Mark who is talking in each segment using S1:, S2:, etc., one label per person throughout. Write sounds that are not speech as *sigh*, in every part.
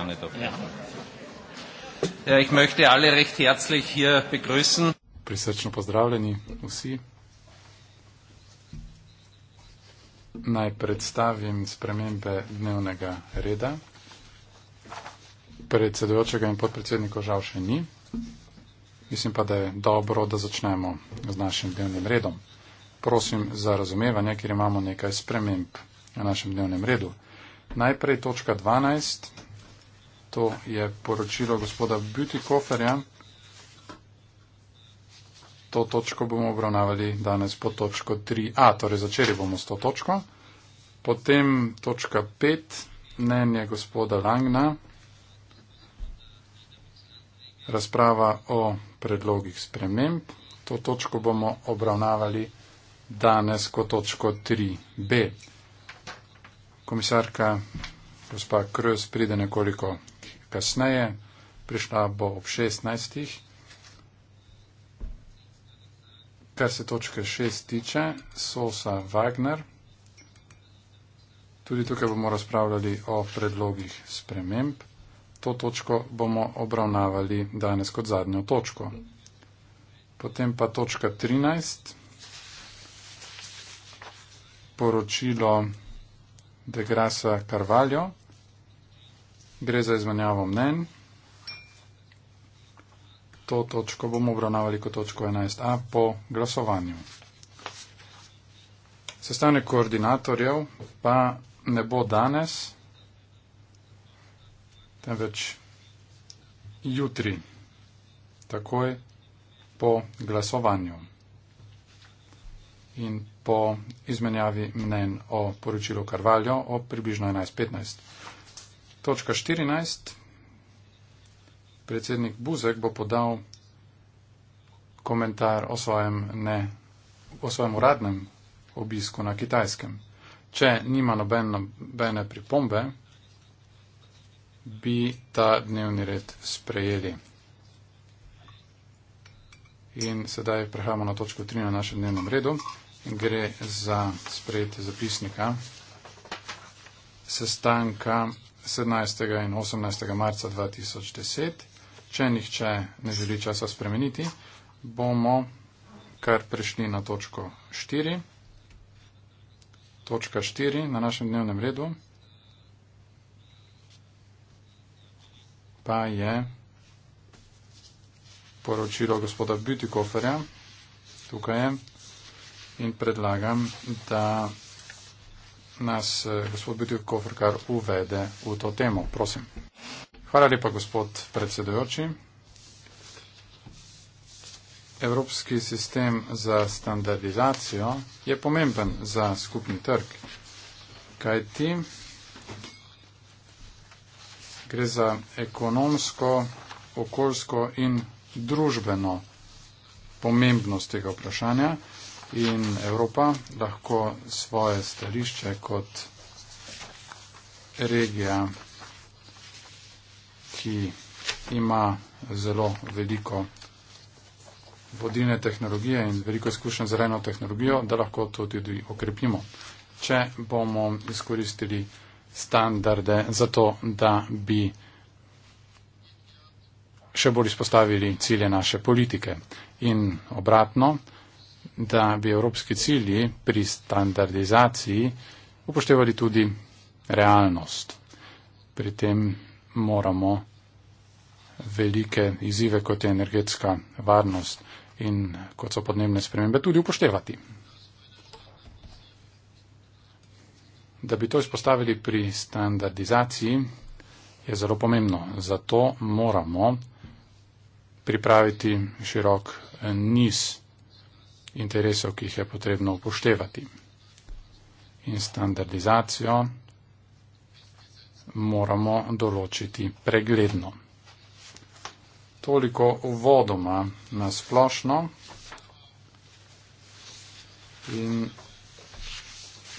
S1: war nicht auf ja. Ja, ich möchte alle recht herzlich hier begrüßen. Prisrčno pozdravljeni vsi. Naj predstavim spremembe dnevnega reda. Predsedujočega in podpredsednika žal še ni. Mislim pa, da je dobro, da začnemo z našim dnevnim redom. Prosim za razumevanje, ker imamo nekaj sprememb na našem dnevnem redu. Najprej točka 12, To je poročilo gospoda Butikoferja. To točko bomo obravnavali danes po točko 3a, torej začeli bomo s to točko. Potem točka 5, mnenje gospoda Langna, razprava o predlogih sprememb. To točko bomo obravnavali danes kot točko 3b. Komisarka gospa Krös pride nekoliko kasneje, prišla bo ob 16. Kar se točke 6 tiče, Sosa Wagner. Tudi tukaj bomo razpravljali o predlogih sprememb. To točko bomo obravnavali danes kot zadnjo točko. Potem pa točka 13. Poročilo Degrasa Carvalho gre za izmenjavo mnen. To točko bomo obravnavali kot točko 11a po glasovanju. Sestavne koordinatorjev pa ne bo danes, temveč jutri, takoj po glasovanju in po izmenjavi mnen o poročilu Karvaljo o približno 11.15. Točka 14. Predsednik Buzek bo podal komentar o svojem, ne, o svojem uradnem obisku na kitajskem. Če nima nobene, nobene pripombe, bi ta dnevni red sprejeli. In sedaj prehajamo na točko 3 na našem dnevnem redu. Gre za sprejetje zapisnika sestanka 17. in 18. marca 2010. Če nihče ne želi časa spremeniti, bomo kar prišli na točko 4. Točka 4 na našem dnevnem redu pa je poročilo gospoda Bütikoferja. Tukaj je in predlagam, da nas eh, gospod Bidjuk Kofrkar uvede v to temo. Prosim. Hvala lepa, gospod predsedujoči. Evropski sistem za standardizacijo je pomemben za skupni trg, kajti gre za ekonomsko, okoljsko in družbeno pomembnost tega vprašanja in Evropa lahko svoje stališče kot regija, ki ima zelo veliko vodilne tehnologije in veliko izkušenj z rejno tehnologijo, da lahko to tudi okrepimo, če bomo izkoristili standarde za to, da bi še bolj izpostavili cilje naše politike. In obratno, da bi evropski cilji pri standardizaciji upoštevali tudi realnost. Pri tem moramo velike izzive, kot je energetska varnost in kot so podnebne spremembe, tudi upoštevati. Da bi to izpostavili pri standardizaciji, je zelo pomembno. Zato moramo pripraviti širok niz interesov, ki jih je potrebno upoštevati. In standardizacijo moramo določiti pregledno. Toliko uvodoma na splošno in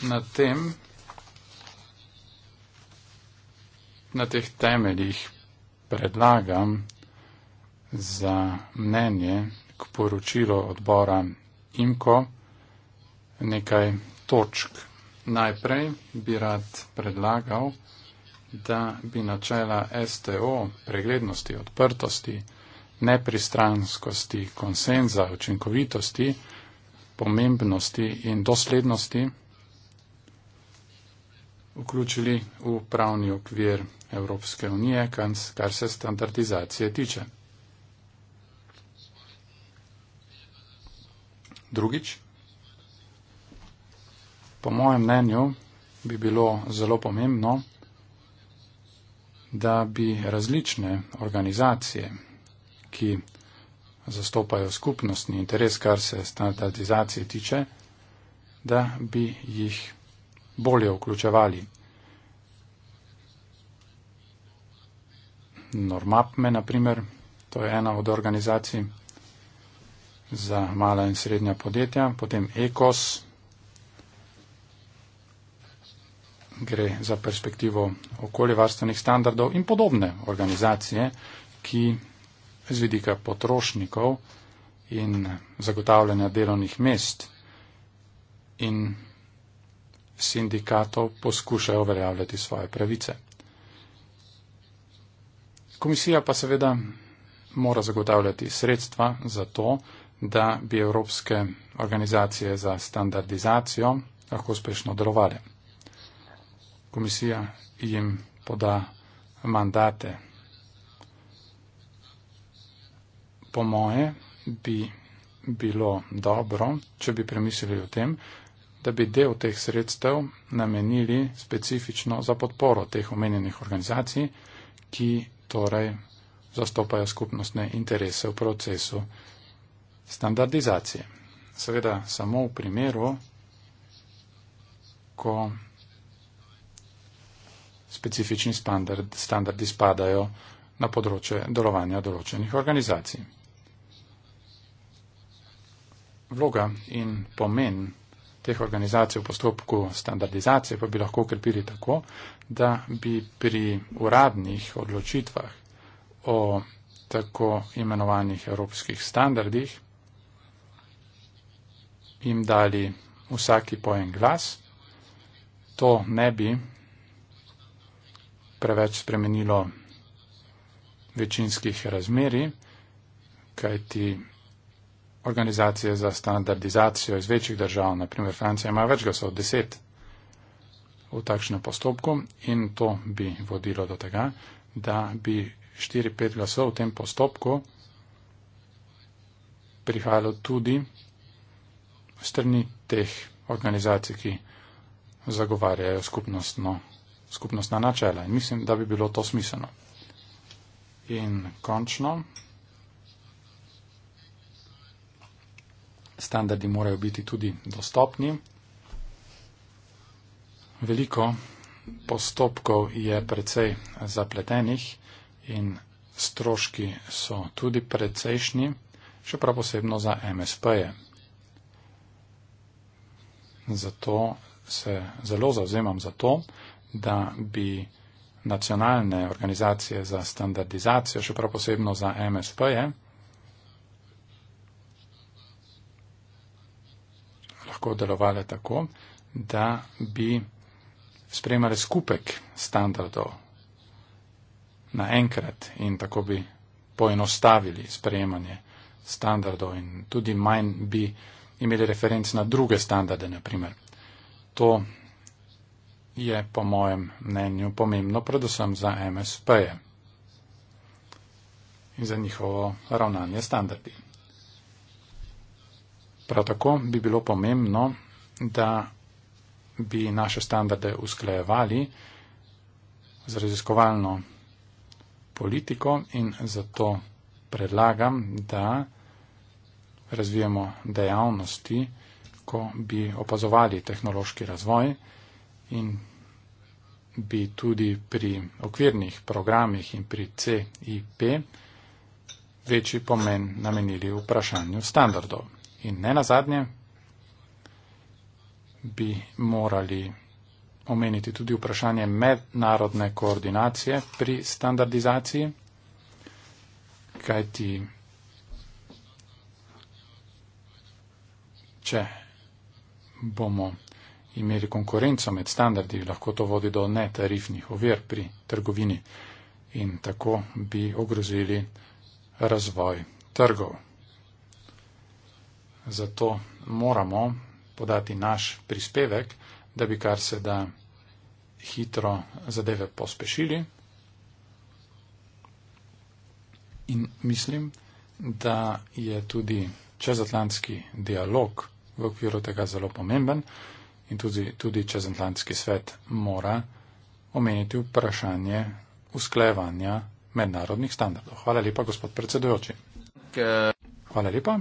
S1: na tem, na teh temeljih predlagam za mnenje k poročilu odbora in ko nekaj točk. Najprej bi rad predlagal, da bi načela STO preglednosti, odprtosti, nepristranskosti, konsenza, učinkovitosti, pomembnosti in doslednosti vključili v pravni okvir Evropske unije, kar se standardizacije tiče. drugič. Po mojem mnenju bi bilo zelo pomembno, da bi različne organizacije, ki zastopajo skupnostni interes, kar se standardizacije tiče, da bi jih bolje vključevali. Normap me, naprimer, to je ena od organizacij, za mala in srednja podjetja, potem ECOS gre za perspektivo okoljevarstvenih standardov in podobne organizacije, ki z vidika potrošnikov in zagotavljanja delovnih mest in sindikatov poskušajo uveljavljati svoje pravice. Komisija pa seveda mora zagotavljati sredstva za to, da bi evropske organizacije za standardizacijo lahko uspešno delovali. Komisija jim poda mandate. Po moje bi bilo dobro, če bi premislili o tem, da bi del teh sredstev namenili specifično za podporo teh omenjenih organizacij, ki torej zastopajo skupnostne interese v procesu standardizacije. Seveda samo v primeru, ko specifični standard, standardi spadajo na področje delovanja določenih organizacij. Vloga in pomen teh organizacij v postopku standardizacije pa bi lahko ukrepili tako, da bi pri uradnih odločitvah o tako imenovanih evropskih standardih jim dali vsaki po en glas. To ne bi preveč spremenilo večinskih razmeri, kajti organizacije za standardizacijo iz večjih držav, naprimer Francija, ima več glasov od deset v takšnem postopku in to bi vodilo do tega, da bi 4-5 glasov v tem postopku prihajalo tudi strani teh organizacij, ki zagovarjajo skupnostno, skupnostna načela. In mislim, da bi bilo to smiselno. In končno, standardi morajo biti tudi dostopni. Veliko postopkov je precej zapletenih in stroški so tudi precejšnji, še prav posebno za MSP-je. Zato se zelo zauzemam za to, da bi nacionalne organizacije za standardizacijo, še prav posebno za MSP-je, lahko delovale tako, da bi spremale skupek standardov naenkrat in tako bi poenostavili sprejemanje standardov in tudi manj bi imeli referenc na druge standarde, naprimer. To je po mojem mnenju pomembno, predvsem za MSP-je in za njihovo ravnanje standardi. Prav tako bi bilo pomembno, da bi naše standarde usklajevali z raziskovalno politiko in zato predlagam, da razvijemo dejavnosti, ko bi opazovali tehnološki razvoj in bi tudi pri okvirnih programih in pri CIP večji pomen namenili vprašanju standardov. In ne nazadnje bi morali omeniti tudi vprašanje mednarodne koordinacije pri standardizaciji, kajti če bomo imeli konkurenco med standardi, lahko to vodi do netarifnih ovir pri trgovini in tako bi ogrozili razvoj trgov. Zato moramo podati naš prispevek, da bi kar se da hitro zadeve pospešili. In mislim, da je tudi čezatlantski dialog v okviru tega zelo pomemben in tudi, tudi čezantlantski svet mora omeniti vprašanje usklajevanja mednarodnih standardov. Hvala lepa, gospod predsedujoči. Hvala lepa.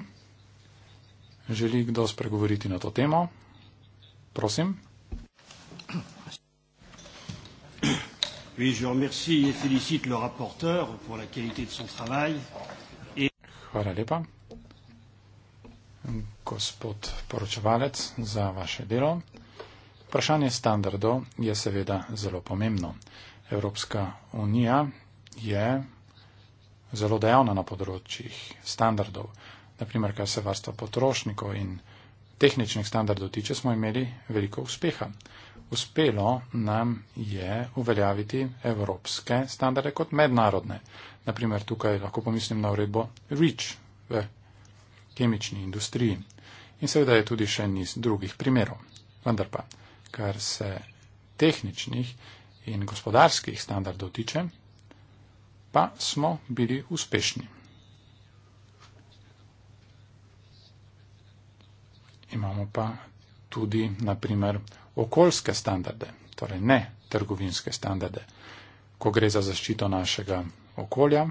S1: Želi kdo spregovoriti na to temo? Prosim. Hvala lepa gospod poročevalec, za vaše delo. Vprašanje standardov je seveda zelo pomembno. Evropska unija je zelo dejavna na področjih standardov. Naprimer, kar se varstva potrošnikov in tehničnih standardov tiče, smo imeli veliko uspeha. Uspelo nam je uveljaviti evropske standarde kot mednarodne. Naprimer, tukaj lahko pomislim na uredbo REACH v kemični industriji. In seveda je tudi še niz drugih primerov. Vendar pa, kar se tehničnih in gospodarskih standardov tiče, pa smo bili uspešni. Imamo pa tudi, naprimer, okoljske standarde, torej ne trgovinske standarde, ko gre za zaščito našega okolja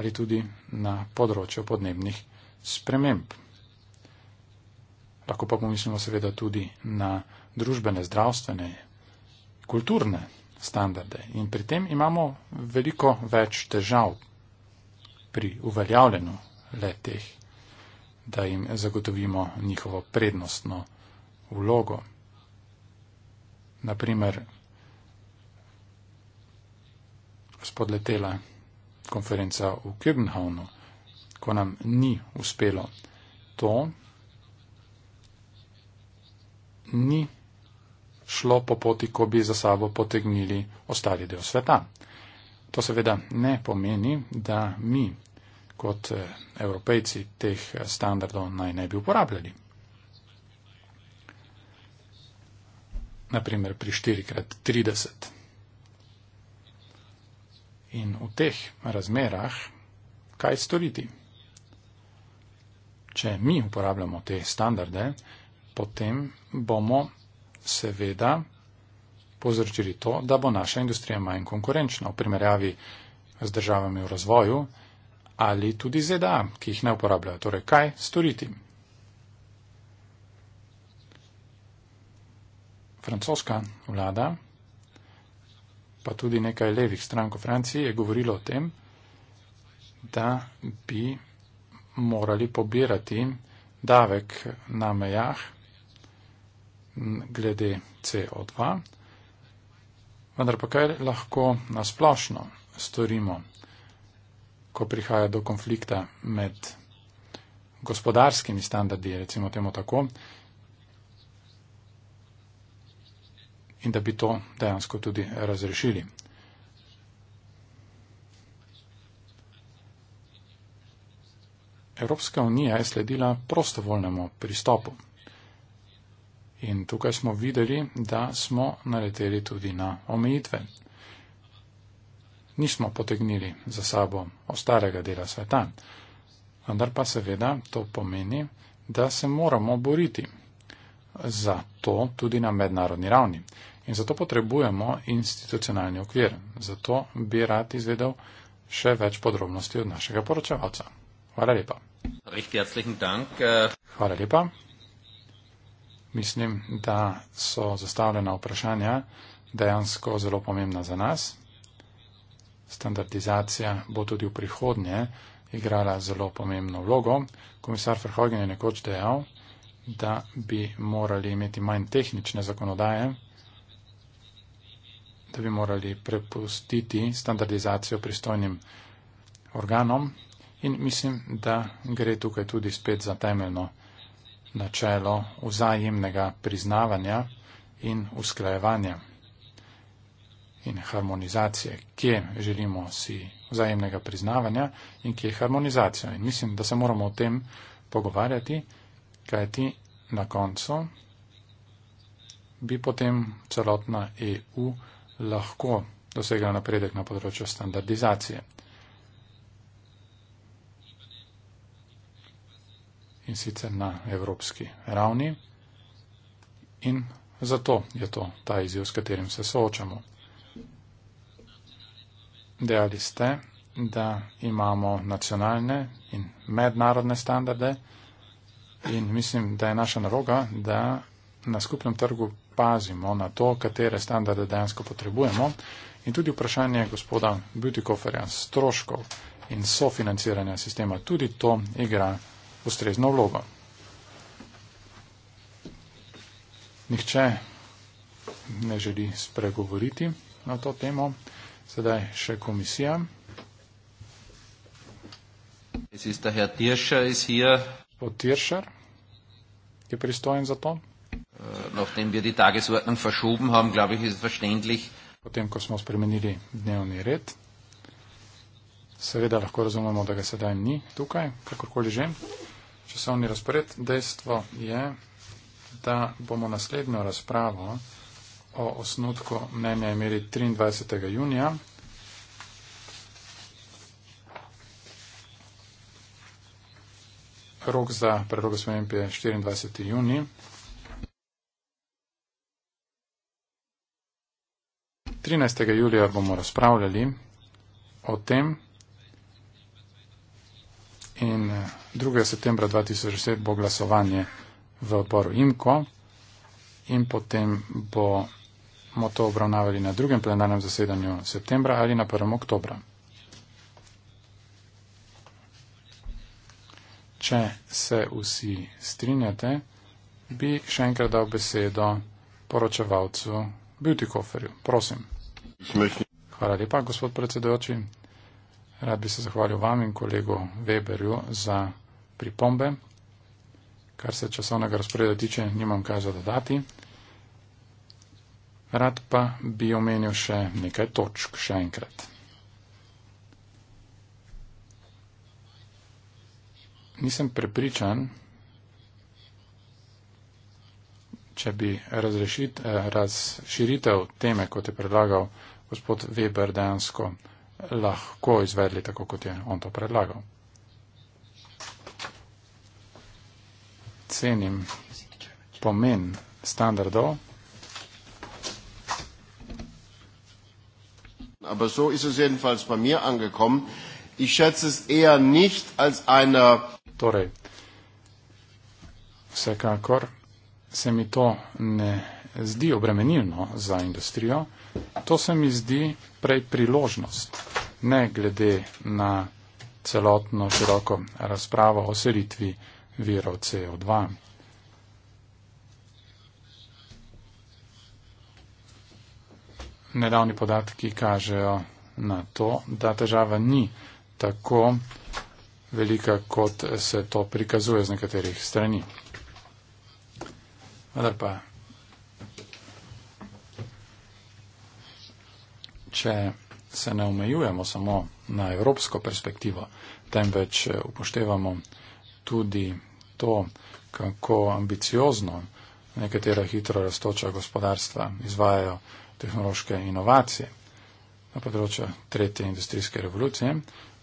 S1: ali tudi na področju podnebnih sprememb. Lahko pa pomislimo seveda tudi na družbene, zdravstvene, kulturne standarde. In pri tem imamo veliko več težav pri uveljavljenju letih, da jim zagotovimo njihovo prednostno vlogo. Naprimer, spodletela konferenca v Kübenhavnu ko nam ni uspelo. To ni šlo po poti, ko bi za sabo potegnili ostali del sveta. To seveda ne pomeni, da mi kot eh, evropejci teh eh, standardov naj ne bi uporabljali. Naprimer pri 4x30. In v teh razmerah, kaj storiti? če mi uporabljamo te standarde, potem bomo seveda povzročili to, da bo naša industrija manj konkurenčna v primerjavi z državami v razvoju ali tudi ZDA, ki jih ne uporabljajo. Torej, kaj storiti? Francoska vlada, pa tudi nekaj levih strank v Franciji, je govorilo o tem, da bi morali pobirati davek na mejah glede CO2, vendar pa kaj lahko nasplošno storimo, ko prihaja do konflikta med gospodarskimi standardi, recimo temu tako, in da bi to dejansko tudi razrešili. Evropska unija je sledila prostovoljnemu pristopu. In tukaj smo videli, da smo naleteli tudi na omejitve. Nismo potegnili za sabo ostarega dela sveta, vendar pa seveda to pomeni, da se moramo boriti za to tudi na mednarodni ravni. In zato potrebujemo institucionalni okvir. Zato bi rad izvedel še več podrobnosti od našega poročevalca. Hvala lepa.
S2: Richtig herzlichen Dank. Äh,
S1: Hvala lepa. Mislim, da so zastavljena vprašanja dejansko zelo pomembna za nas. Standardizacija bo tudi v prihodnje igrala zelo pomembno vlogo. Komisar Verhogen je nekoč dejal, da bi morali imeti manj tehnične zakonodaje, da bi morali prepustiti standardizacijo pristojnim organom. In mislim, da gre tukaj tudi spet za temeljno načelo vzajemnega priznavanja in usklajevanja in harmonizacije, kje želimo si vzajemnega priznavanja in kje harmonizacijo. In mislim, da se moramo o tem pogovarjati, kajti na koncu bi potem celotna EU lahko dosegla napredek na področju standardizacije. in sicer na evropski ravni. In zato je to ta izjiv, s katerim se soočamo. Dejali ste, da imamo nacionalne in mednarodne standarde in mislim, da je naša naloga, da na skupnem trgu pazimo na to, katere standarde dejansko potrebujemo. In tudi vprašanje gospoda Butikoferja stroškov in sofinanciranja sistema, tudi to igra ustrezno vlogo. Nihče ne želi spregovoriti na to temo. Sedaj še komisija. Gospod Tiršar je pristojen za to. Äh, nachdem wir die Tagesordnung verschoben haben, glaube ich, ist verständlich. Potem, ko smo spremenili dnevni red, seveda lahko razumemo, da ga sedaj ni tukaj, kakorkoli že časovni razpored. Dejstvo je, da bomo naslednjo razpravo o osnutku mnenja imeli 23. junija. Rok za predlog SMP je 24. juni. 13. julija bomo razpravljali o tem, in 2. Eh, septembra 2010 bo glasovanje v odboru IMKO in potem bomo to obravnavali na drugem plenarnem zasedanju septembra ali na 1. oktobra. Če se vsi strinjate, bi še enkrat dal besedo poročevalcu Beauty Kofferju. Prosim. Hvala lepa, gospod predsedojoči. Rad bi se zahvalil vam in kolegu Weberju za pripombe. Kar se časovnega razporeda tiče, nimam kaj za dodati. Rad pa bi omenil še nekaj točk še enkrat. Nisem prepričan, če bi razrešit, eh, razširitev teme, kot je predlagal gospod Weber, dejansko lahko izvedli tako, kot je on to predlagal. Cenim pomen standardov. Aber so ist es jedenfalls bei mir angekommen. Ich schätze es eher nicht als eine. Torej, vsekakor se mi to ne zdi obremenilno za industrijo, to se mi zdi prej priložnost ne glede na celotno široko razpravo o selitvi virov CO2. Nedavni podatki kažejo na to, da težava ni tako velika, kot se to prikazuje z nekaterih strani. Vendar pa, če se ne omejujemo samo na evropsko perspektivo, temveč eh, upoštevamo tudi to, kako ambiciozno nekatera hitro raztoča gospodarstva izvajajo tehnološke inovacije na področju tretje industrijske revolucije,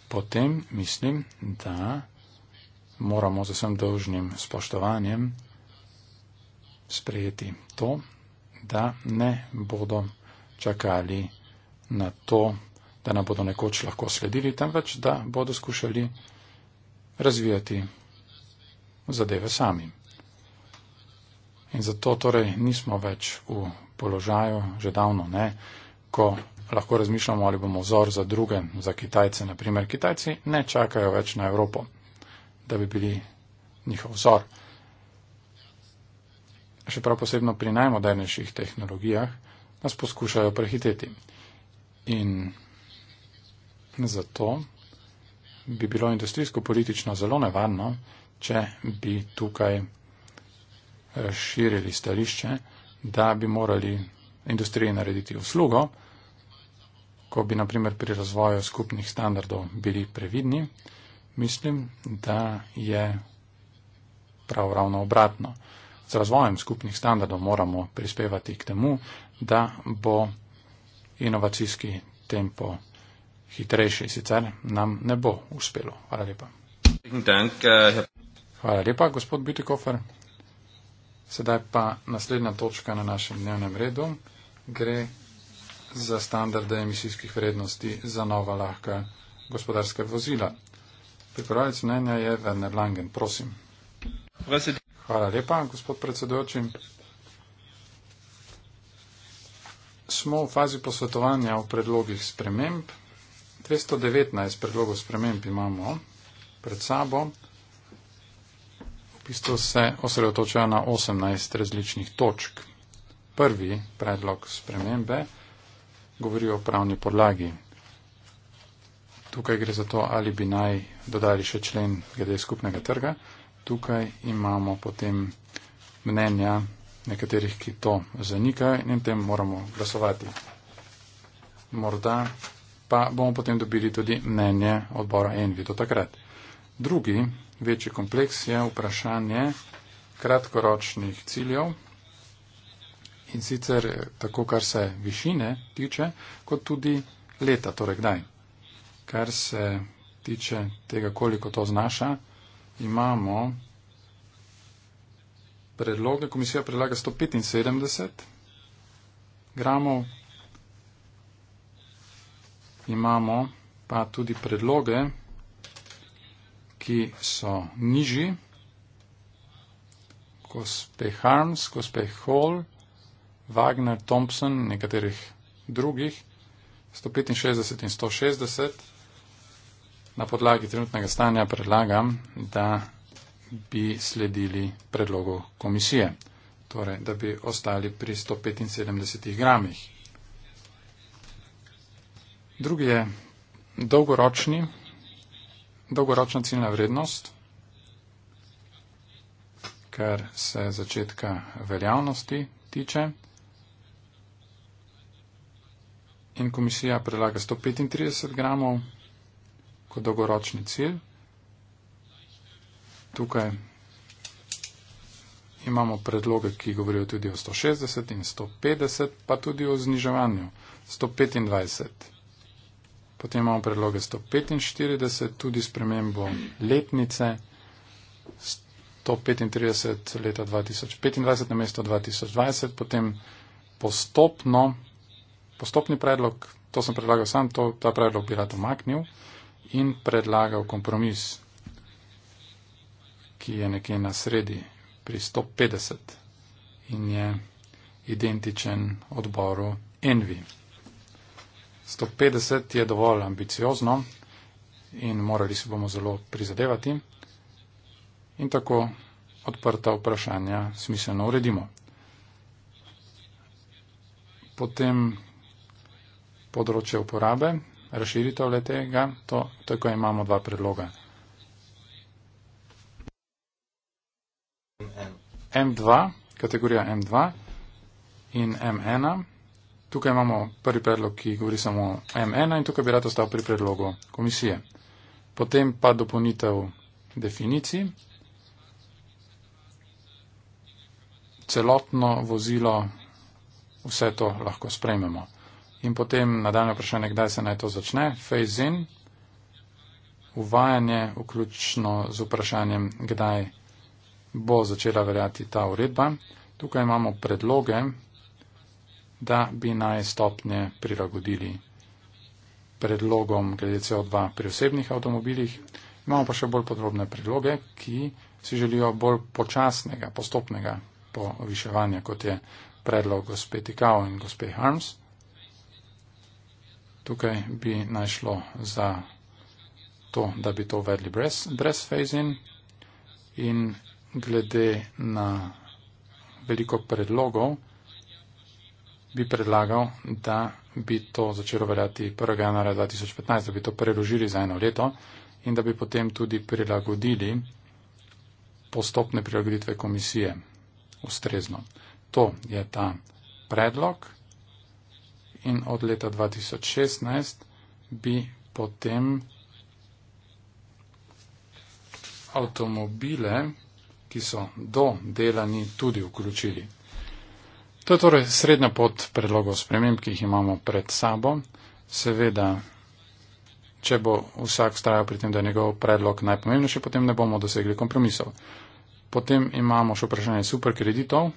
S1: potem mislim, da moramo z vsem dolžnim spoštovanjem sprejeti to, da ne bodo čakali na to, da nam bodo nekoč lahko sledili, temveč da bodo skušali razvijati zadeve sami. In zato torej nismo več v položaju, že davno ne, ko lahko razmišljamo, ali bomo vzor za druge, za Kitajce. Naprimer, Kitajci ne čakajo več na Evropo, da bi bili njihov vzor. Še prav posebno pri najmodernejših tehnologijah nas poskušajo prehiteti. In zato bi bilo industrijsko-politično zelo nevarno, če bi tukaj eh, širili stališče, da bi morali industriji narediti uslugo, ko bi naprimer pri razvoju skupnih standardov bili previdni, mislim, da je prav ravno obratno. Z razvojem skupnih standardov moramo prispevati k temu, da bo inovacijski tempo hitrejši, sicer nam ne bo uspelo. Hvala lepa. Hvala lepa, gospod Bitikofer. Sedaj pa naslednja točka na našem dnevnem redu gre za standarde emisijskih vrednosti za nova lahka gospodarska vozila. Pripravljalec mnenja je Werner Langen, prosim. Hvala lepa, gospod predsedujočim. smo v fazi posvetovanja o predlogih sprememb. 219 predlogov sprememb imamo pred sabo. V bistvu se osredotočajo na 18 različnih točk. Prvi predlog spremembe govori o pravni podlagi. Tukaj gre za to, ali bi naj dodali še člen glede skupnega trga. Tukaj imamo potem mnenja nekaterih, ki to zanikajo in v tem moramo glasovati. Morda pa bomo potem dobili tudi mnenje odbora Envi do takrat. Drugi večji kompleks je vprašanje kratkoročnih ciljev in sicer tako, kar se višine tiče, kot tudi leta, torej kdaj. Kar se tiče tega, koliko to znaša, imamo predloge. Komisija predlaga 175 gramov. Imamo pa tudi predloge, ki so nižji. Kospe Harms, Kospe Hall, Wagner, Thompson, nekaterih drugih, 165 in 160. Na podlagi trenutnega stanja predlagam, da bi sledili predlogu komisije, torej da bi ostali pri 175 gramih. Drugi je dolgoročni, dolgoročna ciljna vrednost, kar se začetka veljavnosti tiče. In komisija predlaga 135 gramov kot dolgoročni cilj tukaj imamo predloge, ki govorijo tudi o 160 in 150, pa tudi o zniževanju 125. Potem imamo predloge 145, tudi spremembo letnice 135 leta 2025 na mesto 2020, potem postopno, postopni predlog, to sem predlagal sam, to, ta predlog bi rad omaknil in predlagal kompromis ki je nekje na sredi pri 150 in je identičen odboru Envi. 150 je dovolj ambiciozno in morali si bomo zelo prizadevati in tako odprta vprašanja smiselno uredimo. Potem področje uporabe, razširitev letega, to, tako imamo dva predloga. M2, kategorija M2 in M1. Tukaj imamo prvi predlog, ki govori samo o M1 in tukaj bi rad ostal pri predlogu komisije. Potem pa dopolnitev definicij. Celotno vozilo, vse to lahko sprejmemo. In potem nadaljno vprašanje, kdaj se naj to začne. Phase in, uvajanje, vključno z vprašanjem, kdaj bo začela veljati ta uredba. Tukaj imamo predloge, da bi naj stopnje prilagodili predlogom glede CO2 pri osebnih avtomobilih. Imamo pa še bolj podrobne predloge, ki si želijo bolj počasnega, postopnega poviševanja, kot je predlog gospe Tikao in gospe Harms. Tukaj bi najšlo za to, da bi to uvedli brez, brez phasing in glede na veliko predlogov, bi predlagal, da bi to začelo veljati 1. januarja 2015, da bi to preložili za eno leto in da bi potem tudi prilagodili postopne prilagoditve komisije ustrezno. To je ta predlog in od leta 2016 bi potem avtomobile ki so do delani tudi vključili. To je torej srednja pot predlogov sprememb, ki jih imamo pred sabo. Seveda, če bo vsak vztrajal pri tem, da je njegov predlog najpomembnejši, potem ne bomo dosegli kompromisov. Potem imamo še vprašanje superkreditov.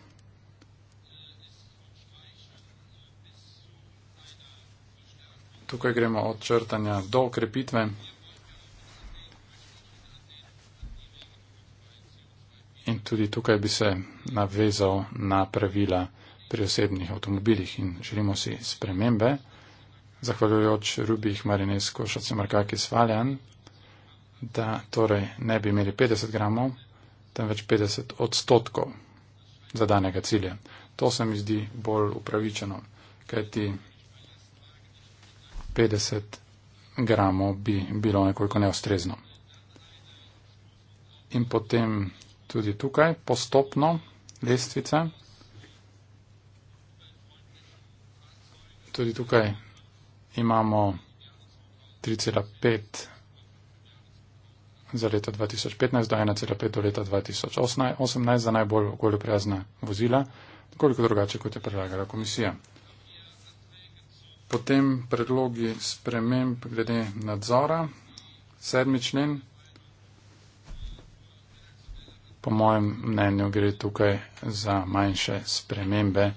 S1: Tukaj gremo od črtanja do okrepitve. In tudi tukaj bi se navezal na pravila pri osebnih avtomobilih in želimo si spremembe. Zahvaljujoč Rubih Marinesko, Šace Markaki Svaljan, da torej ne bi imeli 50 gramov, temveč 50 odstotkov za danega cilja. To se mi zdi bolj upravičeno, kajti 50 gramov bi bilo nekoliko neostrezno. In potem tudi tukaj postopno lestvice. Tudi tukaj imamo 3,5 za leto 2015 do 1,5 do leta 2018 za najbolj okolju prijazna vozila, koliko drugače, kot je predlagala komisija. Potem predlogi sprememb glede nadzora. Sedmi člen Po mojem mnenju gre tukaj za manjše spremembe,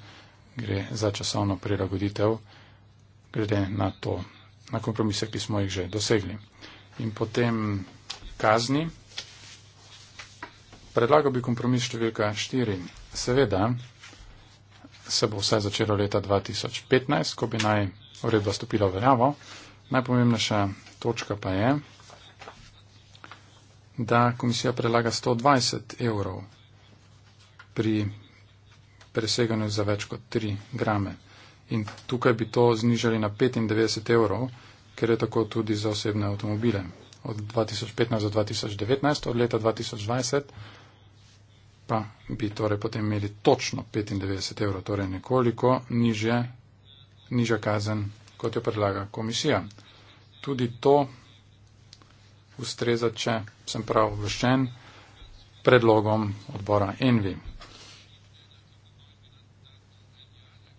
S1: gre za časovno prilagoditev, glede na to, na kompromise, ki smo jih že dosegli. In potem kazni. Predlagal bi kompromis številka 4. Seveda se bo vse začelo leta 2015, ko bi naj uredba stopila v veljavo. Najpomembnejša točka pa je, da komisija prelaga 120 evrov pri preseganju za več kot 3 grame. In tukaj bi to znižali na 95 evrov, ker je tako tudi za osebne avtomobile. Od 2015 do 2019, od leta 2020 pa bi torej potem imeli točno 95 evrov, torej nekoliko nižje, nižja kazen, kot jo predlaga komisija. Tudi to ustreza, če sem prav obveščen, predlogom odbora Envi.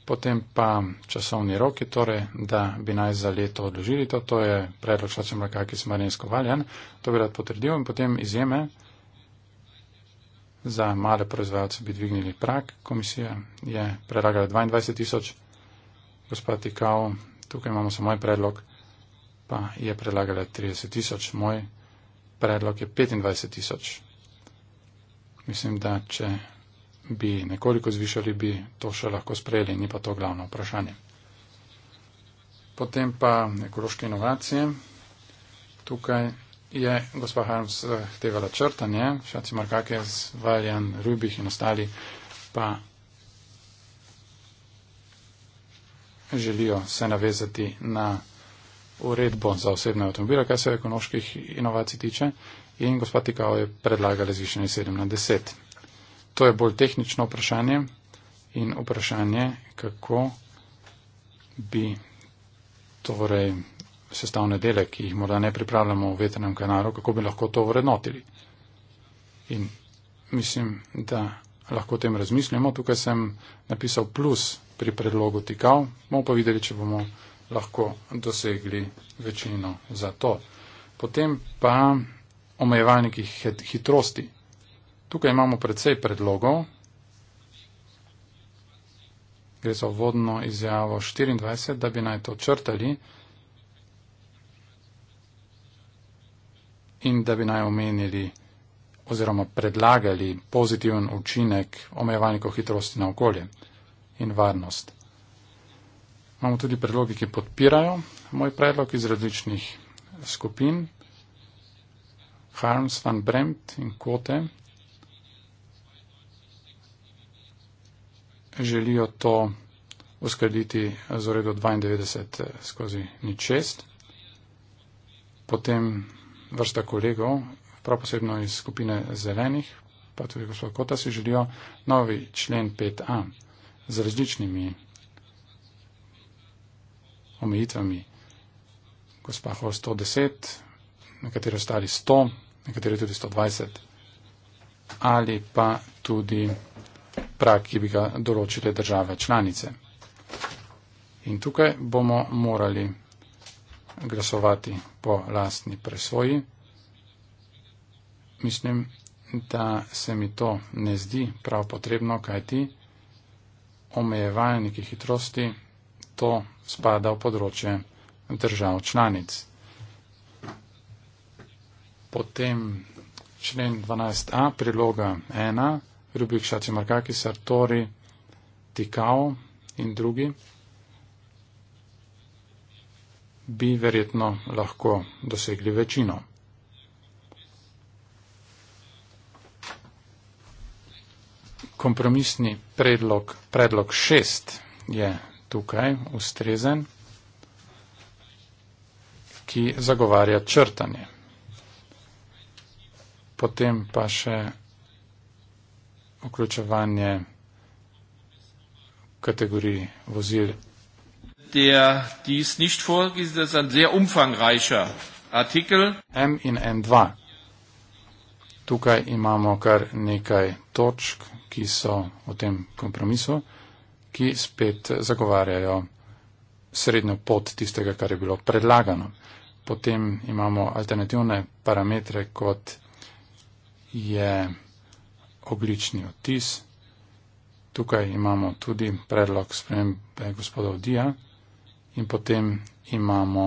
S1: Potem pa časovni roki, torej, da bi naj za leto odložili to, to je predlog Šačem Rakakis Marinsko Valjan, to bi rad potrdil in potem izjeme za male proizvajalce bi dvignili prak. Komisija je predlagala 22 tisoč, gospod Tikao, tukaj imamo samo en predlog pa je predlagala 30 tisoč, moj predlog je 25 tisoč. Mislim, da če bi nekoliko zvišali, bi to še lahko sprejeli, ni pa to glavno vprašanje. Potem pa ekološke inovacije. Tukaj je gospa Harms zahtevala črtanje, šaci Markake z Valjan, Rubih in ostali pa želijo se navezati na uredbo za osebne avtomobile, kar se ekonoških inovacij tiče in gospod Tikao je predlagal zvišanje 7 na 10. To je bolj tehnično vprašanje in vprašanje, kako bi torej sestavne dele, ki jih morda ne pripravljamo v vetrnem kanalu, kako bi lahko to vrednotili. In mislim, da lahko o tem razmislimo. Tukaj sem napisal plus pri predlogu Tikao. Bomo pa videli, če bomo lahko dosegli večino za to. Potem pa omejevalniki hitrosti. Tukaj imamo predvsej predlogov. Gre za vodno izjavo 24, da bi naj to črtali in da bi naj omenili oziroma predlagali pozitiven učinek omejevalnikov hitrosti na okolje in varnost. Imamo tudi predloge, ki podpirajo moj predlog iz različnih skupin. Harms, Van Bremt in Kote želijo to uskladiti z uredo 92 skozi ničest. Potem vrsta kolegov, prav posebno iz skupine zelenih, pa tudi gospod Kota, si želijo novi člen 5a z različnimi omejitvami. Gospa Ho 110, nekateri ostali 100, nekateri tudi 120 ali pa tudi prak, ki bi ga določile države članice. In tukaj bomo morali glasovati po lastni presoji. Mislim, da se mi to ne zdi prav potrebno, kajti omejevalniki hitrosti to spada v področje držav članic. Potem člen 12a, priloga 1, Rubik Šači Markaki, Sartori, Tikao in drugi, bi verjetno lahko dosegli večino. Kompromisni predlog, predlog 6 je tukaj ustrezen, ki zagovarja črtanje. Potem pa še vključevanje kategorij vozil. Der, die ist nicht vorgesehen, das ist ein sehr umfangreicher Artikel. M in N2. Tukaj imamo kar nekaj točk, ki so v tem kompromisu ki spet zagovarjajo srednjo pot tistega, kar je bilo predlagano. Potem imamo alternativne parametre, kot je oblični otis. Tukaj imamo tudi predlog spremembe gospoda Odija in potem imamo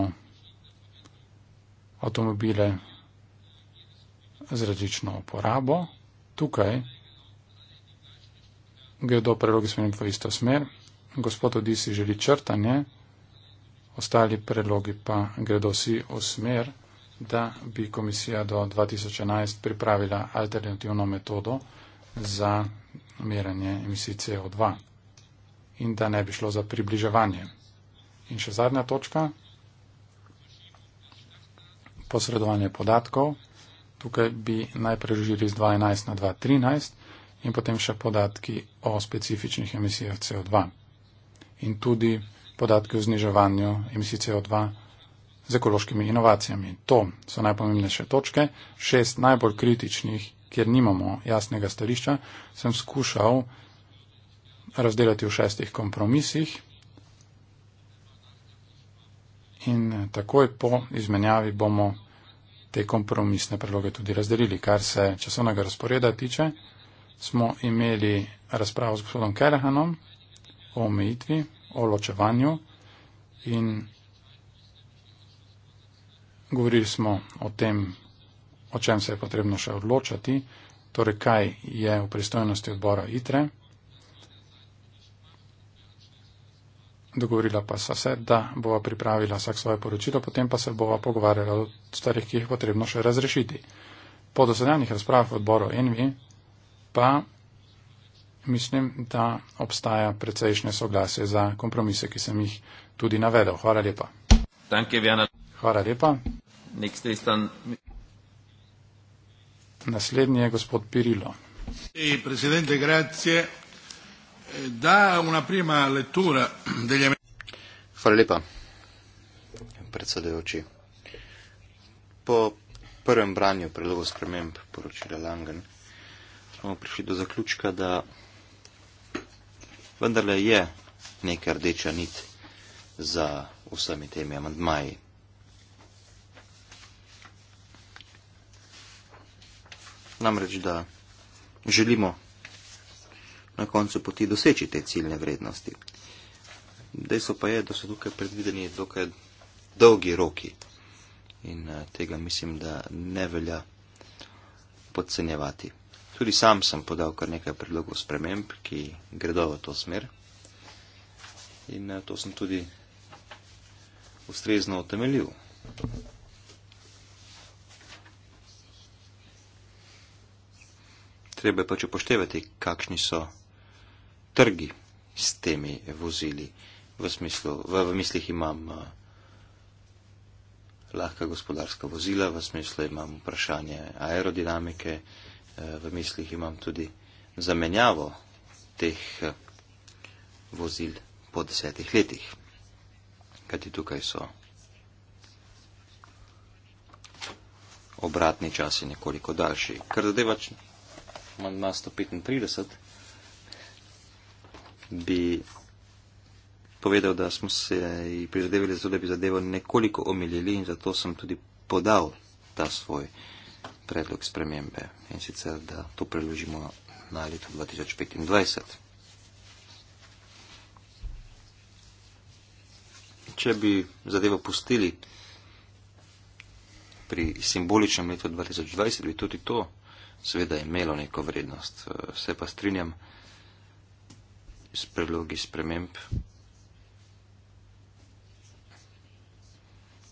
S1: avtomobile z različno uporabo. Tukaj gredo predlogi spremenb v isto smer, gospod Odisi želi črtanje, ostali predlogi pa gredo vsi v smer, da bi komisija do 2011 pripravila alternativno metodo za meranje emisij CO2 in da ne bi šlo za približevanje. In še zadnja točka, posredovanje podatkov. Tukaj bi najprej žili z 2.11 na 2.13, in potem še podatki o specifičnih emisijah CO2 in tudi podatki o zniževanju emisij CO2 z ekološkimi inovacijami. To so najpomembnejše točke. Šest najbolj kritičnih, kjer nimamo jasnega stališča, sem skušal razdelati v šestih kompromisih in takoj po izmenjavi bomo te kompromisne predloge tudi razdelili, kar se časovnega razporeda tiče smo imeli razpravo z gospodom Kerehanom o omejitvi, o ločevanju in govorili smo o tem, o čem se je potrebno še odločati, torej kaj je v pristojnosti odbora ITRE. Dogovorila pa so se, da bova pripravila vsak svoje poročilo, potem pa se bova pogovarjala o stvarih, ki jih je potrebno še razrešiti. Po dosedanjih razpravah v odboru NV pa mislim, da obstaja precejšnje soglasje za kompromise, ki sem jih tudi navedel. Hvala lepa. Hvala lepa. Naslednji je gospod Pirilo. Eh,
S3: Hvala lepa, predsedujoči. Po prvem branju predlogu sprememb poročila Langen smo prišli do zaključka, da vendarle je neka rdeča nit za vsemi temi amandmaji. Namreč, da želimo na koncu poti doseči te ciljne vrednosti. Dejstvo pa je, da so tukaj predvideni dokaj dolgi roki in eh, tega mislim, da ne velja podcenjevati. Tudi sam sem podal kar nekaj predlogov sprememb, ki gredo v to smer. In eh, to sem tudi ustrezno utemeljil. Treba je pač upoštevati, kakšni so trgi s temi vozili. V, smislu, v, v mislih imam uh, lahka gospodarska vozila, v smislu imam vprašanje aerodinamike. Uh, Eh, v mislih imam tudi zamenjavo teh eh, vozil po desetih letih. Kajti tukaj so obratni časi nekoliko daljši. Kar zadeva, če imam na 135, bi povedal, da smo se prizadevali za to, da bi zadevo nekoliko omilili in zato sem tudi podal ta svoj uh, predlog spremembe in sicer, da to preložimo na leto 2025. Če bi zadevo pustili pri simboličnem letu 2020, bi tudi to seveda imelo neko vrednost. Se pa strinjam s predlogi sprememb,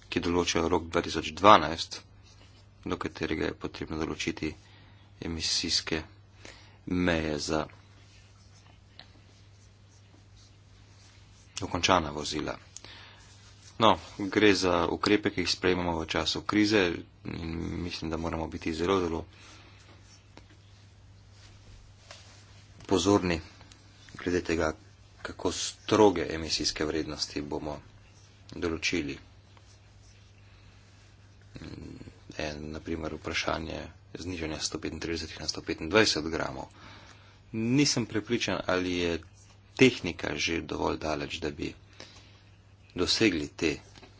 S3: ki določajo rok 2012 do katerega je potrebno določiti emisijske meje za dokončana vozila. No, gre za ukrepe, ki jih sprejmemo v času krize in mislim, da moramo biti zelo, zelo pozorni glede tega, kako stroge emisijske vrednosti bomo določili je naprimer vprašanje znižanja 135 na 125 gramov. Nisem prepričan, ali je tehnika že dovolj daleč, da bi dosegli te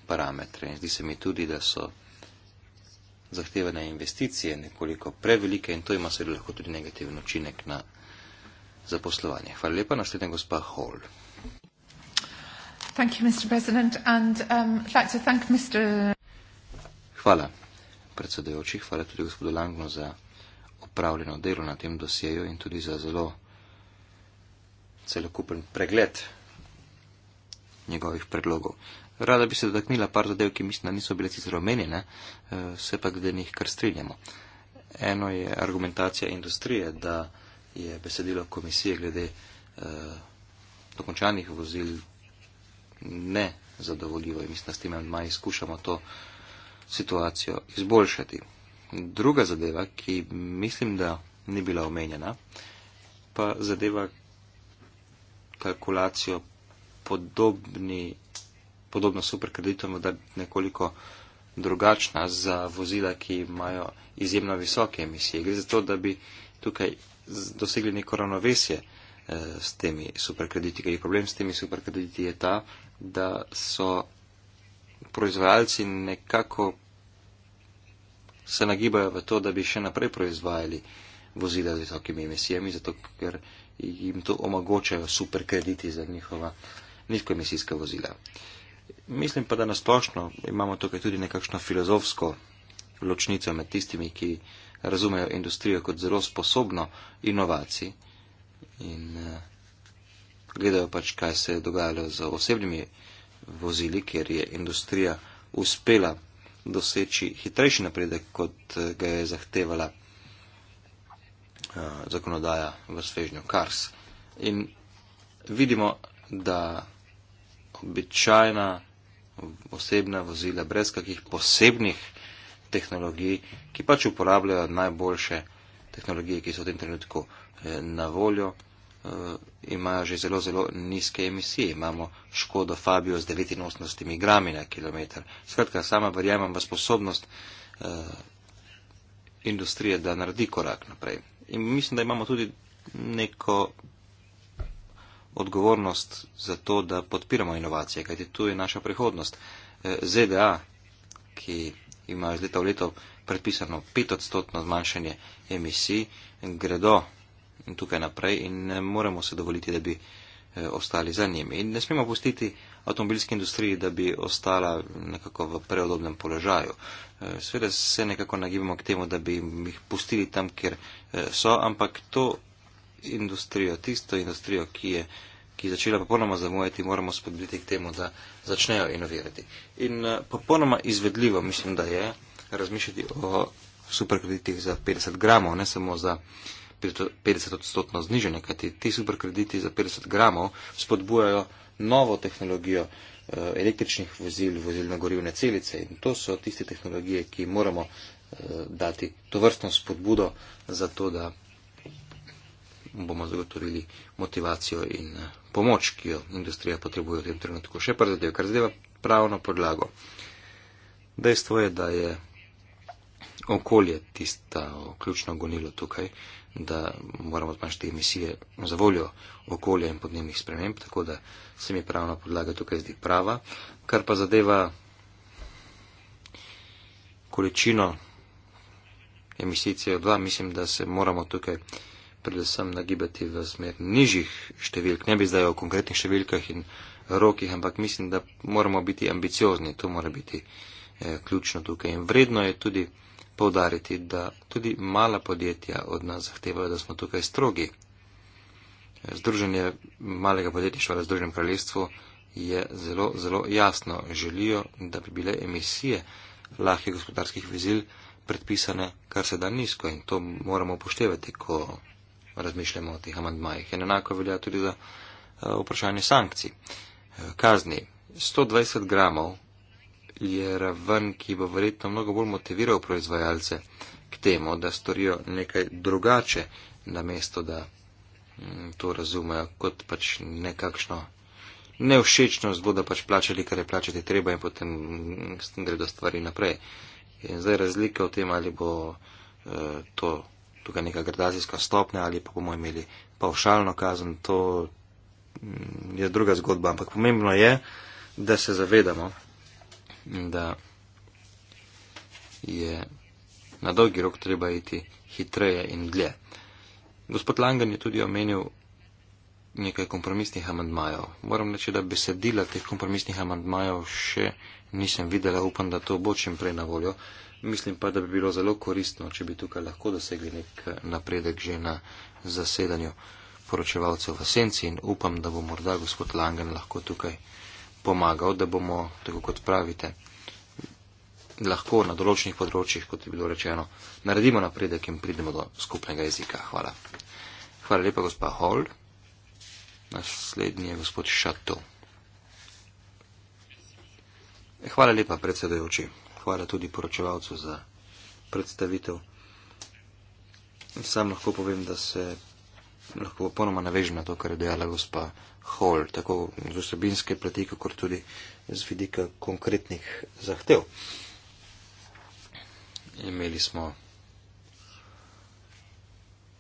S3: parametre. In zdi se mi tudi, da so zahtevane investicije nekoliko prevelike in to ima seveda lahko tudi negativen učinek na zaposlovanje. Hvala lepa, naslednja gospa Hall.
S1: Thank you, Mr. President, and um, I'd like to thank Mr.
S3: Hvala predsedajoči, hvala tudi gospodu Langnu za opravljeno delo na tem dosjeju in tudi za zelo celokupen pregled njegovih predlogov. Rada bi se dotaknila par zadev, ki mislim, da niso bile sicer omenjene, vse eh, pa glede njih kar strinjamo. Eno je argumentacija industrije, da je besedilo komisije glede eh, dokončanih vozil ne zadovoljivo in mislim, da s tem manj skušamo to situacijo izboljšati. Druga zadeva, ki mislim, da ni bila omenjena, pa zadeva kalkulacijo podobni, podobno superkreditom, da nekoliko drugačna za vozila, ki imajo izjemno visoke emisije. Gre za to, da bi tukaj dosegli neko ravnovesje eh, s temi superkrediti. Ker je problem s temi superkrediti je ta, da so proizvajalci nekako se nagibajo v to, da bi še naprej proizvajali vozila z visokimi emisijami, zato ker jim to omogočajo super krediti za njihova nizkoemisijska vozila. Mislim pa, da nasplošno imamo tukaj tudi nekakšno filozofsko ločnico med tistimi, ki razumejo industrijo kot zelo sposobno inovacij in eh, gledajo pač, kaj se je dogajalo z osebnimi vozili, ker je industrija uspela doseči hitrejši napredek, kot eh, ga je zahtevala uh, zakonodaja v svežnju Kars. In vidimo, da običajna osebna vozila brez kakih posebnih tehnologij, ki pač uporabljajo najboljše tehnologije, ki so v tem trenutku eh, na voljo, uh, ima že zelo, zelo nizke emisije. Imamo škodo Fabio z 89 grami na kilometr. Skratka, sama verjamem v sposobnost uh, industrije, da naredi korak naprej. In mislim, da imamo tudi neko odgovornost za to, da podpiramo inovacije, kajti tu je naša prihodnost. Eh, ZDA, ki ima iz leta v leto predpisano 5-odstotno zmanjšanje emisij, gredo tukaj naprej in ne moremo se dovoliti, da bi eh, ostali za njimi. In ne smemo pustiti avtomobilski industriji, da bi ostala nekako v preodobnem položaju. Eh, Sveda se nekako nagibamo k temu, da bi jih pustili tam, kjer eh, so, ampak to industrijo, tisto industrijo, ki je ki je začela popolnoma zamujati, moramo spodbuditi k temu, da začnejo inovirati. In popolnoma izvedljivo mislim, da je razmišljati o superkreditih za 50 gramov, ne samo za eh, 50-odstotno znižanje, kajti ti superkrediti za 50 gramov spodbujajo novo tehnologijo eh, električnih vozil, vozil na gorivne celice in to so tiste tehnologije, ki moramo eh, dati to vrstno spodbudo za to, da bomo zagotovili motivacijo in eh, pomoč, ki jo industrija potrebuje v tem trenutku. Še par zadev, kar zadeva pravno podlago. Dejstvo je, da je okolje tista ključno gonilo tukaj da moramo zmanjšati emisije za voljo okolja in podnebnih sprememb, tako da se mi pravna podlaga tukaj zdi prava. Kar pa zadeva količino emisij CO2, mislim, da se moramo tukaj predvsem nagibati v smer nižjih številk. Ne bi zdaj o konkretnih številkah in rokih, ampak mislim, da moramo biti ambiciozni. To mora biti eh, ključno tukaj. In vredno je tudi povdariti, da tudi mala podjetja od nas zahtevajo, da smo tukaj strogi. Združenje malega podjetništva v Združenem kraljestvu je zelo, zelo jasno. Želijo, da bi bile emisije lahkih gospodarskih vizil predpisane kar se da nizko in to moramo upoštevati, ko razmišljamo o teh amandmajih. Enako velja tudi za eh, vprašanje sankcij. Eh, kazni. 120 gramov je raven, ki bo verjetno mnogo bolj motiviral proizvajalce k temu, da storijo nekaj drugače, namesto da mm, to razumejo kot pač nekakšno nevšečnost, bodo pač plačali, kar je plačati treba in potem s tem mm, gredo stvari naprej. In zdaj razlika v tem, ali bo eh, to tukaj neka gradacijska stopnja ali pa bomo imeli paušalno kazen, to mm, je druga zgodba. Ampak pomembno je, da se zavedamo, da je na dolgi rok treba iti hitreje in dlje. Gospod Langan je tudi omenil nekaj kompromisnih amandmajev. Moram reči, da besedila teh kompromisnih amandmajev še nisem videla. Upam, da to bo čim prej na voljo. Mislim pa, da bi bilo zelo koristno, če bi tukaj lahko dosegli nek napredek že na zasedanju poročevalcev v senci in upam, da bo morda gospod Langen lahko tukaj pomagal, da bomo, tako kot pravite, lahko na določenih področjih, kot je bilo rečeno, naredimo napredek in pridemo do skupnega jezika. Hvala. Hvala lepa, gospa Hall. Naslednji je gospod Šato. Hvala lepa, predsedujoči. Hvala tudi poročevalcu za predstavitev. Sam lahko povem, da se lahko popolnoma navežem na to, kar je dejala gospa whole, tako z vsebinske plati, kot tudi z vidika konkretnih zahtev. Imeli smo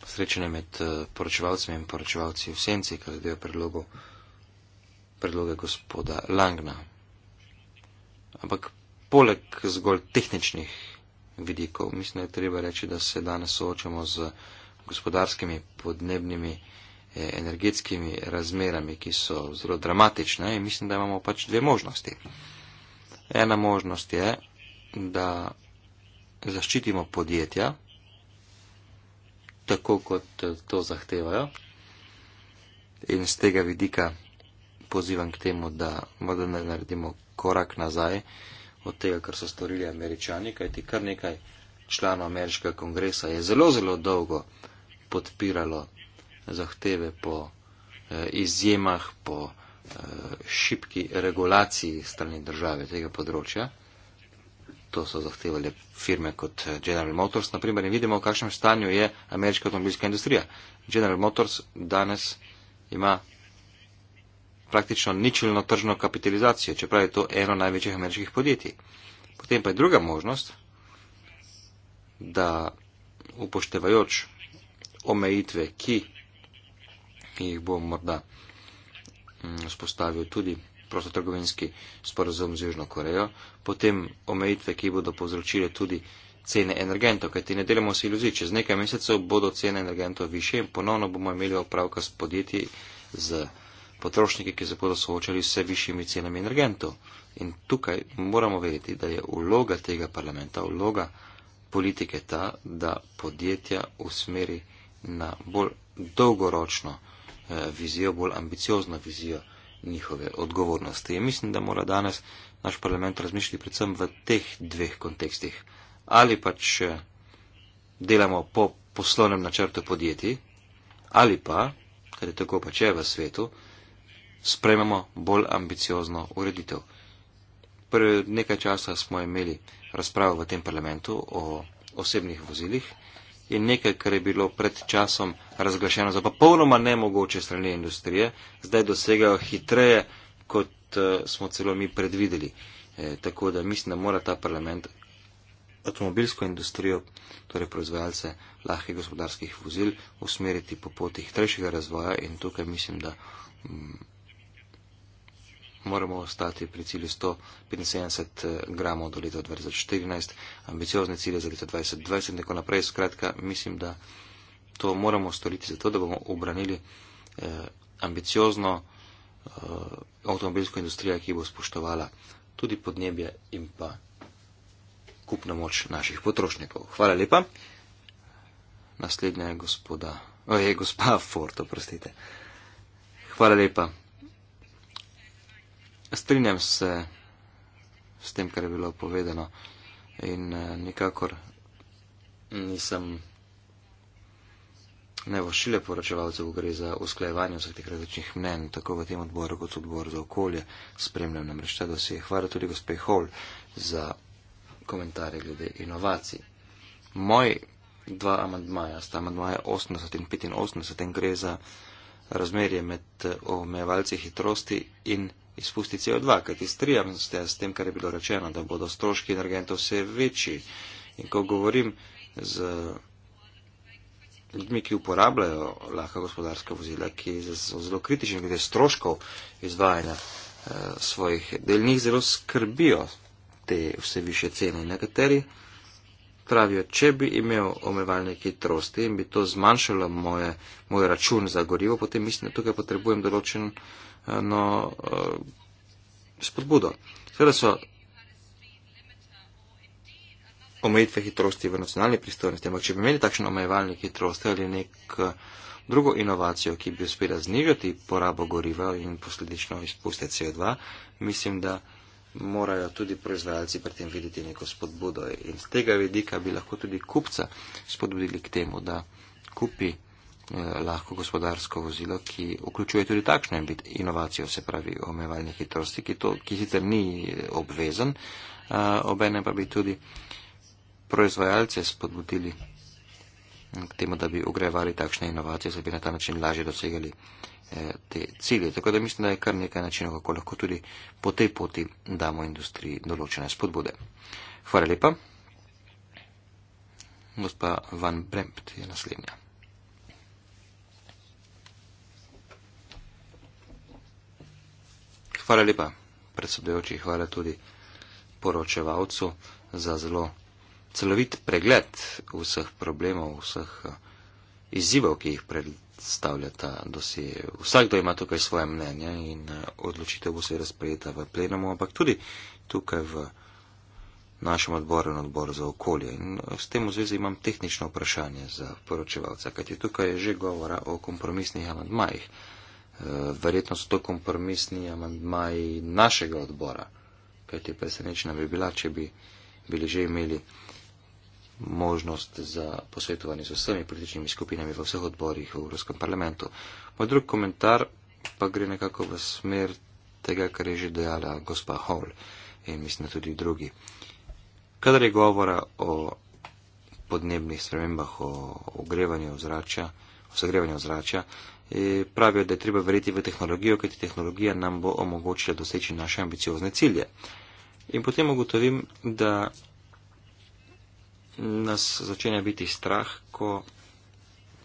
S3: srečanje med eh, poročevalcem in poročevalci v senci, kar zadeva predlogo, predloge gospoda Langna. Ampak poleg zgolj tehničnih vidikov, mislim, da je treba reči, da se danes soočamo z gospodarskimi, podnebnimi, energetskimi razmerami, ki so zelo dramatične in mislim, da imamo pač dve možnosti. Ena možnost je, da zaščitimo podjetja, tako kot eh, to zahtevajo in z tega vidika pozivam k temu, da morda naredimo korak nazaj od tega, kar so storili američani, kajti kar nekaj članov ameriškega kongresa je zelo, zelo dolgo podpiralo zahteve po eh, izjemah, po eh, šipki regulaciji strani države tega področja. To so zahtevali firme kot eh, General Motors. Naprimer, ne vidimo, v kakšnem stanju je ameriška avtomobilska industrija. General Motors danes ima praktično ničelno tržno kapitalizacijo, čeprav je to eno največjih ameriških podjetij. Potem pa je druga možnost, da upoštevajoč omejitve, ki ki jih bo morda spostavil mm, tudi prostotrgovinski sporozum z Južno Korejo, potem omejitve, ki bodo povzročile tudi cene energentov, kajti ne delamo si iluzij, čez nekaj mesecev bodo cene energentov više in ponovno bomo imeli opravka s podjetji, z potrošniki, ki se bodo soočali vse višjimi cenami energentov. In tukaj moramo vedeti, da je vloga tega parlamenta, vloga politike ta, da podjetja usmeri na bolj dolgoročno vizijo, bolj ambiciozno vizijo njihove odgovornosti. In mislim, da mora danes naš parlament razmišljati predvsem v teh dveh kontekstih. Ali pač eh, delamo po poslovnem načrtu podjetij, ali pa, kar je tako pač je v svetu, sprejmemo bolj ambiciozno ureditev. Prve nekaj časa smo imeli razpravo v tem parlamentu o osebnih vozilih je nekaj, kar je bilo pred časom razglašeno za popolnoma nemogoče strani industrije, zdaj dosegajo hitreje, kot eh, smo celo mi predvideli. E, tako da mislim, da mora ta parlament avtomobilsko industrijo, torej proizvajalce lahkih gospodarskih vozil, usmeriti po poti hitrejšega razvoja in tukaj mislim, da. Mm, moramo ostati pri cilju 175 eh, gramov do leta 2014, ambiciozne cilje za leto 2020 in tako naprej. Skratka, mislim, da to moramo storiti zato, da bomo obranili eh, ambiciozno eh, avtomobilsko industrijo, ki bo spoštovala tudi podnebje in pa kupno moč naših potrošnikov. Hvala lepa. Naslednja je gospoda, oje, gospa Ford, oprostite. Hvala lepa strinjam se s tem, kar je bilo povedano in eh, nikakor nisem ne vošile poročevalcev, ko gre za usklajevanje vseh teh različnih mnen, tako v tem odboru kot v odboru za okolje, spremljam namreč ta dosje. Hvala tudi gospe Hall za komentarje glede inovacij. Moj dva amandmaja, sta amandmaja 80 in 85, gre za razmerje med eh, omejevalci hitrosti in izpusti CO2, kajti strijam se s tem, kar je bilo rečeno, da bodo stroški energentov vse večji. In ko govorim z ljudmi, ki uporabljajo lahka gospodarska vozila, ki so zelo kritični glede stroškov izvajanja eh, svojih del, njih zelo skrbijo te vse više cene. Nekateri pravijo, če bi imel omevalne hitrosti in bi to zmanjšalo moje, moj račun za gorivo, potem mislim, da tukaj potrebujem določen. Eh, eno uh, spodbudo. Seveda so omejitve hitrosti v nacionalni pristojnosti, ampak če bi imeli takšen omejevalnik hitrosti ali nek eh, drugo inovacijo, ki bi uspela znižati porabo goriva in posledično izpuste CO2, mislim, da morajo tudi proizvajalci pri tem videti neko spodbudo. In z tega vidika bi lahko tudi kupca spodbudili k temu, da kupi. Eh, lahko gospodarsko vozilo, ki vključuje tudi takšno inovacijo, se pravi omejevalne hitrosti, ki, to, ki sicer ni eh, obvezen, obenem pa bi tudi proizvajalce spodbudili k temu, da bi ugrevali takšne inovacije, da bi na ta način lažje dosegali eh, te cilje. Tako da mislim, da je kar nekaj načinov, kako lahko tudi po tej poti damo industriji določene spodbude. Hvala lepa. Gospa Van Brempt je naslednja. Hvala lepa, predsedujoči, hvala tudi poročevalcu za zelo celovit pregled vseh problemov, vseh eh, izzivov, ki jih predstavljata dosi. Vsakdo ima tukaj svoje mnenje in eh, odločitev bo seveda sprejeta v plenumu, ampak tudi tukaj v našem odboru in odboru za okolje. In eh, s tem v zvezi imam tehnično vprašanje za poročevalca, kajti tukaj je že govora o kompromisnih amandmajih verjetno so to kompromisni amandmaji našega odbora, kajti presenečena bi bila, če bi bili že imeli možnost za posvetovanje z vsemi političnimi skupinami v vseh odborih v Evropskem parlamentu. Moj drug komentar pa gre nekako v smer tega, kar je že dejala gospa Hall in mislim tudi drugi. Kadar je govora o podnebnih spremembah, o ogrevanju zrača, o zagrevanju zrača, Eh, pravijo, da je treba verjeti v tehnologijo, ker ti tehnologija nam bo omogočila doseči naše ambiciozne cilje. In potem ugotovim, da nas začenja biti strah, ko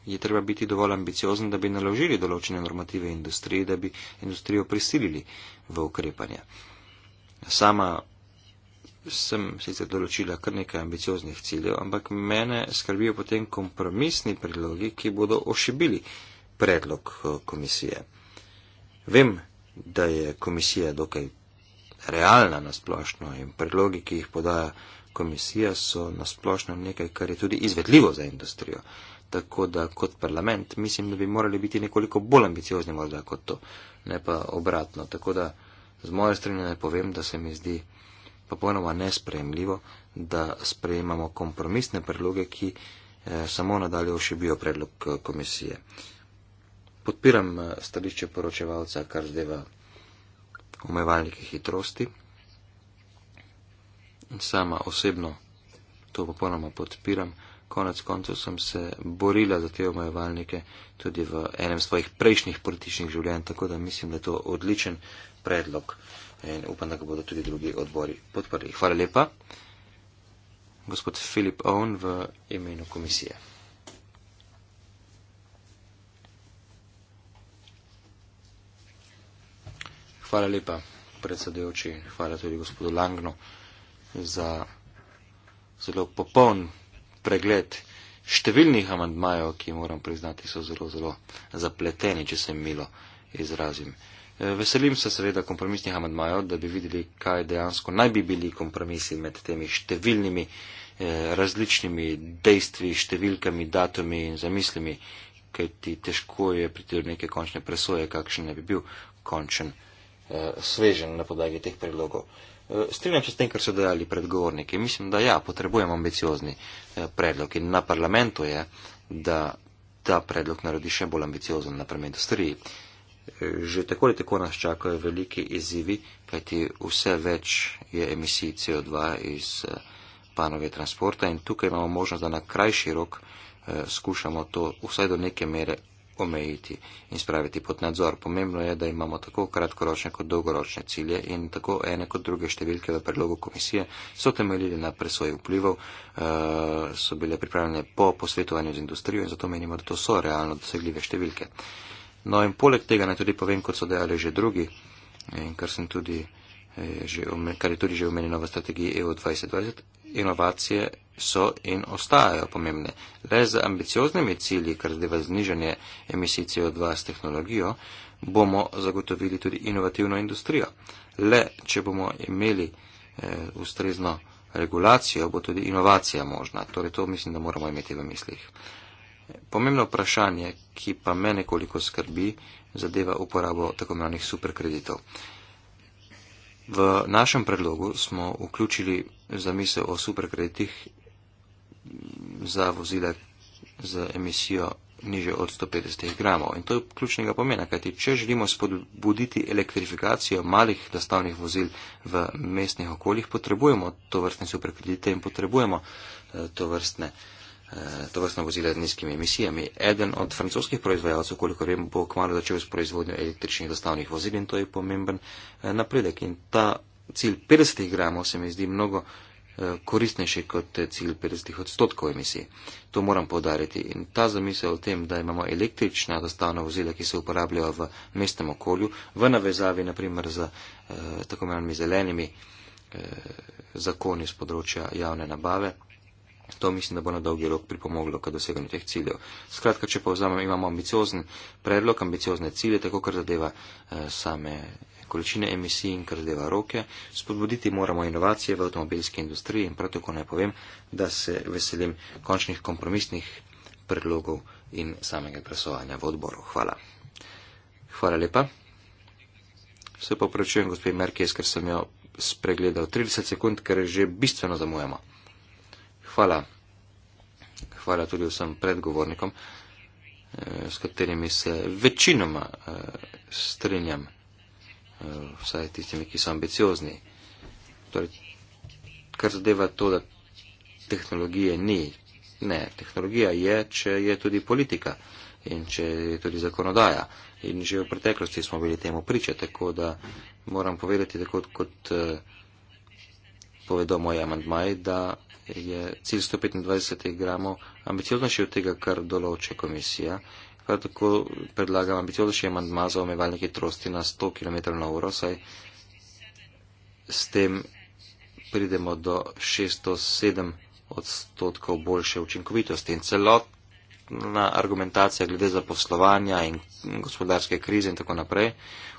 S3: je treba biti dovolj ambiciozen, da bi naložili določene normative industriji, da bi industrijo prisilili v ukrepanje. Sama sem sicer določila kar nekaj ambicioznih ciljev, ampak mene skrbijo potem kompromisni predlogi, ki bodo ošibili predlog eh, komisije. Vem, da je komisija dokaj realna na splošno in predlogi, ki jih podaja komisija, so na splošno nekaj, kar je tudi izvedljivo za industrijo. Tako da kot parlament mislim, da bi morali biti nekoliko bolj ambiciozni morda kot to, ne pa obratno. Tako da z moje strani ne povem, da se mi zdi popolnoma nesprejemljivo, da sprejemamo kompromisne predloge, ki eh, samo nadalje ošibijo predlog eh, komisije. Eh, podpiram eh, stališče poročevalca, kar zdeva omejevalnike hitrosti. Sama osebno to popolnoma podpiram. Konec koncev sem se borila za te omejevalnike tudi v enem svojih prejšnjih političnih življenj, tako da mislim, da je to odličen predlog in upam, da ga bodo tudi drugi odbori podprli. Hvala lepa. Gospod Filip Owen v imenu komisije. Hvala lepa, predsedujoči, hvala tudi gospodu Langno za zelo popoln pregled številnih amandmajev, ki moram priznati so zelo, zelo zapleteni, če se milo izrazim. E, veselim se seveda kompromisnih amandmajev, da bi videli, kaj dejansko naj bi bili kompromisi med temi številnimi e, različnimi dejstvi, številkami, datumi in zamislimi, kaj ti težko je priti do neke končne presoje, kakšen ne bi bil končen Eh, svežen na podlagi teh predlogov. Eh, strinjam se s tem, kar so dejali predgovorniki. Mislim, da ja, potrebujemo ambiciozni eh, predlog in na parlamentu je, da ta predlog naredi še bolj ambiciozen, naprimer industriji. Že tako ali tako nas čakajo veliki izzivi, kajti vse več je emisij CO2 iz panove transporta in tukaj imamo možnost, da na krajši rok skušamo to vsaj do neke mere omejiti in spraviti pod nadzor. Pomembno je, da imamo tako kratkoročne kot dolgoročne cilje in tako ene kot druge številke v predlogu komisije so temeljili na presoji vplivov, eh, so bile pripravljene po posvetovanju z industrijo in zato menimo, da to so realno dosegljive številke. No in poleg tega naj tudi povem, kot so dejali že drugi in kar, tudi, eh, kar je tudi že omenjeno v strategiji EU 2020, inovacije so in ostajajo pomembne. Le z ambicioznimi cilji, kar zadeva znižanje emisij CO2 s tehnologijo, bomo zagotovili tudi inovativno industrijo. Le, če bomo imeli eh, ustrezno regulacijo, bo tudi inovacija možna. Torej, to mislim, da moramo imeti v mislih. Pomembno vprašanje, ki pa me nekoliko skrbi, zadeva uporabo tako imenovanih superkreditov. V našem predlogu smo vključili zamisel o superkreditih za vozile z emisijo niže od 150 gramov. In to je ključnega pomena, kajti če želimo spodbuditi elektrifikacijo malih dostavnih vozil v mestnih okoljih, potrebujemo to vrstne superkredite in potrebujemo eh, to vrstne eh, to vrstno vozila z nizkimi emisijami. Eden od francoskih proizvajalcev, koliko vem, bo kmalo začel s proizvodnjo električnih dostavnih vozil in to je pomemben eh, napredek. In ta cilj 50 gramov se mi zdi mnogo Eh, koristnejši kot cilj 50 odstotkov emisij. To moram povdariti. In ta zamisel o tem, da imamo električna dostavna vozila, ki se uporabljajo v mestnem okolju, v navezavi naprimer z eh, tako imenovanimi zelenimi eh, zakoni z področja javne nabave, to mislim, da bo na dolgi rok pripomoglo k doseganju teh ciljev. Skratka, če povzamem, imamo ambiciozen predlog, ambiciozne cilje, tako kar zadeva same količine emisij in kar zadeva roke. Spodbuditi moramo inovacije v avtomobilski industriji in prav tako ne povem, da se veselim končnih kompromisnih predlogov in samega glasovanja v odboru. Hvala. Hvala lepa. Se pa opravičujem, gospod Merkes, ker sem jo spregledal 30 sekund, ker že bistveno zamujamo. Hvala. Hvala tudi vsem predgovornikom, eh, s katerimi se večinoma eh, strinjam. Eh, vsaj tistimi, ki so ambiciozni. Torej, kar zadeva to, da tehnologije ni. Ne, tehnologija je, če je tudi politika in če je tudi zakonodaja. In že v preteklosti smo bili temu priča, tako da moram povedati, tako kot eh, povedo moj amantmaj, da je cilj 125 gramov ambicioznejši od tega, kar določa komisija Prav tako predlagam ambiciozni amandma za omejevanje hitrosti na 100 km na uro, saj s tem pridemo do 607 odstotkov boljše učinkovitosti. In celotna argumentacija glede zaposlovanja in gospodarske krize in tako naprej,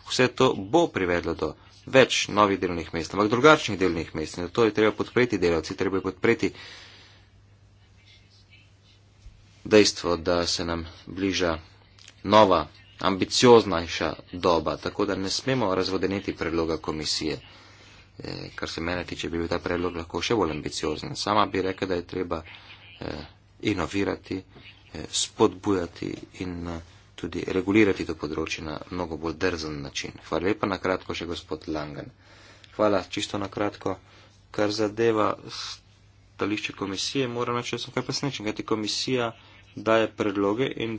S3: vse to bo privedlo do več novih delovnih mest, ampak drugačnih delovnih mest. In to je treba podpreti delavci, treba je podpreti dejstvo, da se nam bliža nova, ambicioznajša doba, tako da ne smemo razvodeniti predloga komisije. E, kar se mene tiče, bi bil ta predlog lahko še bolj ambiciozen. Sama bi rekla, da je treba e, inovirati, e, spodbujati in e, tudi regulirati to področje na mnogo bolj drzen način. Hvala lepa na kratko še gospod Langen. Hvala čisto na kratko. Kar zadeva stališče komisije, moram reči, da sem kaj pesničen, kajti komisija daje predloge in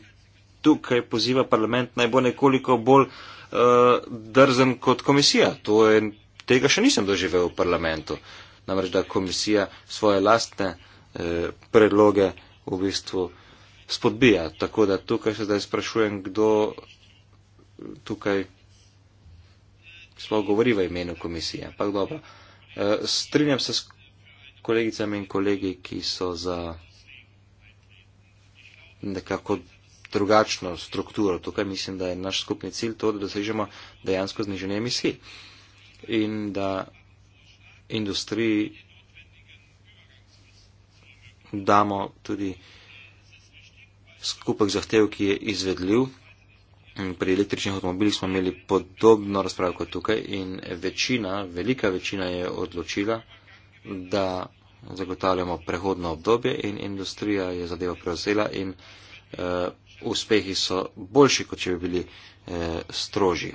S3: tukaj poziva parlament naj bo nekoliko bolj uh, drzen kot komisija. Je, tega še nisem doživel v parlamentu. Namreč, da komisija svoje lastne eh, predloge v bistvu spodbija. Tako da tukaj se zdaj sprašujem, kdo tukaj sploh govori v imenu komisije. Pak dobro. Eh, strinjam se s kolegicami in kolegi, ki so za nekako drugačno strukturo. Tukaj mislim, da je naš skupni cilj to, da dosežemo dejansko zniženje emisij in da industriji damo tudi skupek zahtev, ki je izvedljiv. Pri električnih avtomobilih smo imeli podobno razpravo kot tukaj in večina, velika večina je odločila, da zagotavljamo prehodno obdobje in industrija je zadevo prevzela in uh, uspehi so boljši, kot če bi bili uh, strožji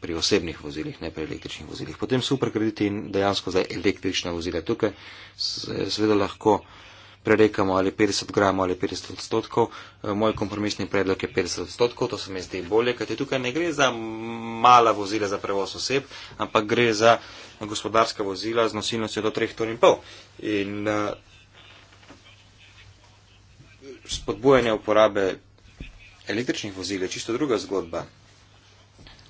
S3: pri osebnih vozilih, ne pri električnih vozilih. Potem super krediti in dejansko zdaj električna vozila tukaj seveda lahko uh, prerekamo ali 50 gramov ali 50 odstotkov. E, moj kompromisni predlog je 50 odstotkov, to se mi zdi bolje, kajti tukaj ne gre za mala vozila za prevoz oseb, ampak gre za gospodarska vozila z nosilnostjo do 3,5 ton. In uh, spodbujanje uporabe električnih vozil je čisto druga zgodba.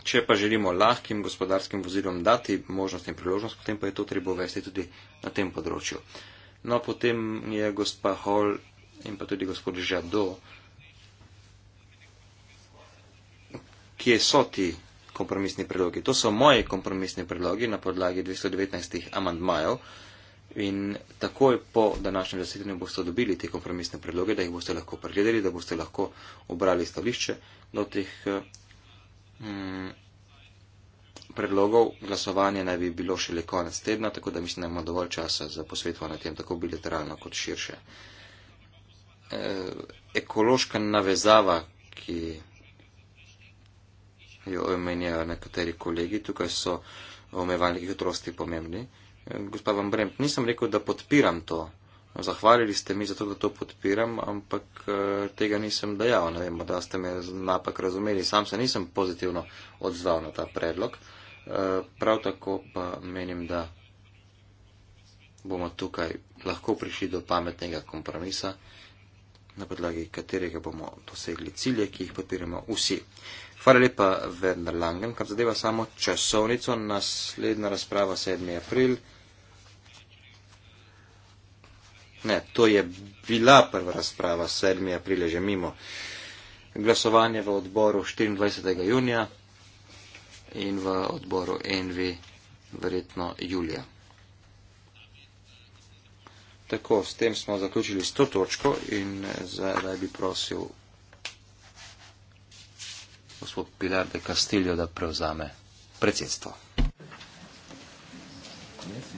S3: Če pa želimo lahkim gospodarskim vozilom dati možnost in priložnost, potem pa je to treba uvesti tudi na tem področju. Uh, No, potem je gospa Hall in pa tudi gospod Žado, kje so ti kompromisni predlogi. To so moji kompromisni predlogi na podlagi 219 amandmajev in takoj po današnjem zasedanju boste dobili te kompromisne predloge, da jih boste lahko pregledali, da boste lahko obrali stališče do teh. Eh, mm, predlogov, glasovanje naj bi bilo šele konec tedna, tako da mislim, da imamo dovolj časa za posvetvo na tem, tako bilateralno kot širše. E, ekološka navezava, ki jo omenjajo nekateri kolegi, tukaj so v omejevalnih hitrosti pomembni. E, gospa Van Bremt, nisem rekel, da podpiram to Zahvalili ste mi zato, da to podpiram, ampak eh, tega nisem dejal. Ne vem, da ste me napak razumeli. Sam se nisem pozitivno odzval na ta predlog. Eh, prav tako pa menim, da bomo tukaj lahko prišli do pametnega kompromisa, na podlagi katerega bomo dosegli cilje, ki jih podpiramo vsi. Hvala lepa, Werner Langen. Kar zadeva samo časovnico, naslednja razprava 7. april. Ne, to je bila prva razprava 7. aprila, že mimo glasovanje v odboru 24. junija in v odboru Envi verjetno julija. Tako, s tem smo zaključili s to točko in zdaj bi prosil gospod Pilar de Castillo, da prevzame predsedstvo. Yes.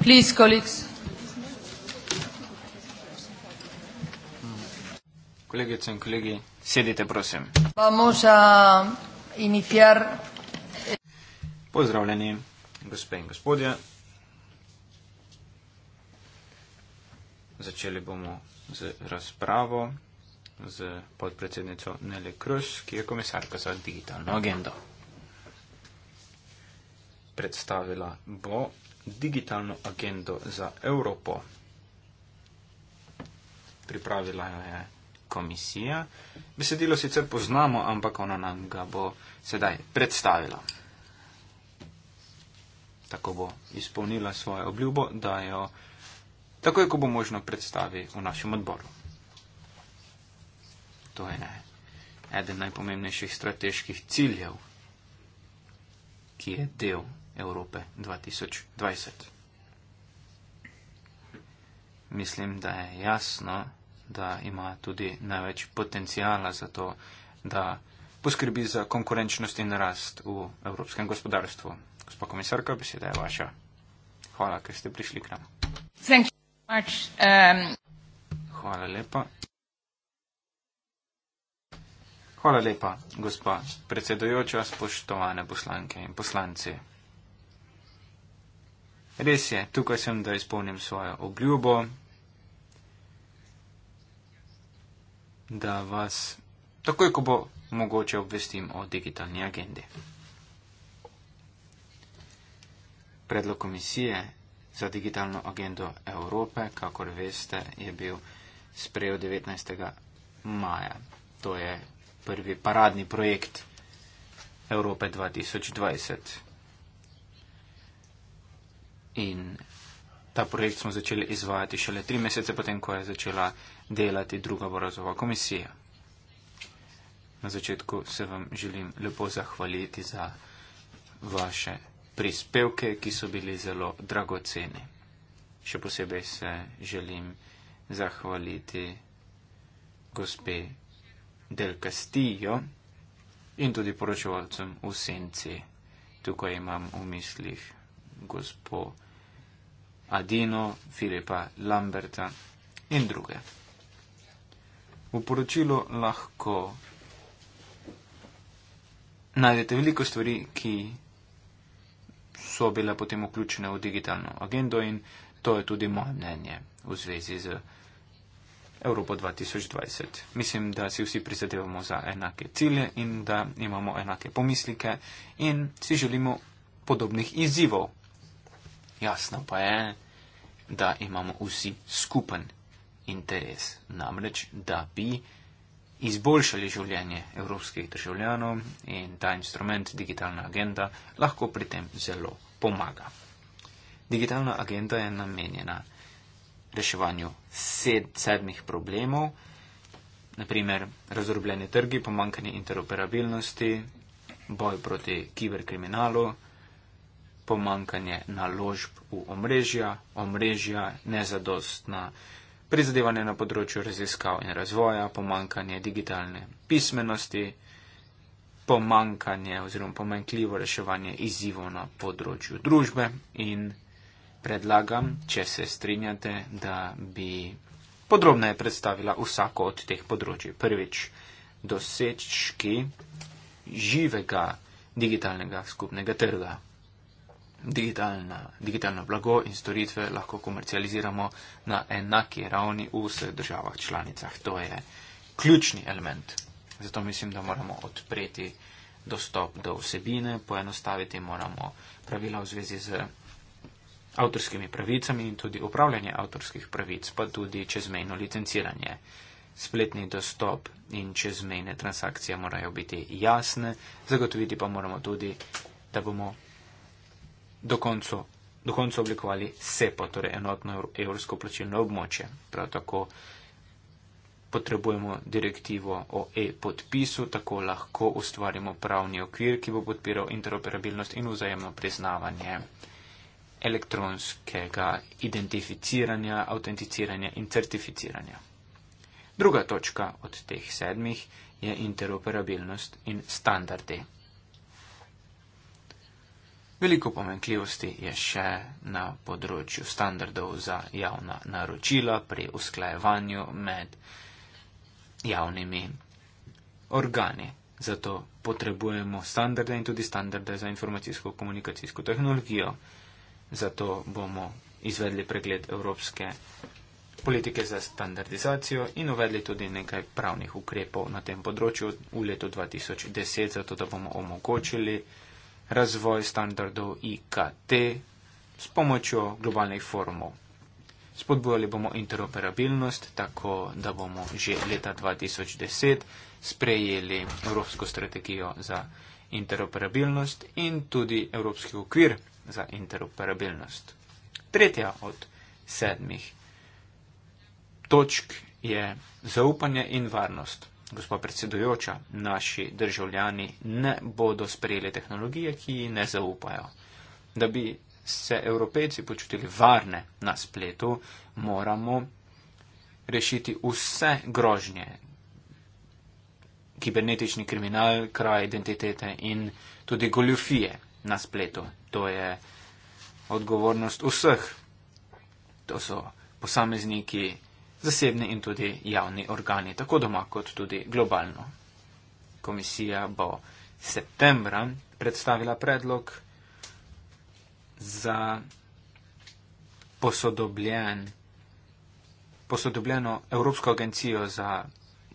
S3: Please, colleagues.
S2: Kolegice in kolegi, sedite, prosim.
S3: Vamos a iniciar...
S2: Pozdravljeni, gospe in gospodje. Začeli bomo z razpravo z podpredsednico Nele Kruš, ki je komisarka za digitalno agendo. Predstavila bo digitalno agendo za Evropo. Pripravila jo je komisija. Besedilo sicer poznamo, ampak ona nam ga bo sedaj predstavila. Tako bo izpolnila svojo obljubo, da jo takoj, ko bo možno, predstavi v našem odboru. To je eden najpomembnejših strateških ciljev, ki je del Evrope 2020. Mislim, da je jasno, da ima tudi največ potencijala za to, da poskrbi za konkurenčnost in rast v evropskem gospodarstvu. Gospod komisarka, beseda je vaša. Hvala, ker ste prišli k nam.
S1: Um,
S2: Hvala lepa. Hvala lepa, gospa predsedujoča, spoštovane poslanke in poslanci. Res je, tukaj sem, da izpolnim svojo obljubo, da vas takoj, ko bo mogoče, obvestim o digitalni agendi. Predlog komisije za digitalno agendo Evrope, kakor veste, je bil sprejel 19. maja. To je prvi paradni projekt Evrope 2020. In ta projekt smo začeli izvajati šele tri mesece potem, ko je začela delati druga borazova komisija. Na začetku se vam želim lepo zahvaliti za vaše prispevke, ki so bili zelo dragoceni. Še posebej se želim zahvaliti gospe Del Castillo in tudi poročevalcem v Senci. Tukaj imam v mislih gospo Adino, Filipa Lamberta in druge. V poročilu lahko najdete veliko stvari, ki so bile potem vključene v digitalno agendo in to je tudi moje mnenje v zvezi z Evropo 2020. Mislim, da si vsi prizadevamo za enake cilje in da imamo enake pomislike in si želimo podobnih izzivov Jasno pa je, da imamo vsi skupen interes, namreč, da bi izboljšali življenje evropskih državljanov in ta instrument, digitalna agenda, lahko pri tem zelo pomaga. Digitalna agenda je namenjena reševanju sed, sedmih problemov, naprimer razorbljeni trgi, pomankanje interoperabilnosti, boj proti kiberkriminalu, pomankanje naložb v omrežja, omrežja nezadostna, prizadevanje na področju raziskav in razvoja, pomankanje digitalne pismenosti, pomankanje oziroma pomankljivo reševanje izzivov na področju družbe in predlagam, če se strinjate, da bi podrobneje predstavila vsako od teh področji. Prvič, dosečki živega digitalnega skupnega trga digitalna, digitalno blago in storitve lahko komercializiramo na enaki ravni v vseh državah članicah. To je ključni element. Zato mislim, da moramo odpreti dostop do vsebine, poenostaviti moramo pravila v zvezi z avtorskimi pravicami in tudi upravljanje avtorskih pravic, pa tudi čezmejno licenciranje. Spletni dostop in čezmejne transakcije morajo biti jasne, zagotoviti pa moramo tudi, da bomo do koncu, do koncu oblikovali SEPA, torej enotno evropsko plačilno območje. Prav tako potrebujemo direktivo o e-podpisu, tako lahko ustvarimo pravni okvir, ki bo podpiral interoperabilnost in vzajemno priznavanje elektronskega identificiranja, autenticiranja in certificiranja. Druga točka od teh sedmih je interoperabilnost in standardi. Veliko pomenkljivosti je še na področju standardov za javna naročila pri usklajevanju med javnimi organi. Zato potrebujemo standarde in tudi standarde za informacijsko-komunikacijsko tehnologijo. Zato bomo izvedli pregled Evropske politike za standardizacijo in uvedli tudi nekaj pravnih ukrepov na tem področju v letu 2010, zato da bomo omogočili razvoj standardov IKT s pomočjo globalnih forumov. Spodbojali bomo interoperabilnost, tako da bomo že leta 2010 sprejeli Evropsko strategijo za interoperabilnost in tudi Evropski okvir za interoperabilnost. Tretja od sedmih točk je zaupanje in varnost gospod predsedujoča, naši državljani ne bodo sprejeli tehnologije, ki ji ne zaupajo. Da bi se evropejci počutili varne na spletu, moramo rešiti vse grožnje, kibernetični kriminal, kraj identitete in tudi goljufije na spletu. To je odgovornost vseh. To so posamezniki, zasebni in tudi javni organi, tako doma kot tudi globalno. Komisija bo septembra predstavila predlog za posodobljen, posodobljeno Evropsko agencijo za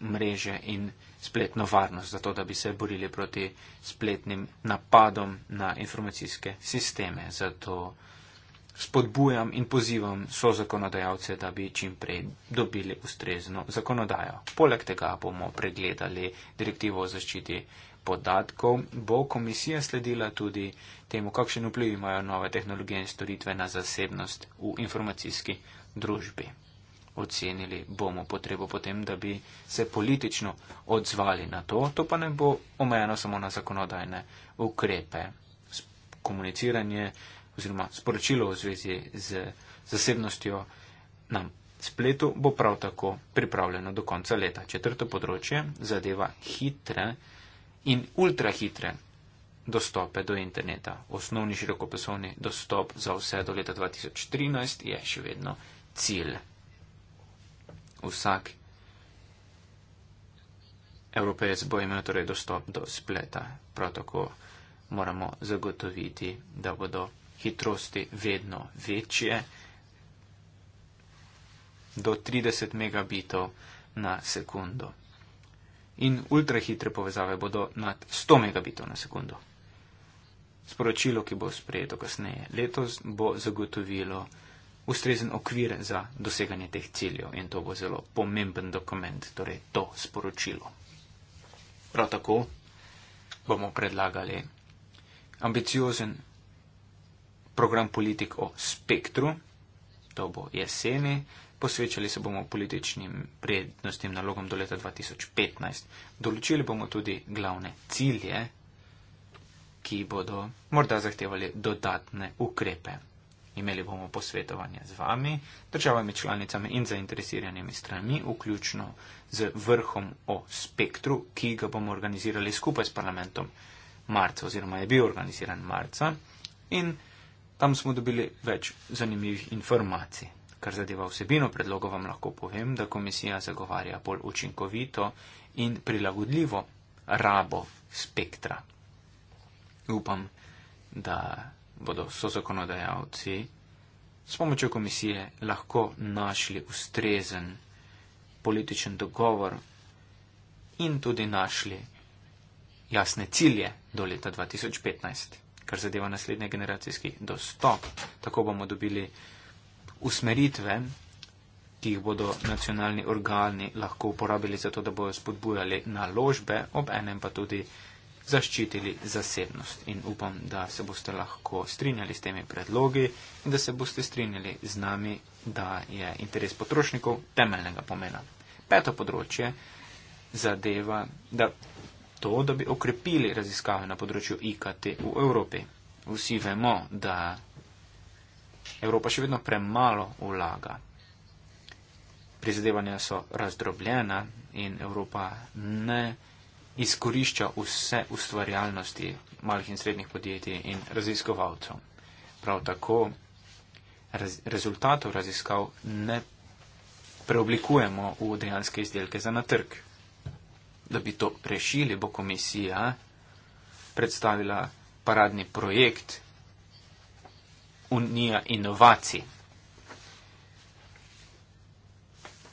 S2: mreže in spletno varnost, zato da bi se borili proti spletnim napadom na informacijske sisteme. Zato spodbujam in pozivam so zakonodajalce, da bi čim prej dobili ustrezno zakonodajo. Poleg tega bomo pregledali direktivo o zaščiti podatkov, bo komisija sledila tudi temu, kakšen vpliv imajo nove tehnologije in storitve na zasebnost v informacijski družbi. Ocenili bomo potrebo potem, da bi se politično odzvali na to, to pa ne bo omejeno samo na zakonodajne ukrepe. Komuniciranje oziroma sporočilo v zvezi z zasebnostjo na spletu bo prav tako pripravljeno do konca leta. Četrto področje zadeva hitre in ultrahitre dostope do interneta. Osnovni širokopasovni dostop za vse do leta 2013 je še vedno cilj. Vsak evropejec bo imel torej dostop do spleta. Prav tako moramo zagotoviti, da bodo hitrosti vedno večje, do 30 megabitov na sekundo. In ultrahitre povezave bodo nad 100 megabitov na sekundo. Sporočilo, ki bo sprejeto kasneje letos, bo zagotovilo ustrezen okvir za doseganje teh ciljev in to bo zelo pomemben dokument, torej to sporočilo. Prav tako bomo predlagali ambiciozen program politik o spektru, to bo jeseni, posvečali se bomo političnim prednostnim nalogom do leta 2015. Določili bomo tudi glavne cilje, ki bodo morda zahtevali dodatne ukrepe. Imeli bomo posvetovanje z vami, državami članicami in zainteresiranimi stranmi, vključno z vrhom o spektru, ki ga bomo organizirali skupaj s parlamentom marca oziroma je bil organiziran marca. In Tam smo dobili več zanimivih informacij. Kar zadeva vsebino predloga, vam lahko povem, da komisija zagovarja bolj učinkovito in prilagodljivo rabo spektra. Upam, da bodo so zakonodajalci s pomočjo komisije lahko našli ustrezen političen dogovor in tudi našli jasne cilje do leta 2015 kar zadeva naslednje generacijski dostop. Tako bomo dobili usmeritve, ki jih bodo nacionalni organi lahko uporabili za to, da bodo spodbujali naložbe, ob enem pa tudi zaščitili zasebnost. In upam, da se boste lahko strinjali s temi predlogi in da se boste strinjali z nami, da je interes potrošnikov temeljnega pomena. Peto področje zadeva, da to, da bi okrepili raziskave na področju IKT v Evropi. Vsi vemo, da Evropa še vedno premalo vlaga. Prizadevanja so razdrobljena in Evropa ne izkorišča vse ustvarjalnosti malih in srednjih podjetij in raziskovalcev. Prav tako raz, rezultatov raziskav ne preoblikujemo v dejanske izdelke za na trg da bi to rešili, bo komisija predstavila paradni projekt Unija inovacij.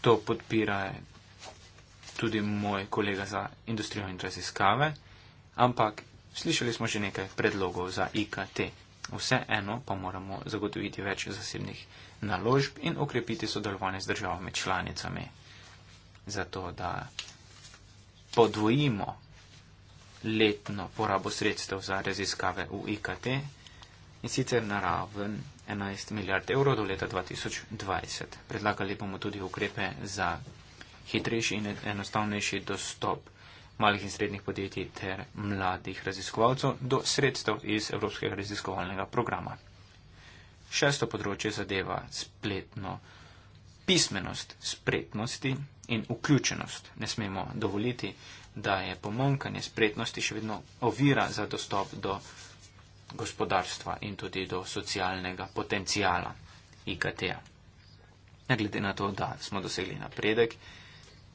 S2: To podpira tudi moj kolega za industrijo in raziskave, ampak slišali smo že nekaj predlogov za IKT. Vseeno pa moramo zagotoviti več zasebnih naložb in okrepiti sodelovanje z državami članicami, zato da podvojimo letno porabo sredstev za raziskave v IKT in sicer na raven 11 milijard evrov do leta 2020. Predlagali bomo tudi ukrepe za hitrejši in enostavnejši dostop malih in srednjih podjetij ter mladih raziskovalcev do sredstev iz Evropskega raziskovalnega programa. Šesto področje zadeva spletno pismenost spretnosti in vključenost. Ne smemo dovoliti, da je pomankanje spretnosti še vedno ovira za dostop do gospodarstva in tudi do socialnega potencijala IKT-ja. Ne glede na to, da smo dosegli napredek,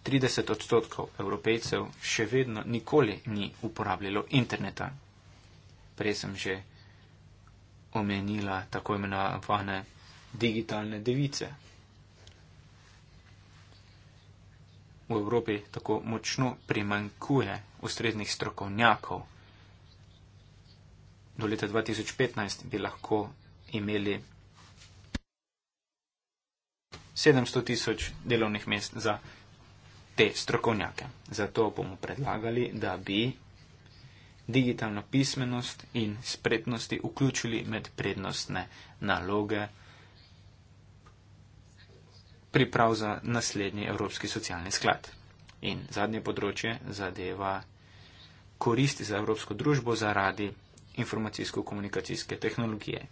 S2: 30 odstotkov evropejcev še vedno nikoli ni uporabljalo interneta. Prej sem že omenila tako imenovane digitalne device, v Evropi tako močno primankuje ustreznih strokovnjakov. Do leta 2015 bi lahko imeli 700 tisoč delovnih mest za te strokovnjake. Zato bomo predlagali, da bi digitalno pismenost in spretnosti vključili med prednostne naloge priprav za naslednji Evropski socialni sklad. In zadnje področje zadeva koristi za Evropsko družbo zaradi informacijsko-komunikacijske tehnologije.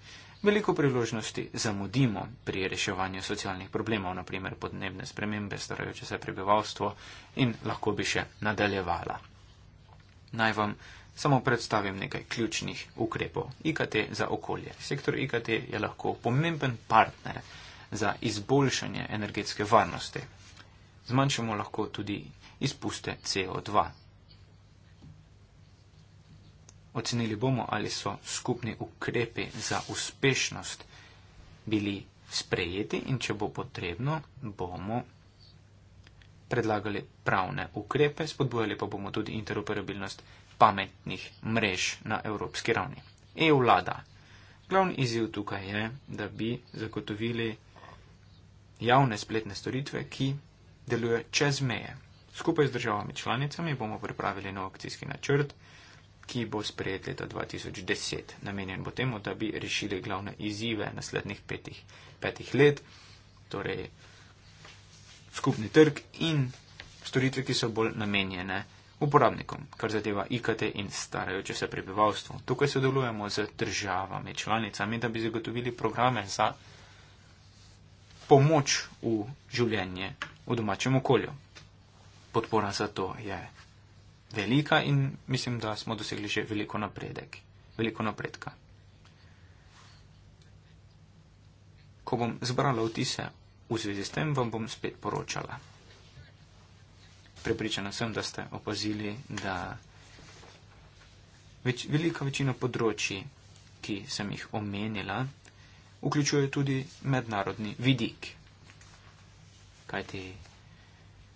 S2: Veliko priložnosti zamudimo pri reševanju socialnih problemov, naprimer podnebne spremembe, starajoče se prebivalstvo in lahko bi še nadaljevala. Naj vam samo predstavim nekaj ključnih ukrepov IKT za okolje. Sektor IKT je lahko pomemben partner za izboljšanje energetske varnosti. Zmanjšamo lahko tudi izpuste CO2. Ocenili bomo, ali so skupni ukrepi za uspešnost bili sprejeti in če bo potrebno, bomo predlagali pravne ukrepe, spodbujali pa bomo tudi interoperabilnost pametnih mrež na evropski ravni. EU vlada. Glavni izjiv tukaj je, da bi zagotovili javne spletne storitve, ki deluje čez meje. Skupaj z državami članicami bomo pripravili nov akcijski načrt, ki bo sprejet leta 2010. Namenjen bo temu, da bi rešili glavne izzive naslednjih petih, petih let, torej skupni trg in storitve, ki so bolj namenjene uporabnikom, kar zadeva IKT in starajoče se prebivalstvo. Tukaj sodelujemo z državami članicami, da bi zagotovili programe za pomoč v življenje v domačem okolju. Podpora za to je velika in mislim, da smo dosegli že veliko, napredek, veliko napredka. Ko bom zbrala vtise v zvezi s tem, vam bom spet poročala. Prepričana sem, da ste opazili, da več, velika večina področji, ki sem jih omenila, vključuje tudi mednarodni vidik. Kajti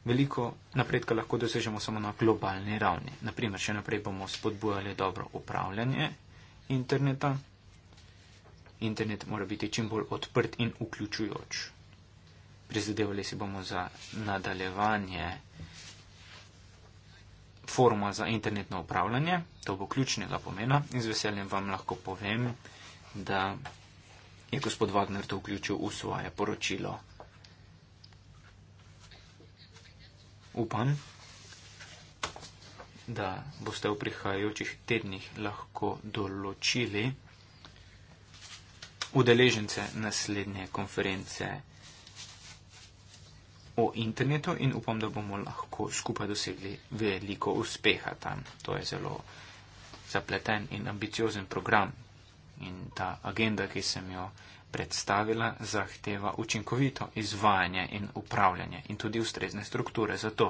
S2: veliko napredka lahko dosežemo samo na globalni ravni. Naprimer, še naprej bomo spodbujali dobro upravljanje interneta. Internet mora biti čim bolj odprt in vključujoč. Prizadevali si bomo za nadaljevanje foruma za internetno upravljanje. To bo ključnega pomena in z veseljem vam lahko povem, da je gospod Wagner to vključil v svoje poročilo. Upam, da boste v prihajajočih tednih lahko določili udeležence naslednje konference o internetu in upam, da bomo lahko skupaj dosegli veliko uspeha tam. To je zelo zapleten in ambiciozen program, in ta agenda, ki sem jo predstavila, zahteva učinkovito izvajanje in upravljanje in tudi ustrezne strukture za to.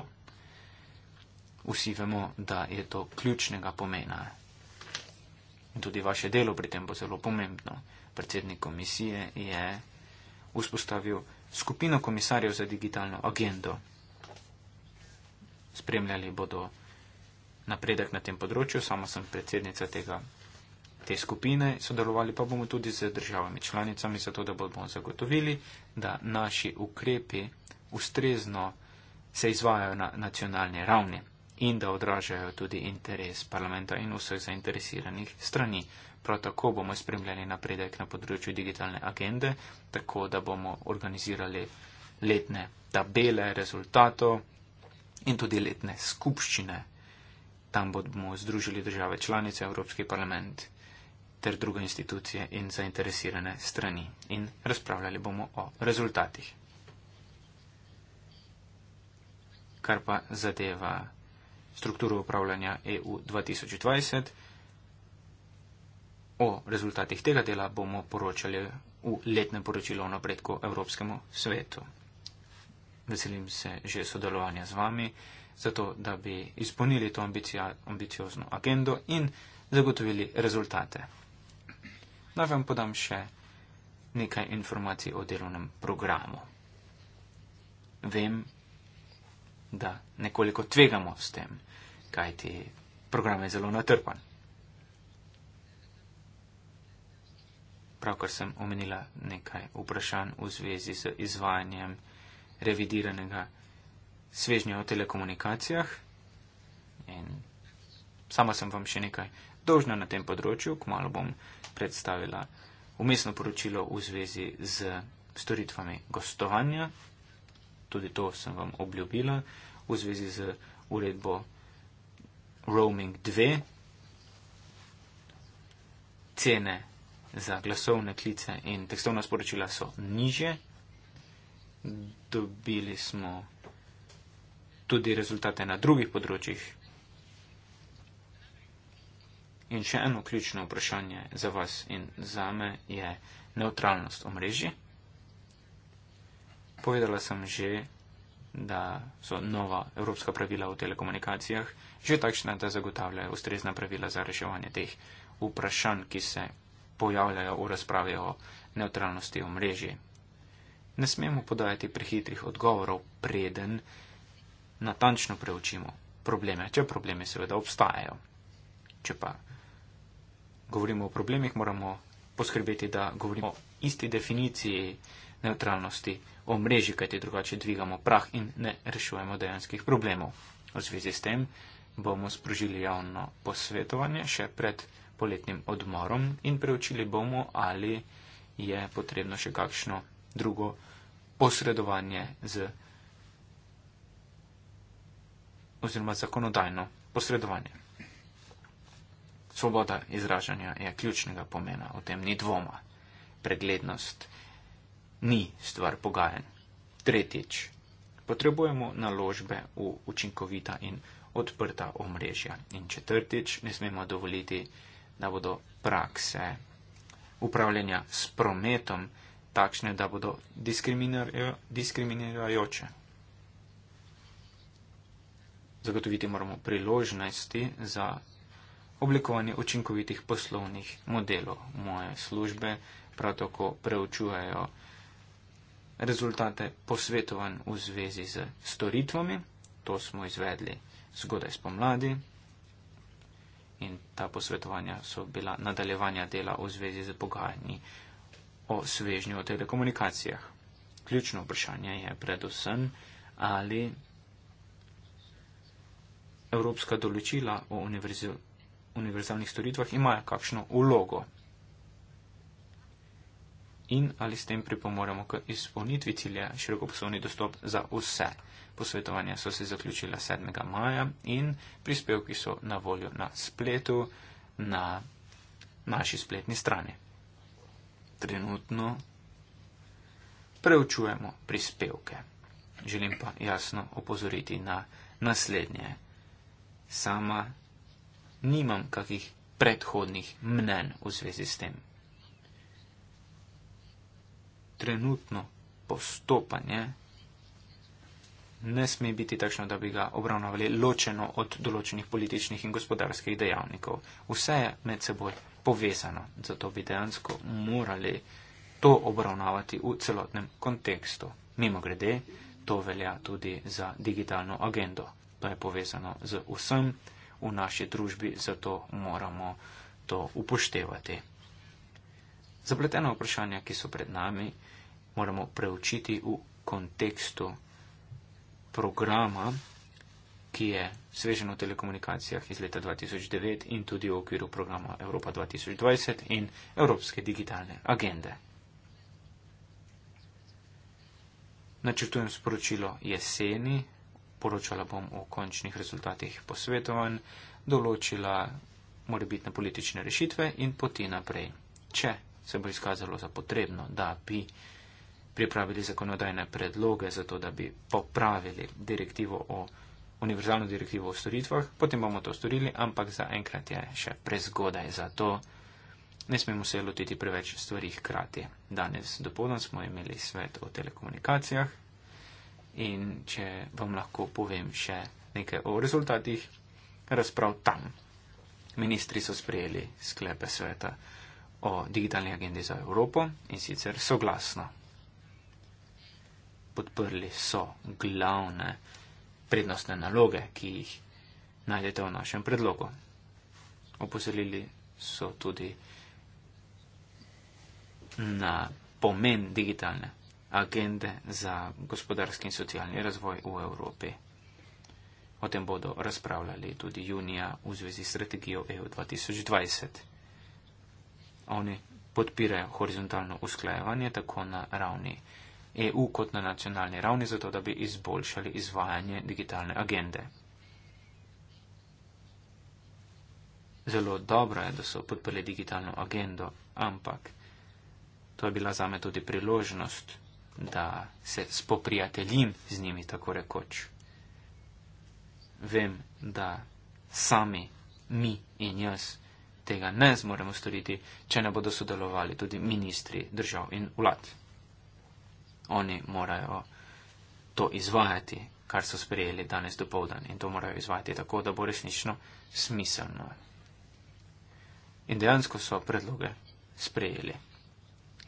S2: Vsi vemo, da je to ključnega pomena. In tudi vaše delo pri tem bo zelo pomembno. Predsednik komisije je vzpostavil skupino komisarjev za digitalno agendo. Spremljali bodo napredek na tem področju, sama sem predsednica tega te skupine, sodelovali pa bomo tudi z državami članicami, zato da bomo zagotovili, da naši ukrepi ustrezno se izvajajo na nacionalni ravni in da odražajo tudi interes parlamenta in vseh zainteresiranih strani. Prav tako bomo spremljali napredek na področju digitalne agende, tako da bomo organizirali letne tabele rezultatov in tudi letne skupščine. Tam bomo združili države članice Evropski parlament ter druge institucije in zainteresirane strani in razpravljali bomo o rezultatih. Kar pa zadeva strukturo upravljanja EU 2020, o rezultatih tega dela bomo poročali v letnem poročilu o napredku Evropskemu svetu. Veselim se že sodelovanja z vami, zato da bi izpolnili to ambiciozno agendo in zagotovili rezultate. Naj vam podam še nekaj informacij o delovnem programu. Vem, da nekoliko tvegamo s tem, kajti program je zelo natrpan. Pravkar sem omenila nekaj vprašanj v zvezi z izvajanjem revidiranega svežnja o telekomunikacijah. In sama sem vam še nekaj obtožnjo na tem področju, kmalo bom predstavila umestno poročilo v zvezi z storitvami gostovanja, tudi to sem vam obljubila, v zvezi z uredbo Roaming 2, cene za glasovne klice in tekstovna sporočila so niže. Dobili smo tudi rezultate na drugih področjih In še eno ključno vprašanje za vas in za me je neutralnost omrežja. Povedala sem že, da so nova evropska pravila v telekomunikacijah že takšna, da zagotavljajo ustrezna pravila za reševanje teh vprašanj, ki se pojavljajo v razpravi o neutralnosti omrežja. Ne smemo podajati prehitrih odgovorov, preden natančno preučimo probleme, če probleme seveda obstajajo. Če pa govorimo o problemih, moramo poskrbeti, da govorimo o isti definiciji neutralnosti o mreži, kajti drugače dvigamo prah in ne rešujemo dejanskih problemov. V zvezi s tem bomo sprožili javno posvetovanje še pred poletnim odmorom in preučili bomo, ali je potrebno še kakšno drugo posredovanje z oziroma zakonodajno posredovanje. Svoboda izražanja je ključnega pomena, o tem ni dvoma. Preglednost ni stvar pogajen. Tretjič, potrebujemo naložbe v učinkovita in odprta omrežja. In četrtič, ne smemo dovoliti, da bodo prakse upravljanja s prometom takšne, da bodo diskriminirajoče. Zagotoviti moramo priložnosti za oblikovanje učinkovitih poslovnih modelov moje službe, prav tako preučujejo rezultate posvetovanj v zvezi z storitvami. To smo izvedli zgodaj spomladi in ta posvetovanja so bila nadaljevanja dela v zvezi z pogajanji o svežnju o telekomunikacijah. Ključno vprašanje je predvsem, ali Evropska določila o univerzitetu univerzalnih storitvah imajo kakšno ulogo in ali s tem pripomoremo k izpolnitvi cilja širokopsovni dostop za vse. Posvetovanja so se zaključila 7. maja in prispevki so na voljo na spletu na naši spletni strani. Trenutno preučujemo prispevke. Želim pa jasno opozoriti na naslednje. Sama nimam kakih predhodnih mnen v zvezi s tem. Trenutno postopanje ne sme biti takšno, da bi ga obravnavali ločeno od določenih političnih in gospodarskih dejavnikov. Vse je med seboj povezano, zato bi dejansko morali to obravnavati v celotnem kontekstu. Mimo grede, to velja tudi za digitalno agendo. To je povezano z vsem v naši družbi, zato moramo to upoštevati. Zapletena vprašanja, ki so pred nami, moramo preučiti v kontekstu programa, ki je svežen v telekomunikacijah iz leta 2009 in tudi v okviru programa Evropa 2020 in Evropske digitalne agende. Načrtujem sporočilo jeseni poročala bom o končnih rezultatih posvetovanj, določila morebitne politične rešitve in poti naprej. Če se bo izkazalo za potrebno, da bi pripravili zakonodajne predloge za to, da bi popravili direktivo o univerzalno direktivo o storitvah, potem bomo to storili, ampak zaenkrat je še prezgodaj za to. Ne smemo se lotiti preveč stvari hkrati. Danes dopoldan smo imeli svet o telekomunikacijah, in če vam lahko povem še nekaj o rezultatih razprav tam. Ministri so sprejeli sklepe sveta o digitalni agendi za Evropo in sicer soglasno. Podprli so glavne prednostne naloge, ki jih najdete v našem predlogu. Opozorili so tudi na pomen digitalne agende za gospodarski in socialni razvoj v Evropi. O tem bodo razpravljali tudi junija v zvezi s strategijo EU 2020. Oni podpirajo horizontalno usklajevanje tako na ravni EU kot na nacionalni ravni, zato da bi izboljšali izvajanje digitalne agende. Zelo dobro je, da so podprli digitalno agendo, ampak to je bila zame tudi priložnost da se spoprijateljim z njimi, tako rekoč. Vem, da sami, mi in jaz, tega ne zmoremo storiti, če ne bodo sodelovali tudi ministri držav in vlad. Oni morajo to izvajati, kar so sprejeli danes do povdan in to morajo izvajati tako, da bo resnično smiselno. In dejansko so predloge sprejeli.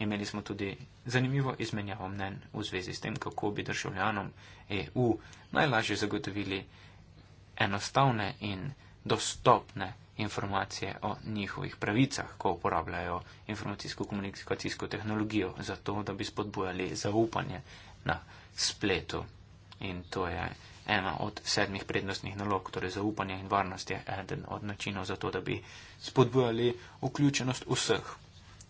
S2: Imeli smo tudi zanimivo izmenjavo mnen v zvezi s tem, kako bi državljanom EU najlažje zagotovili enostavne in dostopne informacije o njihovih pravicah, ko uporabljajo informacijsko-komunikacijsko tehnologijo, zato da bi spodbujali zaupanje na spletu. In to je ena od sedmih prednostnih nalog, torej zaupanje in varnost je eden od načinov za to, da bi spodbujali vključenost vseh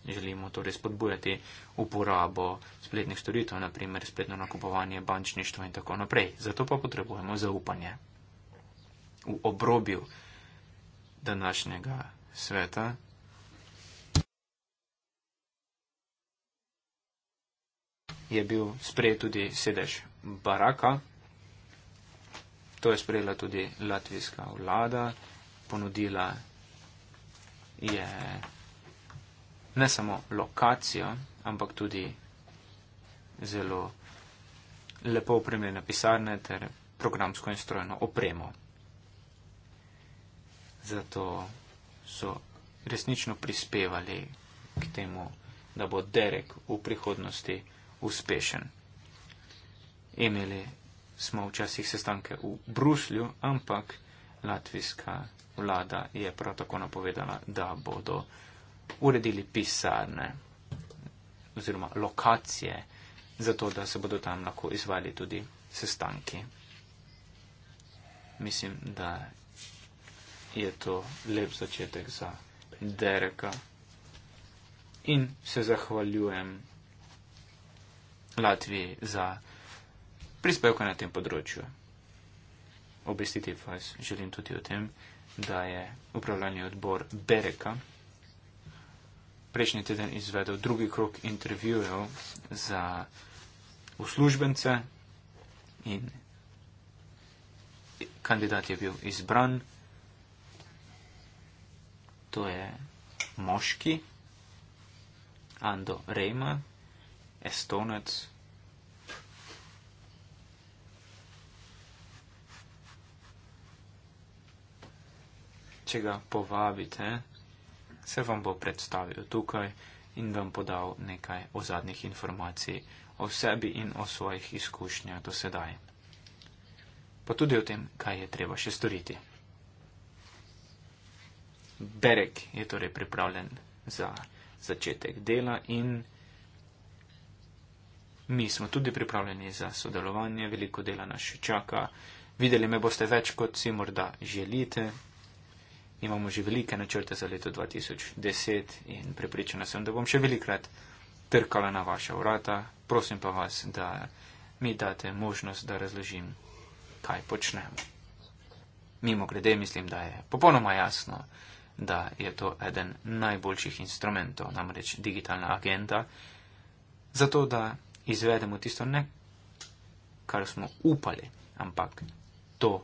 S2: želimo torej spodbujati uporabo spletnih storitev, naprimer spletno nakupovanje, bančništvo in tako naprej. Zato pa potrebujemo zaupanje. V obrobju današnjega sveta je bil sprejet tudi sedež baraka. To je sprejela tudi latvijska vlada, ponudila je ne samo lokacijo, ampak tudi zelo lepo opremljene pisarne ter programsko in strojno opremo. Zato so resnično prispevali k temu, da bo Derek v prihodnosti uspešen. Imeli smo včasih sestanke v Bruslju, ampak latvijska vlada je prav tako napovedala, da bodo uredili pisarne oziroma lokacije, zato da se bodo tam lahko izvali tudi sestanki. Mislim, da je to lep začetek za Dereka in se zahvaljujem Latviji za prispevke na tem področju. Obestiti vas želim tudi o tem, da je upravljanje odbor Bereka prejšnji teden izvedel drugi krok intervjujev za uslužbence in kandidat je bil izbran. To je moški Ando Rejma, estonec. Če ga povabite, se vam bo predstavil tukaj in vam podal nekaj o zadnjih informacij o sebi in o svojih izkušnjah do sedaj. Pa tudi o tem, kaj je treba še storiti. Berek je torej pripravljen za začetek dela in mi smo tudi pripravljeni za sodelovanje, veliko dela nas še čaka. Videli me boste več, kot si morda želite, imamo že velike načrte za leto 2010 in prepričana sem, da bom še velikrat trkala na vaša vrata. Prosim pa vas, da mi date možnost, da razložim, kaj počnem. Mimo grede mislim, da je popolnoma jasno, da je to eden najboljših instrumentov, namreč digitalna agenda, zato da izvedemo tisto ne, kar smo upali, ampak to,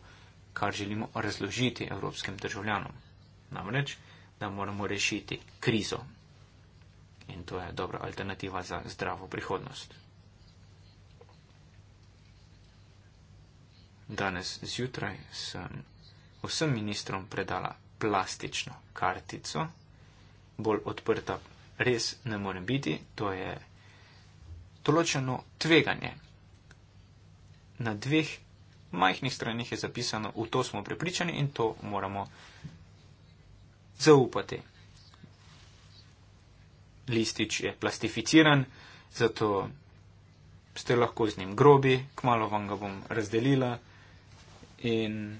S2: kar želimo razložiti evropskim državljanom namreč, da moramo rešiti krizo. In to je dobra alternativa za zdravo prihodnost. Danes zjutraj sem vsem ministrom predala plastično kartico, bolj odprta res ne morem biti, to je določeno tveganje. Na dveh majhnih stranih je zapisano, v to smo prepričani in to moramo zaupati. Listič je plastificiran, zato ste lahko z njim grobi, kmalo vam ga bom razdelila in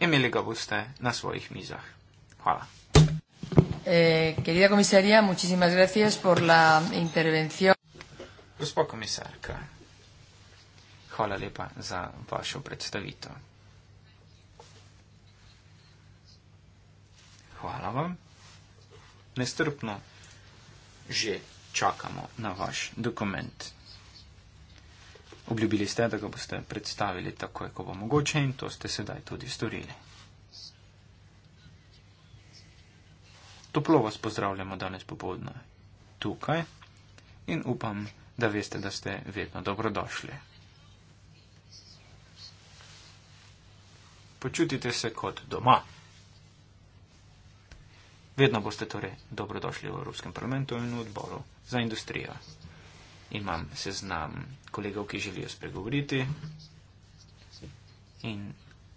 S2: imeli ga boste na svojih mizah. Hvala.
S1: Eh, komisarja, por la
S2: gospa komisarka, hvala lepa za vašo predstavitev. Hvala vam. Nestrpno že čakamo na vaš dokument. Obljubili ste, da ga boste predstavili takoj, ko bo mogoče in to ste sedaj tudi storili. Toplo vas pozdravljamo danes popoldne tukaj in upam, da veste, da ste vedno dobrodošli. Počutite se kot doma. Vedno boste torej dobrodošli v Evropskem parlamentu in v odboru za industrijo. Imam seznam kolegov, ki želijo spregovoriti in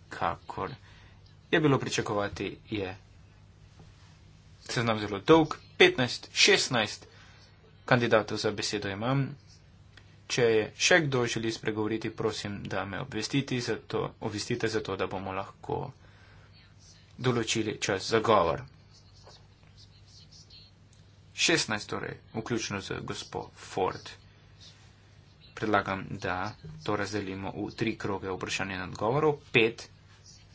S2: kakor je bilo pričakovati, je seznam zelo dolg. 15, 16 kandidatov za besedo imam. Če je še kdo želi spregovoriti, prosim, da me obvestite, zato, obvestite, zato da bomo lahko določili čas za govor. 16, torej, vključno z gospod Ford. Predlagam, da to razdelimo v tri kroge vprašanja in odgovorov, pet,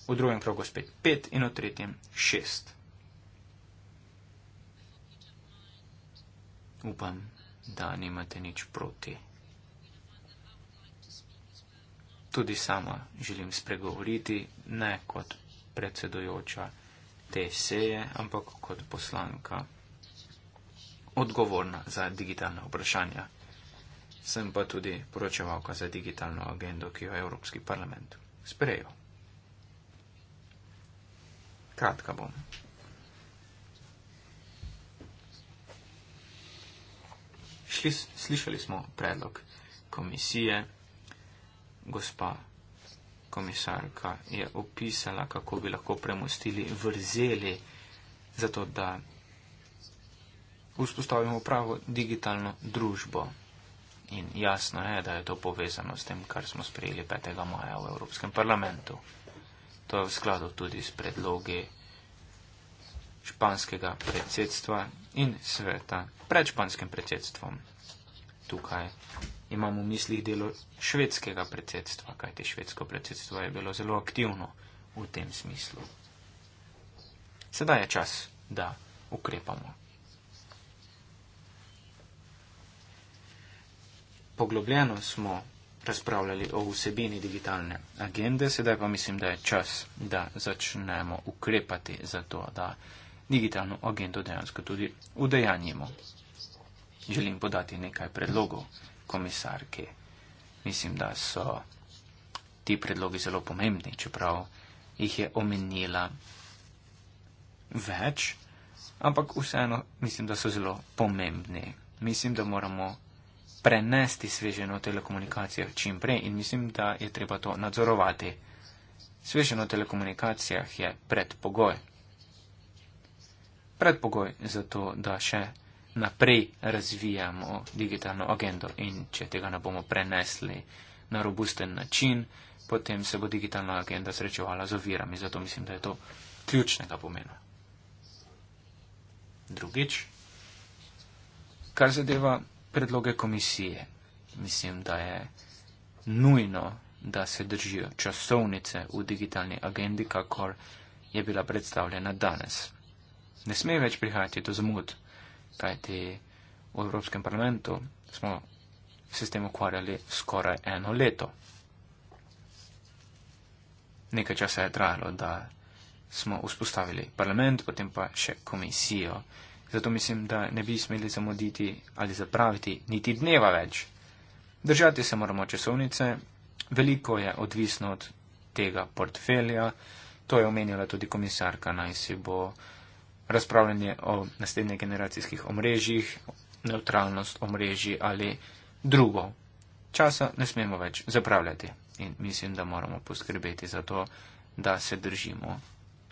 S2: v drugem krogu spet pet in v tretjem šest. Upam, da nimate nič proti. Tudi sama želim spregovoriti, ne kot predsedujoča te seje, ampak kot poslanka odgovorna za digitalna vprašanja. Sem pa tudi poročevalka za digitalno agendo, ki jo je Evropski parlament sprejel. Kratka bom. Šli, slišali smo predlog komisije. Gospa komisarka je opisala, kako bi lahko premustili vrzeli, zato da vzpostavimo pravo digitalno družbo. In jasno je, da je to povezano s tem, kar smo sprejeli 5. maja v Evropskem parlamentu. To je v skladu tudi s predlogi španskega predsedstva in sveta pred španskim predsedstvom. Tukaj imamo v mislih delo švedskega predsedstva, kajti švedsko predsedstvo je bilo zelo aktivno v tem smislu. Sedaj je čas, da ukrepamo. poglobljeno smo razpravljali o vsebini digitalne agende, sedaj pa mislim, da je čas, da začnemo ukrepati za to, da digitalno agendo dejansko tudi udejanjimo. Želim podati nekaj predlogov komisarke. Mislim, da so ti predlogi zelo pomembni, čeprav jih je omenila več, ampak vseeno mislim, da so zelo pomembni. Mislim, da moramo prenesti sveženo telekomunikacijah čim prej in mislim, da je treba to nadzorovati. Sveženo telekomunikacijah je predpogoj. Predpogoj za to, da še naprej razvijamo digitalno agendo in če tega ne bomo prenesli na robusten način, potem se bo digitalna agenda srečevala z ovirami. Zato mislim, da je to ključnega pomena. Drugič, kar zadeva predloge komisije. Mislim, da je nujno, da se držijo časovnice v digitalni agendi, kakor je bila predstavljena danes. Ne sme več prihajati do zmud, kajti v Evropskem parlamentu smo se s tem ukvarjali skoraj eno leto. Nekaj časa je trajalo, da smo vzpostavili parlament, potem pa še komisijo. Zato mislim, da ne bi smeli zamuditi ali zapraviti niti dneva več. Držati se moramo časovnice, veliko je odvisno od tega portfelja, to je omenila tudi komisarka, naj si bo razpravljanje o naslednjih generacijskih omrežjih, neutralnost omrežji ali drugo. Časa ne smemo več zapravljati in mislim, da moramo poskrbeti za to, da se držimo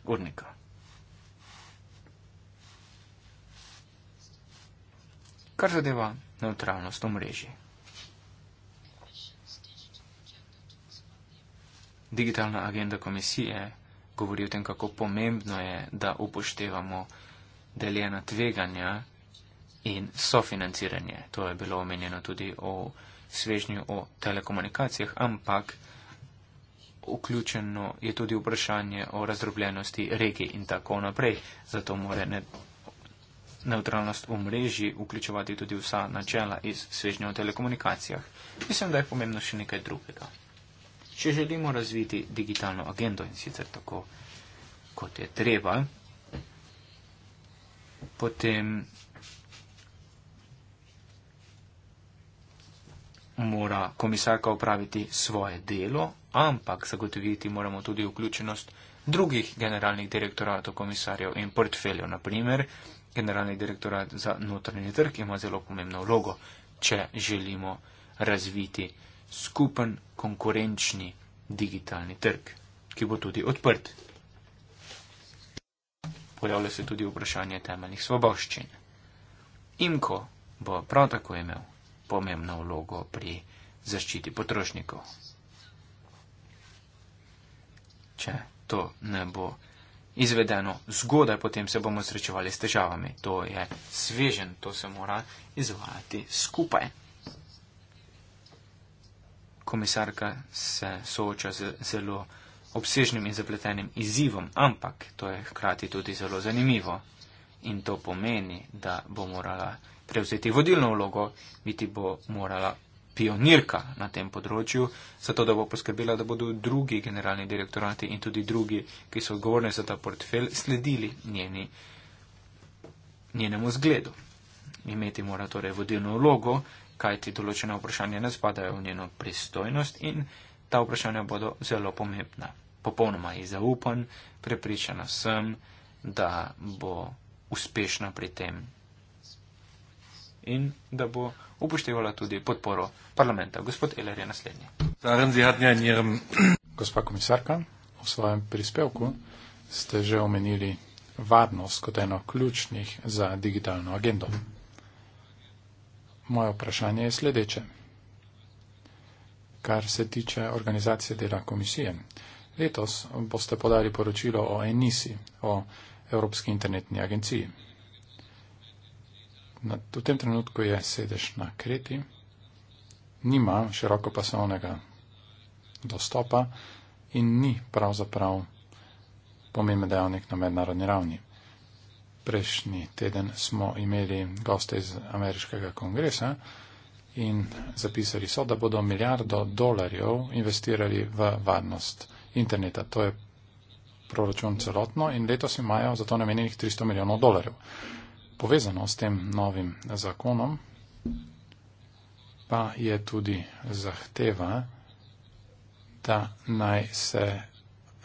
S2: urnika. kar zadeva neutralnost omrežij. Digitalna agenda komisije govori o tem, kako pomembno je, da upoštevamo deljena tveganja in sofinanciranje. To je bilo omenjeno tudi o svežnju o telekomunikacijah, ampak vključeno je tudi vprašanje o razdrobljenosti regij in tako naprej. Zato mora neutralnost v mreži vključevati tudi vsa načela iz svežnja o telekomunikacijah, mislim, da je pomembno še nekaj drugega. Če želimo razviti digitalno agendo in sicer tako, kot je treba, potem mora komisarka upraviti svoje delo, ampak zagotoviti moramo tudi vključenost drugih generalnih direktoratov, komisarjev in portfeljev, naprimer generalni direktorat za notranji trg ima zelo pomembno vlogo, če želimo razviti skupen konkurenčni digitalni trg, ki bo tudi odprt. Pojavlja se tudi vprašanje temeljnih svoboščin. IMKO bo prav tako imel pomembno vlogo pri zaščiti potrošnikov. Če to ne bo izvedeno zgodaj, potem se bomo srečevali s težavami. To je svežen, to se mora izvajati skupaj. Komisarka se sooča z zelo obsežnim in zapletenim izzivom, ampak to je hkrati tudi zelo zanimivo. In to pomeni, da bo morala prevzeti vodilno vlogo, biti bo morala pionirka na tem področju, zato da bo poskrbela, da bodo drugi generalni direktorati in tudi drugi, ki so odgovorni za ta portfelj, sledili njeni, njenemu zgledu. Imeti mora torej vodilno vlogo, kajti določena vprašanja ne spadajo v njeno pristojnost in ta vprašanja bodo zelo pomembna. Popolnoma je zaupan, prepričana sem, da bo uspešna pri tem in da bo upoštevala tudi podporo parlamenta. Gospod Eler je naslednji.
S1: Ja Gospa komisarka, v svojem prispevku ste že omenili varnost kot eno ključnih za digitalno agendo. Moje vprašanje je sledeče. Kar se tiče organizacije dela komisije. Letos boste podali poročilo o ENISI, o Evropski internetni agenciji na, v tem trenutku je sedež na kreti, nima širokopasovnega dostopa in ni pravzaprav pomemben dejavnik na mednarodni ravni. Prejšnji teden smo imeli goste iz ameriškega kongresa in zapisali so, da bodo milijardo dolarjev investirali v varnost interneta. To je proračun celotno in letos imajo za to namenjenih 300 milijonov dolarjev povezano s tem novim zakonom, pa je tudi zahteva, da naj se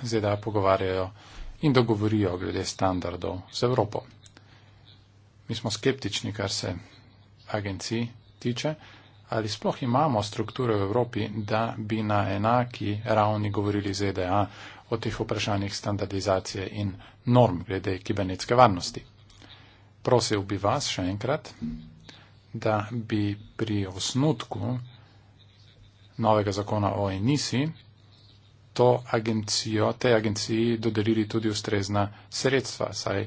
S1: ZDA pogovarjajo in dogovorijo glede standardov z Evropo. Mi smo skeptični, kar se agenciji tiče, ali sploh imamo strukture v Evropi, da bi na enaki ravni govorili ZDA o teh vprašanjih standardizacije in norm glede kibernetske varnosti prosil bi vas še enkrat, da bi pri osnutku novega zakona o enisi to agencijo, te agenciji dodelili tudi ustrezna sredstva, saj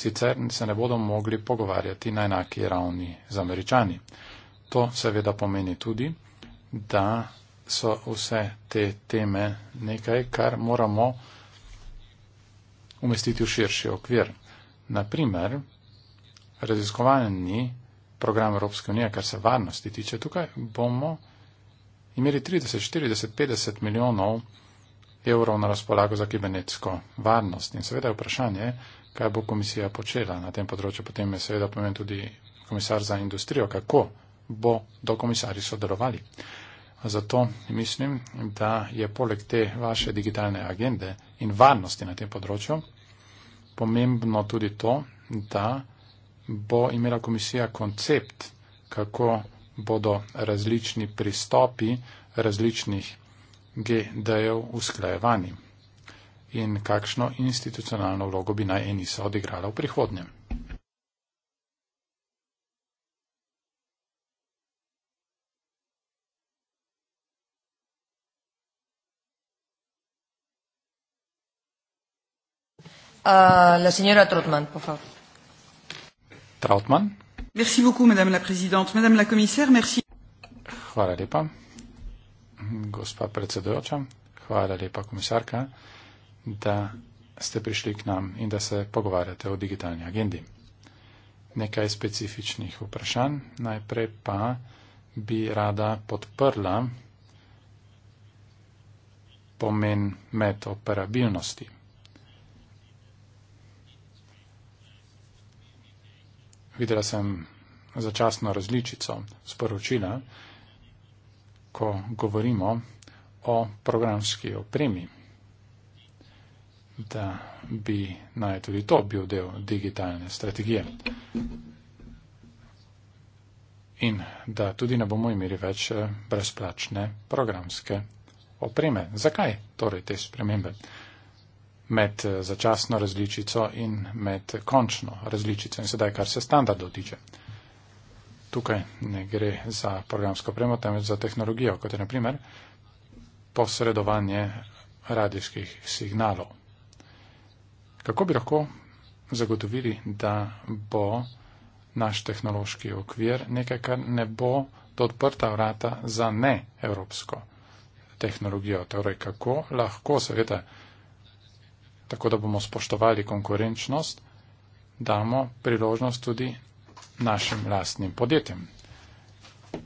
S1: sicer se ne bodo mogli pogovarjati na enaki ravni z američani. To seveda pomeni tudi, da so vse te teme nekaj, kar moramo umestiti v širši okvir. Naprimer, raziskovalni program Evropske unije, kar se varnosti tiče, tukaj bomo imeli 30, 40, 50 milijonov evrov na razpolago za kibernetsko varnost. In seveda je vprašanje, kaj bo komisija počela na tem področju. Potem je seveda pomen tudi komisar za industrijo, kako bo do komisari sodelovali. Zato mislim, da je poleg te vaše digitalne agende in varnosti na tem področju pomembno tudi to, da bo imela komisija koncept, kako bodo različni pristopi različnih GD-jev usklajevani in kakšno institucionalno vlogo bi naj Enisa odigrala v prihodnjem.
S3: Uh, la señora Trotman, por favor. Trautmann. Merci beaucoup, Madame la Présidente. Madame la Commissaire, merci.
S1: Hvala lepa, gospa predsedujoča. Hvala lepa, komisarka, da ste prišli k nam in da se pogovarjate o digitalni agendi. Nekaj specifičnih vprašanj. Najprej pa bi rada podprla pomen med operabilnosti. videla sem začasno različico sporočila, ko govorimo o programski opremi, da bi naj tudi to bil del digitalne strategije. In da tudi ne bomo imeli več eh, brezplačne programske opreme. Zakaj torej te spremembe? med eh, začasno različico in med končno različico in sedaj, kar se standardo tiče. Tukaj ne gre za programsko premo, temveč za tehnologijo, kot je na primer posredovanje radijskih signalov. Kako bi lahko zagotovili, da bo naš tehnološki okvir nekaj, kar ne bo do odprta vrata za neevropsko tehnologijo? Torej, kako lahko seveda tako da bomo spoštovali konkurenčnost, damo priložnost tudi našim lastnim podjetjem.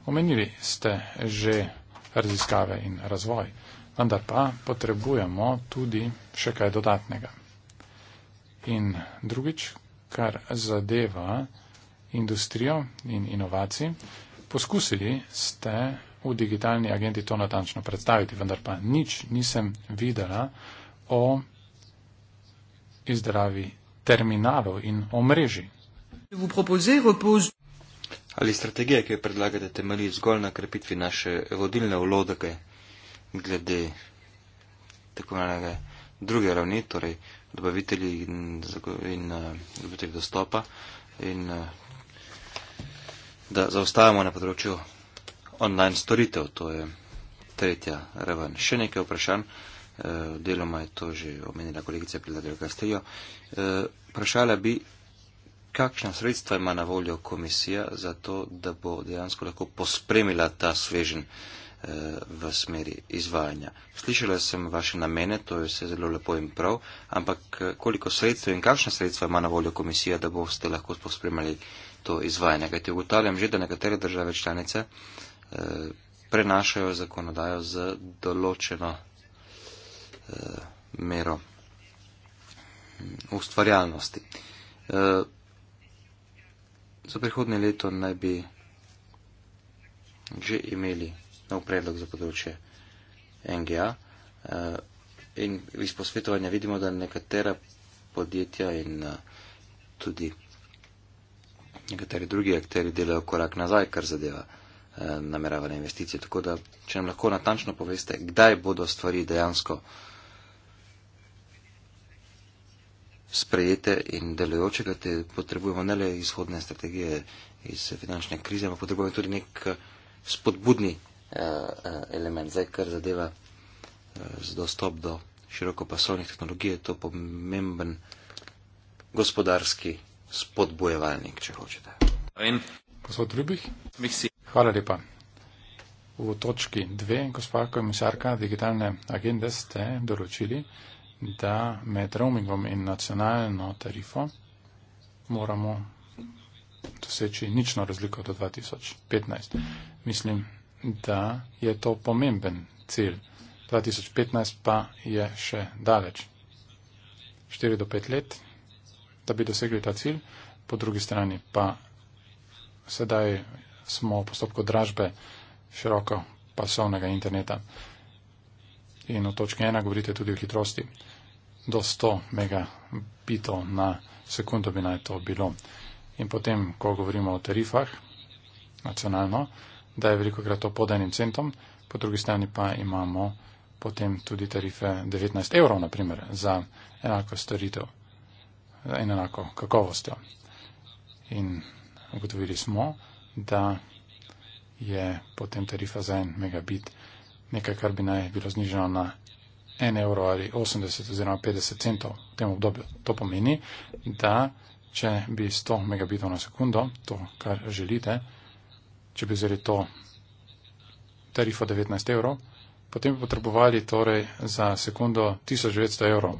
S1: Omenili ste že raziskave in razvoj, vendar pa potrebujemo tudi še kaj dodatnega. In drugič, kar zadeva industrijo in inovacij, poskusili ste v digitalni agendi to natančno predstaviti, vendar pa nič nisem videla o izdravi terminalov in omrežij.
S3: Ali strategija, ki jo predlagate, temelji zgolj na krepitvi naše vodilne vlodeke glede tako imenega druge ravni, torej dobavitelji in, in uh, eh, dobitelji dostopa in uh, da zaostajamo na področju online storitev, to je tretja raven. Še nekaj vprašanj. Eh, deloma je to že omenila kolegica Pilatel Castillo. Eh, Prašala bi, kakšna sredstva ima na voljo komisija za to, da bo dejansko lahko pospremila ta svežen eh, v smeri izvajanja. Slišala sem vaše namene, to je vse zelo lepo in prav, ampak koliko sredstev in kakšna sredstva ima na voljo komisija, da boste lahko pospremljali to izvajanje. Kajti ugotavljam že, da nekatere države članice eh, prenašajo zakonodajo z določeno eh, mero mm, ustvarjalnosti. Eh, za prihodne leto naj bi že imeli nov predlog za področje NGA eh, in iz posvetovanja vidimo, da nekatera podjetja in eh, tudi nekateri drugi akteri delajo korak nazaj, kar zadeva eh, nameravane investicije. Tako da, če nam lahko natančno poveste, kdaj bodo stvari dejansko eh, sprejete in delujočega, te potrebujemo ne le izhodne strategije iz finančne krize, ampak potrebujemo tudi nek eh, spodbudni eh, eh, element. Zdaj, kar zadeva z dostop do širokopasovnih tehnologij, je to pomemben gospodarski spodbojevalnik,
S1: če hočete. Gospod Rubih, misli. Hvala lepa. V točki dve, gospa komisarka digitalne agende, ste določili, da med roamingom in nacionalno tarifo moramo doseči nično razliko do 2015. Mislim, da je to pomemben cilj. 2015 pa je še daleč. 4 do 5 let, da bi dosegli ta cilj. Po drugi strani pa sedaj smo v postopku dražbe široko pasovnega interneta in v točki ena govorite tudi o hitrosti. Do 100 megabitov na sekundo bi naj to bilo. In potem, ko govorimo o tarifah, nacionalno, da je veliko krat to pod enim centom, po drugi strani pa imamo potem tudi tarife 19 evrov, naprimer, za enako storitev in enako kakovostjo. In ugotovili smo, da je potem tarifa za en megabit nekaj, kar bi naj bilo zniženo na 1 evro ali 80 oziroma 50 centov v tem obdobju. To pomeni, da če bi 100 megabitov na sekundo, to, kar želite, če bi vzeli to tarifo 19 evrov, potem bi potrebovali torej za sekundo 1900 evrov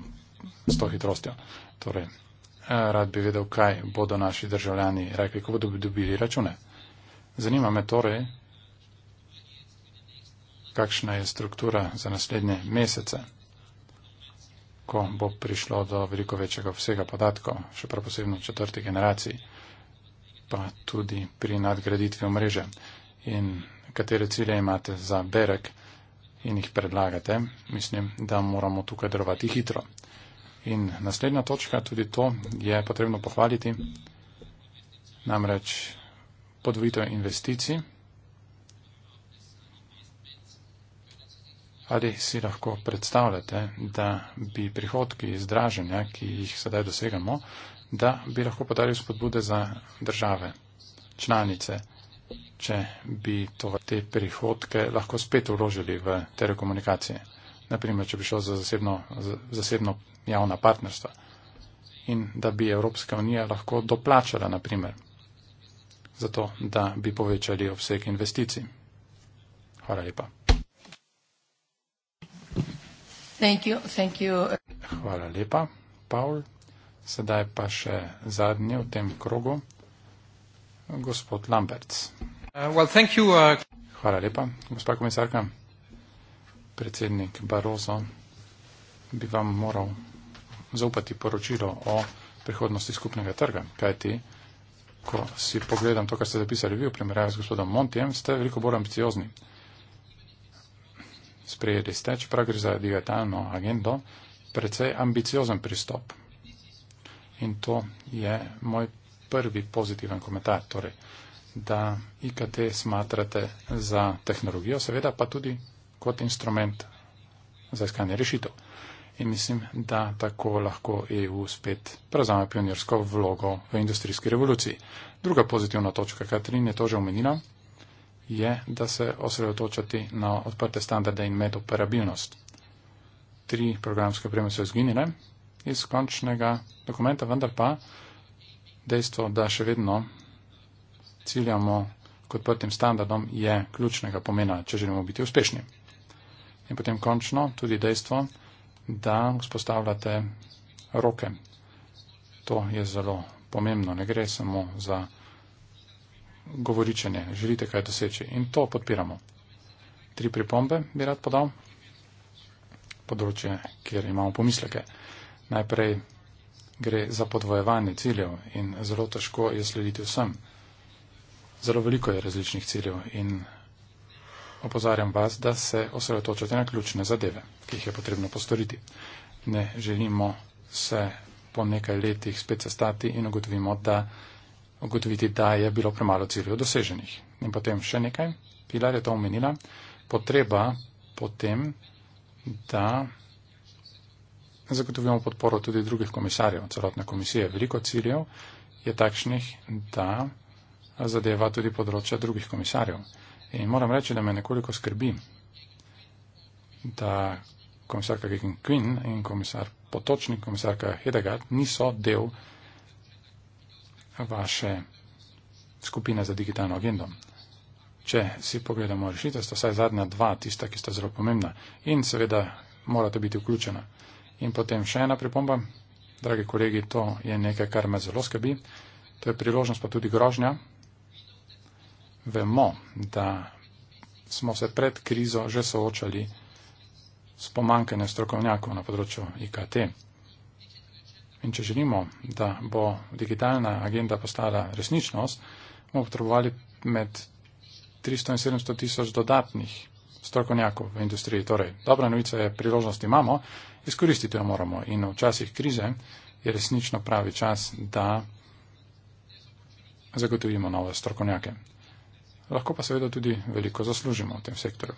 S1: s to hitrostjo. Torej, rad bi vedel, kaj bodo naši državljani rekli, ko bodo dobili račune. Zanima me torej, kakšna je struktura za naslednje mesece, ko bo prišlo do veliko večjega vsega podatkov, še prav posebno v četrti generaciji, pa tudi pri nadgraditvi omrežja in katere cilje imate za berek in jih predlagate, mislim, da moramo tukaj delovati hitro. In naslednja točka, tudi to je potrebno pohvaliti, namreč podvojitev investicij. Ali si lahko predstavljate, da bi prihodki iz draženja, ki jih sedaj dosegamo, da bi lahko podali spodbude za države, članice, če bi to, te prihodke lahko spet uložili v telekomunikacije, naprimer, če bi šlo za zasebno, zasebno javna partnerstva in da bi Evropska unija lahko doplačala, naprimer, zato da bi povečali obseg investicij. Hvala lepa. Thank you. Thank you. Hvala lepa, Paul. Sedaj pa še zadnji v tem krogu, gospod Lamberc. Uh, well, you, uh... Hvala lepa, gospa komisarka. Predsednik Barozo bi vam moral zaupati poročilo o prihodnosti skupnega trga, kajti, ko si pogledam to, kar ste zapisali vi v primerjavi z gospodom Montijem, ste veliko bolj ambiciozni sprejeli ste, čeprav gre za digitalno agendo, precej ambiciozen pristop. In to je moj prvi pozitiven komentar, torej, da IKT smatrate za tehnologijo, seveda pa tudi kot instrument za iskanje rešitev. In mislim, da tako lahko EU spet prevzame pionirsko vlogo v industrijski revoluciji. Druga pozitivna točka, Katrin je to že omenila, je, da se osredotočati na odprte standarde in medoperabilnost. Tri programske opreme so izginile iz končnega dokumenta, vendar pa dejstvo, da še vedno ciljamo k odprtim standardom, je ključnega pomena, če želimo biti uspešni. In potem končno tudi dejstvo, da vzpostavljate roke. To je zelo pomembno. Ne gre samo za govoričenje, želite kaj doseči in to podpiramo. Tri pripombe bi rad podal, področje, kjer imamo pomisleke. Najprej gre za podvojevanje ciljev in zelo težko je slediti vsem. Zelo veliko je različnih ciljev in opozarjam vas, da se osredotočate na ključne zadeve, ki jih je potrebno postoriti. Ne želimo se po nekaj letih spet sestati in ugotovimo, da ugotoviti, da je bilo premalo ciljev doseženih. In potem še nekaj, Pilar je to omenila, potreba potem, da zagotovimo podporo tudi drugih komisarjev, celotne komisije. Veliko ciljev je takšnih, da zadeva tudi področja drugih komisarjev. In moram reči, da me nekoliko skrbi, da komisarka Gekin Quinn in komisar Potočnik, komisarka Hedegard niso del komisarjev vaše skupine za digitalno agendo. Če si pogledamo rešitev, sta vsaj zadnja dva tista, ki sta zelo pomembna in seveda morate biti vključena. In potem še ena pripomba, dragi kolegi, to je nekaj, kar me zelo skrbi, to je priložnost pa tudi grožnja. Vemo, da smo se pred krizo že soočali s pomankanjem strokovnjakov na področju IKT. In če želimo, da bo digitalna agenda postala resničnost, bomo potrebovali med 300 in 700 tisoč dodatnih strokovnjakov v industriji. Torej, dobra novica je, priložnosti imamo, izkoristiti jo moramo. In v časih krize je resnično pravi čas, da zagotovimo nove strokovnjake. Lahko pa seveda tudi veliko zaslužimo v tem sektorju.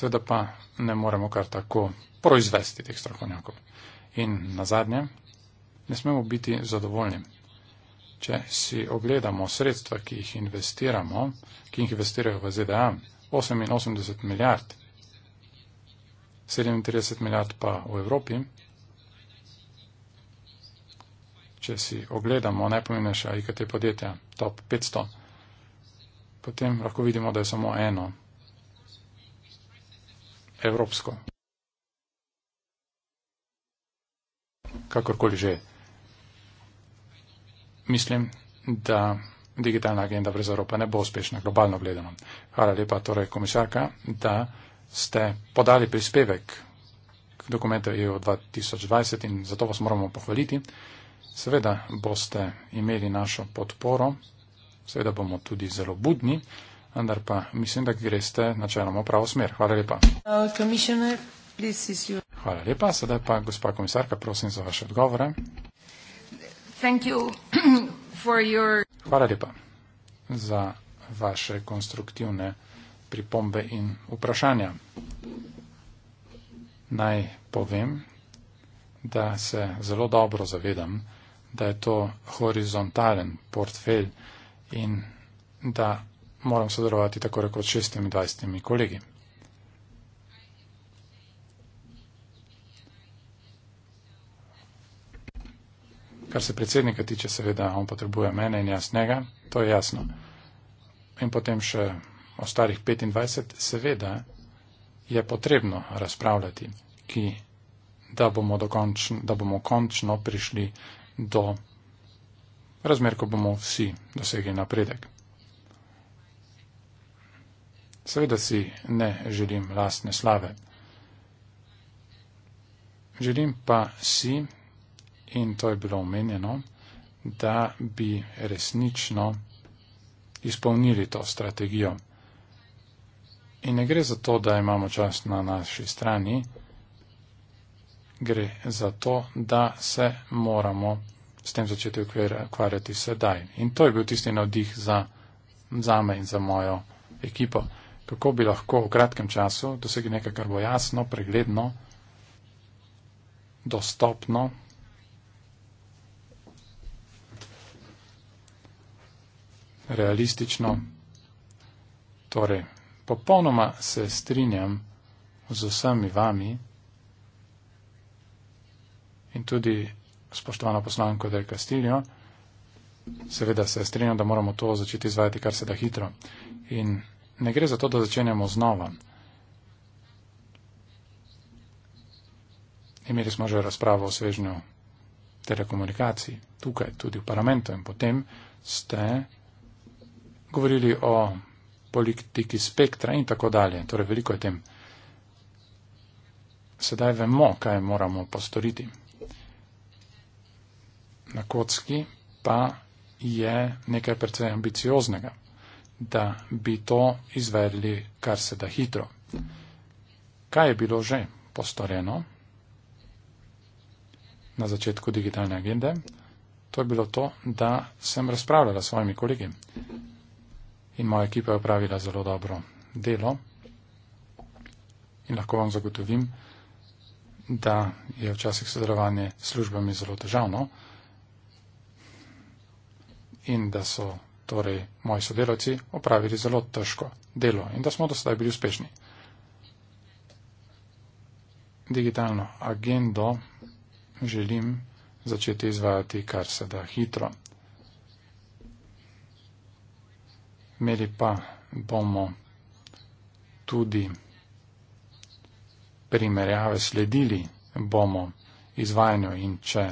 S1: Seveda pa ne moremo kar tako proizvesti teh strokovnjakov. In na zadnje, ne smemo biti zadovoljni. Če si ogledamo sredstva, ki jih investiramo, ki jih investirajo v ZDA, 88 milijard, 37 milijard pa v Evropi, če si ogledamo najpomembnejša IKT podjetja, top 500, potem lahko vidimo, da je samo eno evropsko. kakorkoli že. Mislim, da digitalna agenda brez Evropa ne bo uspešna globalno gledano. Hvala lepa torej komisarka, da ste podali prispevek k dokumentu EU 2020 in zato vas moramo pohvaliti. Seveda boste imeli našo podporo, seveda bomo tudi zelo budni, vendar pa mislim, da greste načeloma v pravo smer. Hvala lepa. Uh, Hvala lepa. Sedaj pa gospa komisarka, prosim za vaše odgovore. *clears throat* Your... Hvala lepa za vaše konstruktivne pripombe in vprašanja. Naj povem, da se zelo dobro zavedam, da je to horizontalen portfelj in da moram sodelovati tako rekoč s 26 kolegi. kar se predsednika tiče, seveda on potrebuje mene in jaz njega, to je jasno. In potem še o starih 25, seveda je potrebno razpravljati, ki, da, bomo dokončno, da bomo končno prišli do razmer, ko bomo vsi dosegli napredek. Seveda si ne želim lastne slave. Želim pa si, in to je bilo omenjeno, da bi resnično izpolnili to strategijo. In ne gre za to, da imamo čas na naši strani, gre za to, da se moramo s tem začeti ukvarjati sedaj. In to je bil tisti navdih za, za me in za mojo ekipo. Kako bi lahko v kratkem času dosegli nekaj, kar bo jasno, pregledno, dostopno, realistično. Torej, popolnoma se strinjam z vsemi vami in tudi spoštovano poslanko Del Castillo. Seveda se strinjam, da moramo to začeti izvajati kar se da hitro. In ne gre za to, da začenjamo znova. Imeli smo že razpravo o svežnju telekomunikacij tukaj, tudi v parlamentu in potem ste govorili o politiki spektra in tako dalje. Torej, veliko je tem. Sedaj vemo, kaj moramo postoriti. Na kocki pa je nekaj precej ambicioznega, da bi to izvedli kar se da hitro. Kaj je bilo že postoreno na začetku digitalne agende? To je bilo to, da sem razpravljala s svojimi kolegi in moja ekipa je upravila zelo dobro delo. In lahko vam zagotovim, da je včasih sodelovanje s službami zelo težavno in da so torej moji sodelavci opravili zelo težko delo in da smo do sedaj bili uspešni. Digitalno agendo želim začeti izvajati kar se da hitro. Meri pa bomo tudi primerjave sledili, bomo izvajanju in če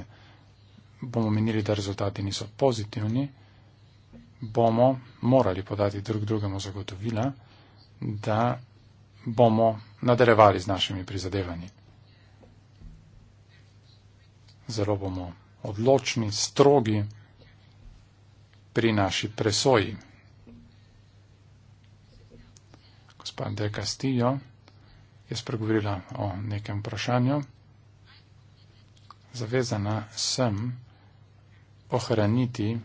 S1: bomo menili, da rezultati niso pozitivni, bomo morali podati drug drugemu zagotovila, da bomo nadaljevali z našimi prizadevanji. Zelo bomo odločni, strogi pri naši presoji. gospa De Castillo je spregovorila o nekem vprašanju. Zavezana sem ohraniti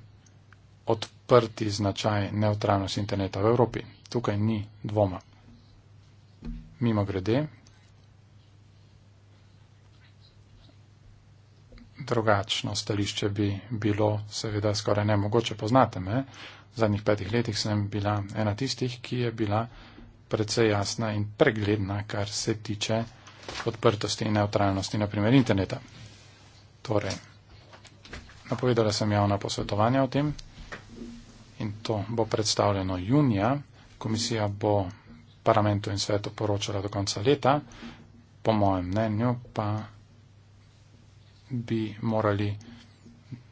S1: odprti značaj neutralnosti interneta v Evropi. Tukaj ni dvoma. Mimo grede, drugačno stališče bi bilo seveda skoraj nemogoče poznate me. V zadnjih petih letih sem bila ena tistih, ki je bila precej jasna in pregledna, kar se tiče odprtosti in neutralnosti, naprimer interneta. Torej, napovedala sem javna posvetovanja o tem in to bo predstavljeno junija. Komisija bo parlamentu in svetu poročala do konca leta. Po mojem mnenju pa bi morali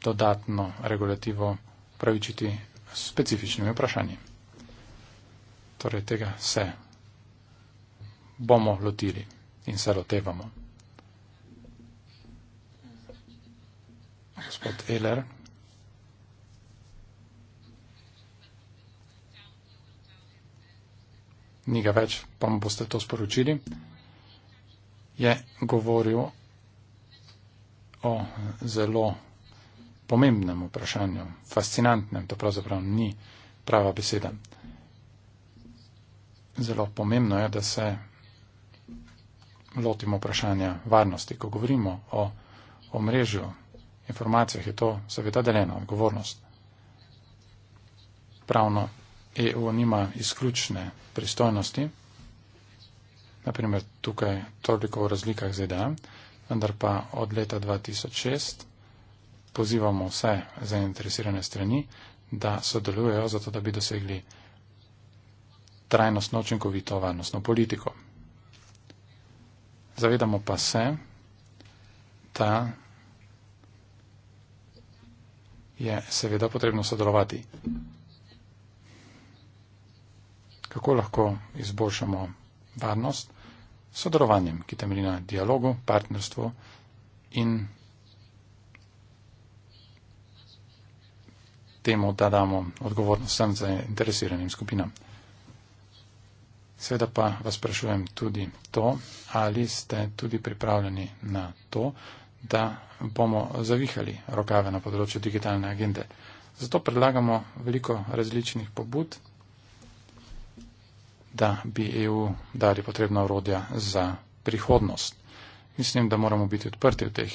S1: dodatno regulativo pravičiti specifičnimi vprašanji. Torej tega se bomo lotili in se lotevamo. Gospod Eler. Ni ga več, pa mu boste to sporočili. Je govoril o zelo pomembnem vprašanju, fascinantnem, to pravzaprav ni prava beseda zelo pomembno je, da se lotimo vprašanja varnosti. Ko govorimo o, o mrežju informacijah, je to seveda deljena odgovornost. Pravno EU nima izključne pristojnosti, naprimer tukaj toliko v razlikah ZDA, vendar pa od leta 2006 pozivamo vse zainteresirane strani, da sodelujejo, zato da bi dosegli trajnostno učinkovito varnostno politiko. Zavedamo pa se, da je seveda potrebno sodelovati. Kako lahko izboljšamo varnost? Sodelovanjem, ki temelji na dialogu, partnerstvu in temu, da damo odgovornost vsem zainteresiranim skupinam. Sveda pa vas sprašujem tudi to, ali ste tudi pripravljeni na to, da bomo zavihali rokave na področju digitalne agende. Zato predlagamo veliko različnih pobud, da bi EU dali potrebna urodja za prihodnost. Mislim, da moramo biti odprti v teh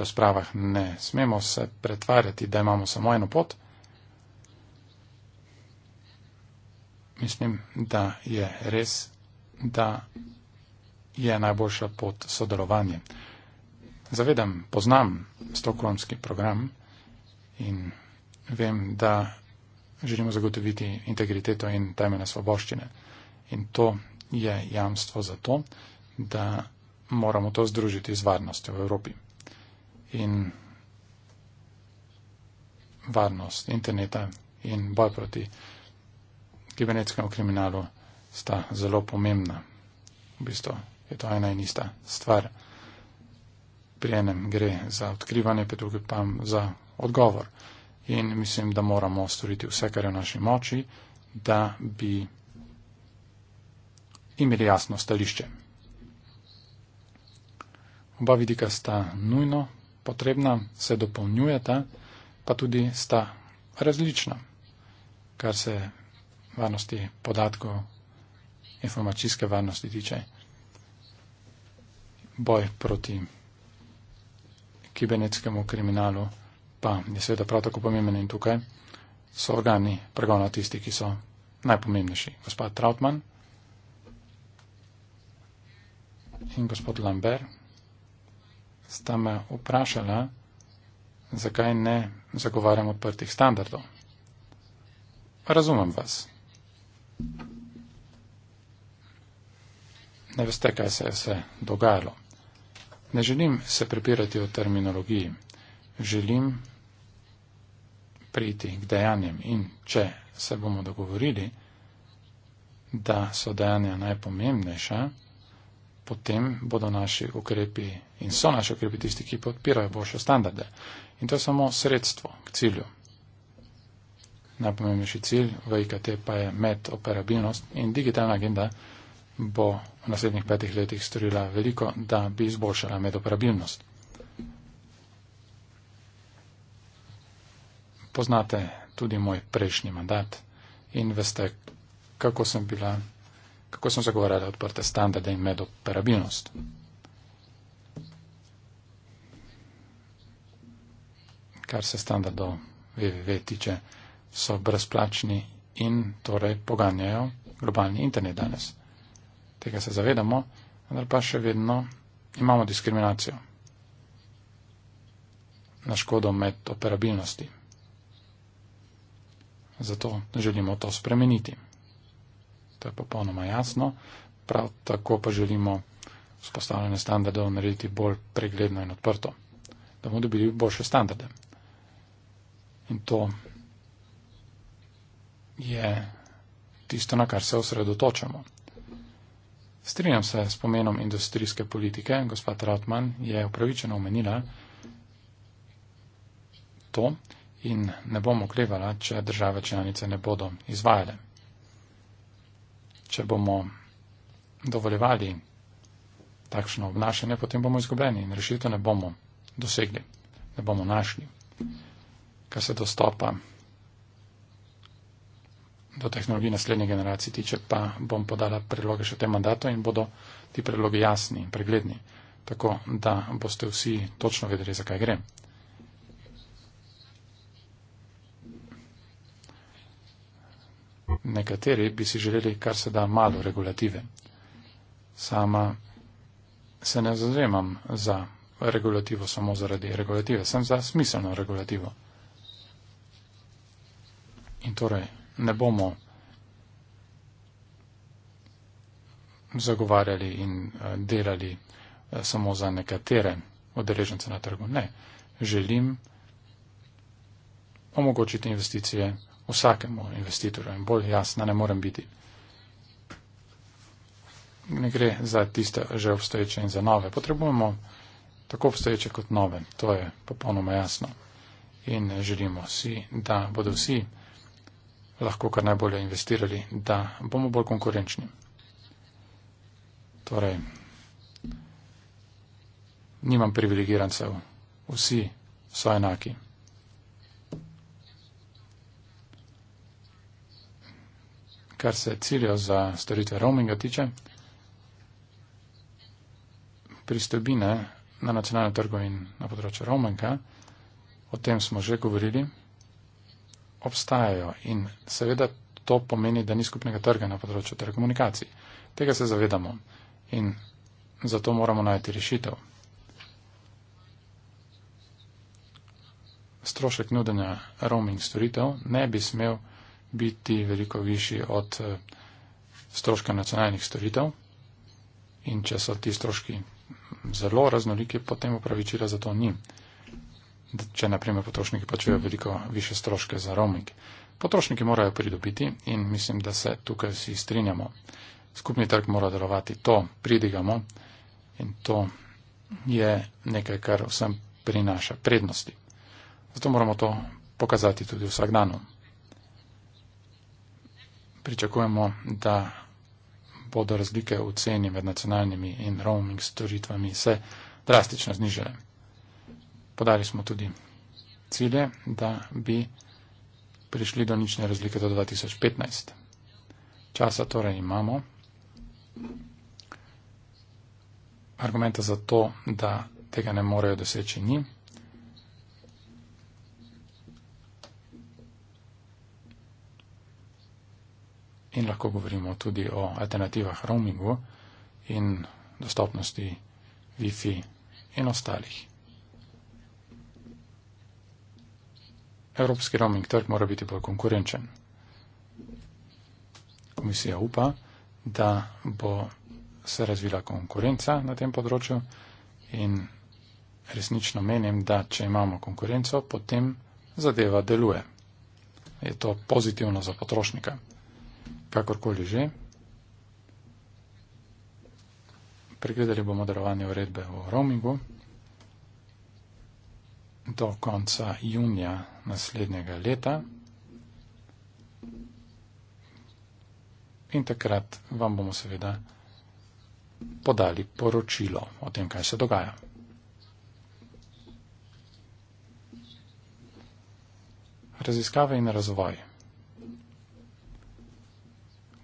S1: razpravah. Ne smemo se pretvarjati, da imamo samo eno pot. mislim, da je res, da je najboljša pot sodelovanje. Zavedam, poznam stokholmski program in vem, da želimo zagotoviti integriteto in temeljne svoboščine. In to je jamstvo za to, da moramo to združiti z varnostjo v Evropi. In varnost interneta in boj proti kibernetskem kriminalu sta zelo pomembna. V bistvu je to ena in ista stvar. Pri enem gre za odkrivanje, pri drugem pa za odgovor. In mislim, da moramo storiti vse, kar je v naši moči, da bi imeli jasno stališče. Oba vidika sta nujno potrebna, se dopolnjujeta, pa tudi sta različna, kar se varnosti podatkov, informacijske varnosti tiče, boj proti kibernetskemu kriminalu, pa je seveda prav tako pomemben in tukaj so organi pregona tisti, ki so najpomembnejši. Gospod Trautmann in gospod Lambert sta me vprašala, zakaj ne zagovarjam odprtih standardov. Razumem vas. Ne veste, kaj se je vse dogajalo. Ne želim se prepirati o terminologiji. Želim priti k dejanjem in če se bomo dogovorili, da so dejanja najpomembnejša, potem bodo naši ukrepi in so naši ukrepi tisti, ki podpirajo boljše standarde. In to je samo sredstvo k cilju. Najpomembnejši cilj v IKT pa je medoperabilnost in digitalna agenda bo v naslednjih petih letih storila veliko, da bi izboljšala medoperabilnost. Poznate tudi moj prejšnji mandat in veste, kako sem bila, kako sem zagovarjala odprte standarde in medoperabilnost. Kar se standardov VVV tiče, so brezplačni in torej poganjajo globalni internet danes. Tega se zavedamo, vendar pa še vedno imamo diskriminacijo na škodo med operabilnosti. Zato želimo to spremeniti. To je popolnoma jasno. Prav tako pa želimo vzpostavljanje standardov narediti bolj pregledno in odprto, da bomo dobili boljše standarde. In to je tisto, na kar se osredotočamo. Strinjam se s pomenom industrijske politike, gospa Trautmann je upravičeno omenila to in ne bom oklevala, če države članice ne bodo izvajale. Če bomo dovoljevali takšno obnašanje, potem bomo izgubljeni in rešitev ne bomo dosegli, ne bomo našli. Kar se dostopa do tehnologij naslednje generacije tiče, pa bom podala predloge še v tem mandatu in bodo ti predlogi jasni in pregledni, tako da boste vsi točno vedeli, zakaj gre. Nekateri bi si želeli kar se da malo regulative. Sama se ne zazremam za regulativo samo zaradi regulative, sem za smiselno regulativo. In torej, ne bomo zagovarjali in eh, delali eh, samo za nekatere odrežence na trgu. Ne, želim omogočiti investicije vsakemu investitorju in bolj jasna ne morem biti. Ne gre za tiste že obstoječe in za nove. Potrebujemo tako obstoječe kot nove. To je popolnoma jasno. In želimo si, da bodo vsi lahko kar najbolje investirali, da bomo bolj konkurenčni. Torej, nimam privilegirancev, vsi so enaki. Kar se ciljev za storitve roaminga tiče, pristojbine na nacionalnem trgu in na področju roaminga, o tem smo že govorili obstajajo in seveda to pomeni, da ni skupnega trga na področju telekomunikacij. Tega se zavedamo in zato moramo najti rešitev. Strošek nudenja roaming storitev ne bi smel biti veliko višji od eh, stroška nacionalnih storitev in če so ti stroški zelo raznoliki, potem upravičila za to nim če naprimer potrošniki plačujejo mhm. veliko više stroške za roaming. Potrošniki morajo pridobiti in mislim, da se tukaj vsi strinjamo. Skupni trg mora delovati, to pridigamo in to je nekaj, kar vsem prinaša prednosti. Zato moramo to pokazati tudi vsak dan. Pričakujemo, da bodo razlike v ceni med nacionalnimi in roaming storitvami se drastično znižale podali smo tudi cilje, da bi prišli do nične razlike do 2015. Časa torej imamo. Argumenta za to, da tega ne morejo doseči, ni. In lahko govorimo tudi o alternativah roamingu in dostopnosti Wi-Fi in ostalih. evropski roaming trg mora biti bolj konkurenčen. Komisija upa, da bo se razvila konkurenca na tem področju in resnično menim, da če imamo konkurenco, potem zadeva deluje. Je to pozitivno za potrošnika. Kakorkoli že, pregledali bomo darovanje uredbe o roamingu do konca junija naslednjega leta. In takrat vam bomo seveda podali poročilo o tem, kaj se dogaja. Raziskave in razvoj.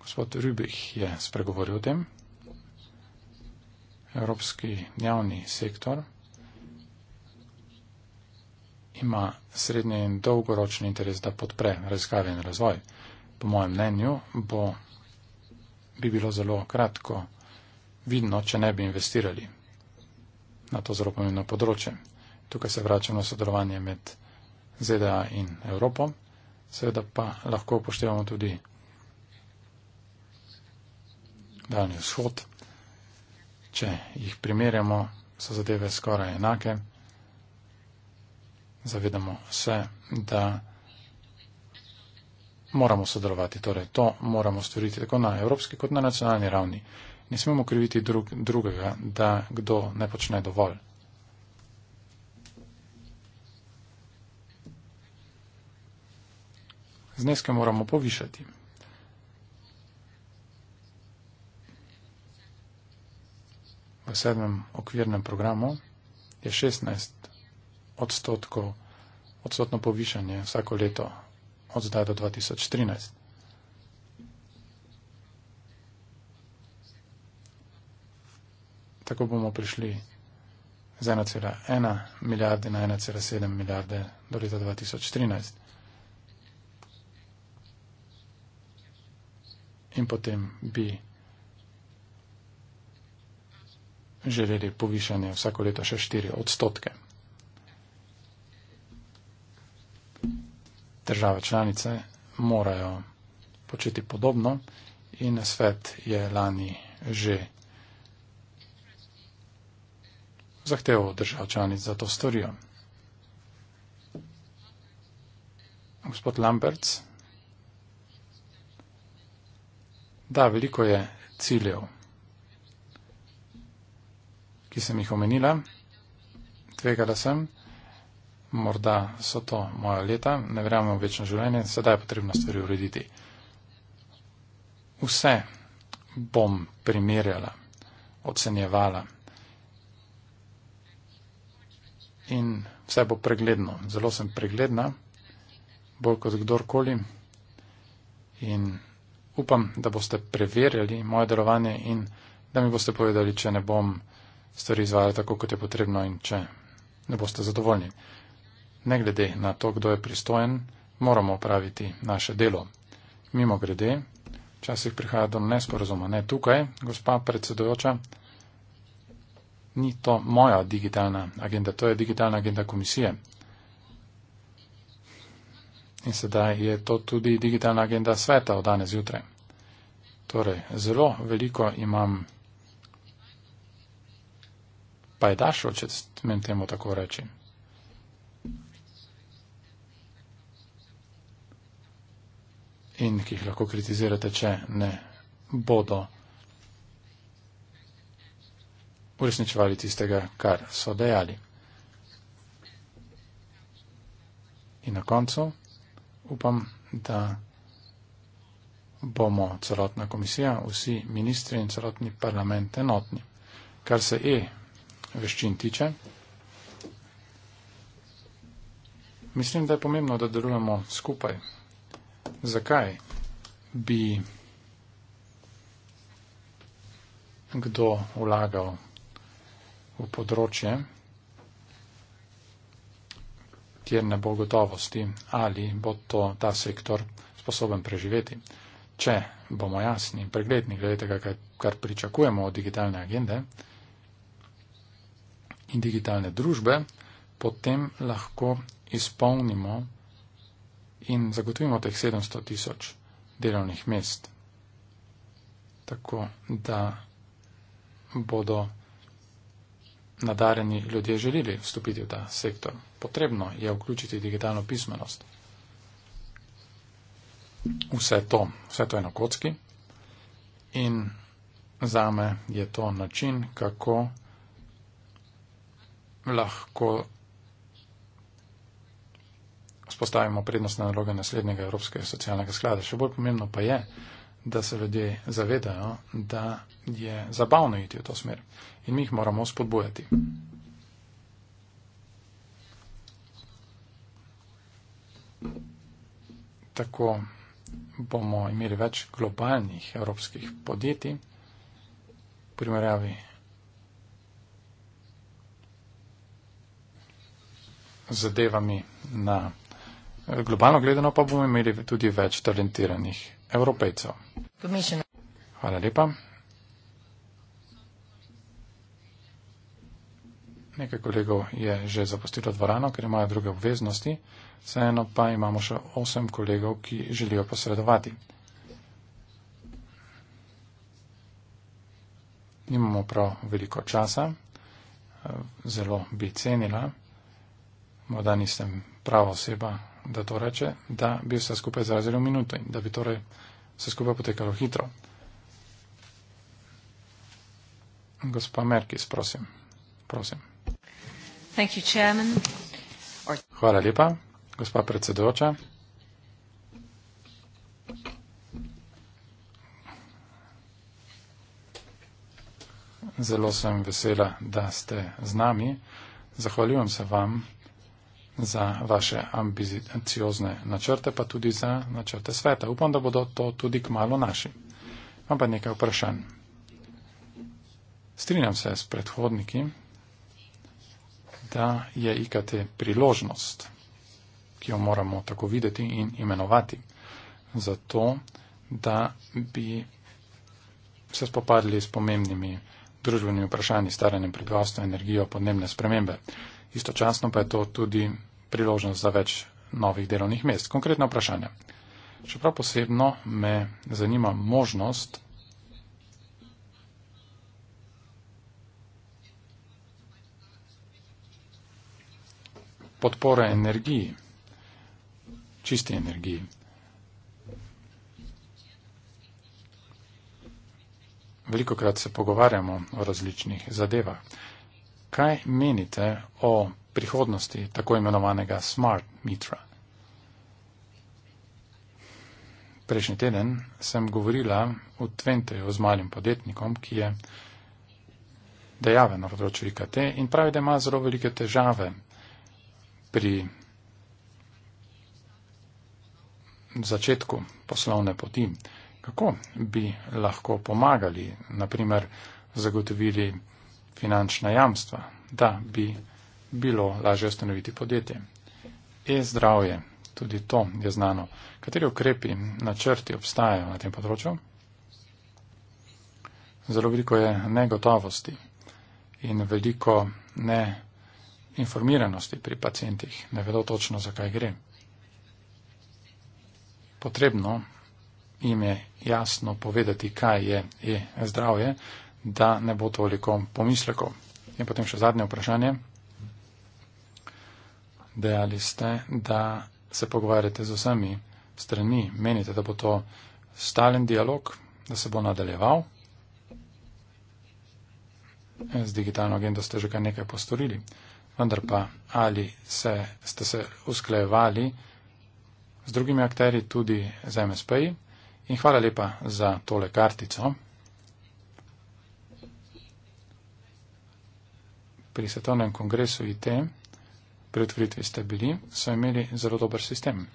S1: Gospod Rübih je spregovoril o tem. Evropski javni sektor ima srednje in dolgoročni interes, da podpre raziskave in razvoj. Po mojem mnenju bo, bi bilo zelo kratko vidno, če ne bi investirali na to zelo pomembno področje. Tukaj se vračamo na sodelovanje med ZDA in Evropo, seveda pa lahko upoštevamo tudi daljni vzhod. Če jih primerjamo, so zadeve skoraj enake zavedamo se, da moramo sodelovati. Torej, to moramo storiti tako na evropski kot na nacionalni ravni. Ne smemo kriviti drug, drugega, da kdo ne počne dovolj. Zneske moramo povišati. V sedmem okvirnem programu je 16 odstotkov, odstotno povišanje vsako leto od zdaj do 2013. Tako bomo prišli z 1,1 milijarde na 1,7 milijarde do leta 2013. In potem bi želeli povišanje vsako leto še 4 odstotke. države članice morajo početi podobno in svet je lani že zahteval držav članic za to storijo. Gospod Lamberts, da, veliko je ciljev, ki sem jih omenila, tvegala sem, morda so to moja leta, ne verjamem v večno življenje, sedaj je potrebno stvari urediti. Vse bom primerjala, ocenjevala in vse bo pregledno. Zelo sem pregledna, bolj kot kdorkoli in upam, da boste preverjali moje delovanje in da mi boste povedali, če ne bom stvari izvajala tako, kot je potrebno in če ne boste zadovoljni ne glede na to, kdo je pristojen, moramo opraviti naše delo. Mimo grede, včasih prihaja do nesporazuma, ne tukaj, gospa predsedojoča, ni to moja digitalna agenda, to je digitalna agenda komisije. In sedaj je to tudi digitalna agenda sveta od danes zjutraj. Torej, zelo veliko imam pajdašo, če smem temu tako reči. in ki jih lahko kritizirate, če ne bodo uresničevali tistega, kar so dejali. In na koncu upam, da bomo celotna komisija, vsi ministri in celotni parlament enotni. Kar se e veščin tiče, mislim, da je pomembno, da delujemo skupaj Zakaj bi kdo vlagal v področje, kjer ne bo gotovosti, ali bo to ta sektor sposoben preživeti? Če bomo jasni in pregledni glede tega, kar pričakujemo od digitalne agende in digitalne družbe, potem lahko izpolnimo in zagotovimo teh 700 tisoč delovnih mest, tako da bodo nadarjeni ljudje želeli vstopiti v ta sektor. Potrebno je vključiti digitalno pismenost. Vse to, vse to je na kocki in zame je to način, kako lahko spostavimo prednostne naloge naslednjega Evropskega socialnega sklada. Še bolj pomembno pa je, da se ljudje zavedajo, da je zabavno iti v to smer in mi jih moramo spodbujati. Tako bomo imeli več globalnih evropskih podjetij v primerjavi z zadevami na globalno gledano pa bomo imeli tudi več talentiranih evropejcev. Hvala lepa. Nekaj kolegov je že zapustilo dvorano, ker imajo druge obveznosti, vseeno pa imamo še osem kolegov, ki želijo posredovati. Nimamo prav veliko časa, zelo bi cenila, morda nisem prava oseba da to reče, da bi vse skupaj zrazili v minuto in da bi torej vse skupaj potekalo hitro. Gospa Merkis, prosim. prosim. Thank you, chairman. Or... Hvala lepa, gospa predsedujoča. Zelo sem vesela, da ste z nami. Zahvaljujem se vam za vaše ambiciozne načrte, pa tudi za načrte sveta. Upam, da bodo to tudi kmalo naši. Imam pa nekaj vprašanj. Strinjam se s predhodniki, da je IKT priložnost, ki jo moramo tako videti in imenovati, zato, da bi se spopadli s pomembnimi družbenimi vprašanji, staranjem prebivalstva, energijo, podnebne spremembe. Istočasno pa je to tudi priložnost za več novih delovnih mest. Konkretno vprašanje. Čeprav posebno me zanima možnost podpore energiji, čisti energiji. Veliko krat se pogovarjamo o različnih zadevah. Kaj menite o prihodnosti tako imenovanega smart mitra. Prejšnji teden sem govorila v Tventeju z malim podjetnikom, ki je dejaven na področju IKT in pravi, da ima zelo velike težave pri začetku poslovne poti. Kako bi lahko pomagali, naprimer zagotovili finančna jamstva, da bi bilo lažje ustanoviti podjetje. E-zdravje, tudi to je znano. Kateri ukrepi, načrti obstajajo na tem področju? Zelo veliko je negotovosti in veliko neinformiranosti pri pacijentih. Ne vedo točno, zakaj gre. Potrebno jim je jasno povedati, kaj je e-zdravje, da ne bo toliko pomislekov. In potem še zadnje vprašanje dejali ste, da se pogovarjate z vsemi strani. Menite, da bo to stalen dialog, da se bo nadaljeval? Z digitalno agendo ste že kar nekaj postorili. Vendar pa, ali se, ste se usklejevali z drugimi akteri, tudi z MSP-ji? In hvala lepa za tole kartico. Pri svetovnem kongresu IT pretvoritvi ste bili, so imeli zelo dober sistem.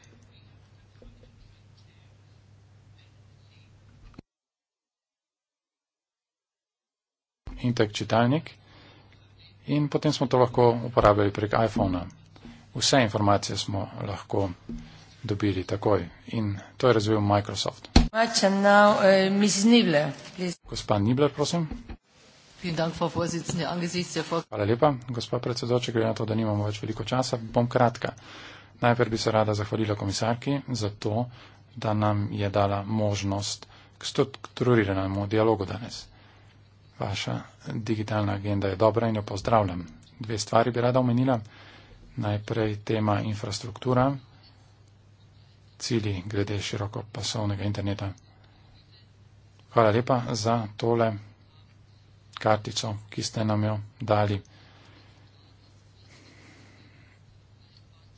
S1: In tak čitalnik. In potem smo to lahko uporabljali prek iPhona. Vse informacije smo lahko dobili takoj. In to je razvil Microsoft. Uh, Gospa Nibler, prosim. Dank, Hvala lepa, gospod predsedoče, glede na to, da nimamo več veliko časa, bom kratka. Najprej bi se rada zahvalila komisarki za to, da nam je dala možnost k strukturiranemu dialogu danes. Vaša digitalna agenda je dobra in jo pozdravljam. Dve stvari bi rada omenila. Najprej tema infrastruktura, cili glede široko pasovnega interneta. Hvala lepa za tole kartico, ki ste nam jo dali.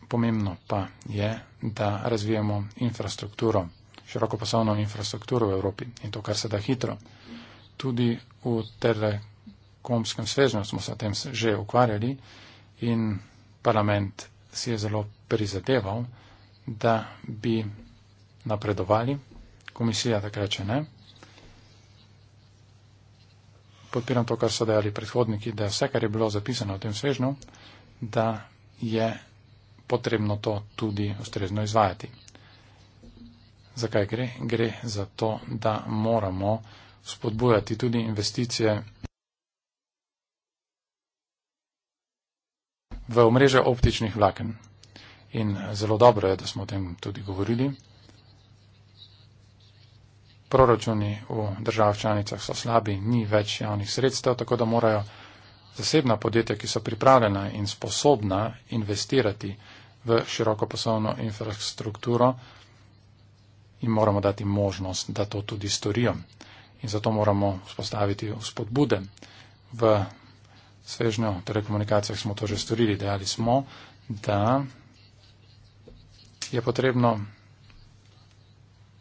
S1: Pomembno pa je, da razvijamo infrastrukturo, široko poslovno infrastrukturo v Evropi in to, kar se da hitro. Tudi v telekomskem svežnju smo se o tem že ukvarjali in parlament si je zelo prizadeval, da bi napredovali, komisija takrat še ne podpiram to, kar so dejali predhodniki, da je vse, kar je bilo zapisano v tem svežnju, da je potrebno to tudi ustrezno izvajati. Zakaj gre? Gre za to, da moramo spodbujati tudi investicije v omrežje optičnih vlaken. In zelo dobro je, da smo o tem tudi govorili proračuni v državah članicah so slabi, ni več javnih sredstev, tako da morajo zasebna podjetja, ki so pripravljena in sposobna investirati v široko poslovno infrastrukturo, jim moramo dati možnost, da to tudi storijo. In zato moramo vzpostaviti spodbude. V svežnjo telekomunikacijah torej smo to že storili, dejali smo, da je potrebno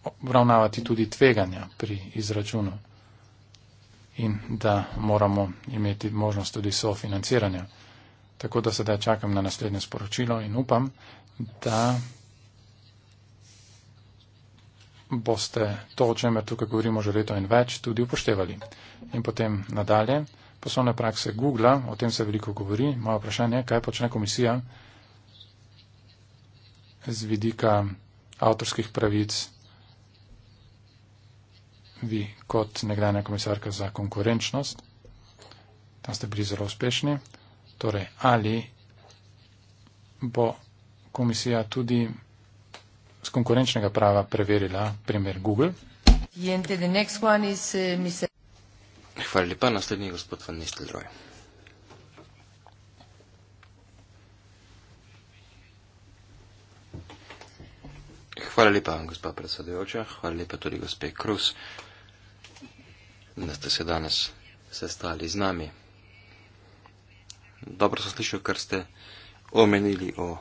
S1: obravnavati tudi tveganja pri izračunu in da moramo imeti možnost tudi sofinanciranja. Tako da sedaj čakam na naslednje sporočilo in upam, da boste to, o čemer tukaj govorimo že leto in več, tudi upoštevali. In potem nadalje, poslovne prakse Google, o tem se veliko govori. Moje vprašanje je, kaj počne komisija z vidika avtorskih pravic vi kot nekdanja komisarka za konkurenčnost. Tam ste bili zelo uspešni. Torej, ali bo komisija tudi z konkurenčnega prava preverila primer Google? Eh, Hvala lepa,
S3: naslednji gospod Van Nistelrooy. Hvala lepa, gospa predsedujoča. Hvala lepa tudi gospe Krus da ste se danes sestali z nami. Dobro sem slišal, kar ste omenili o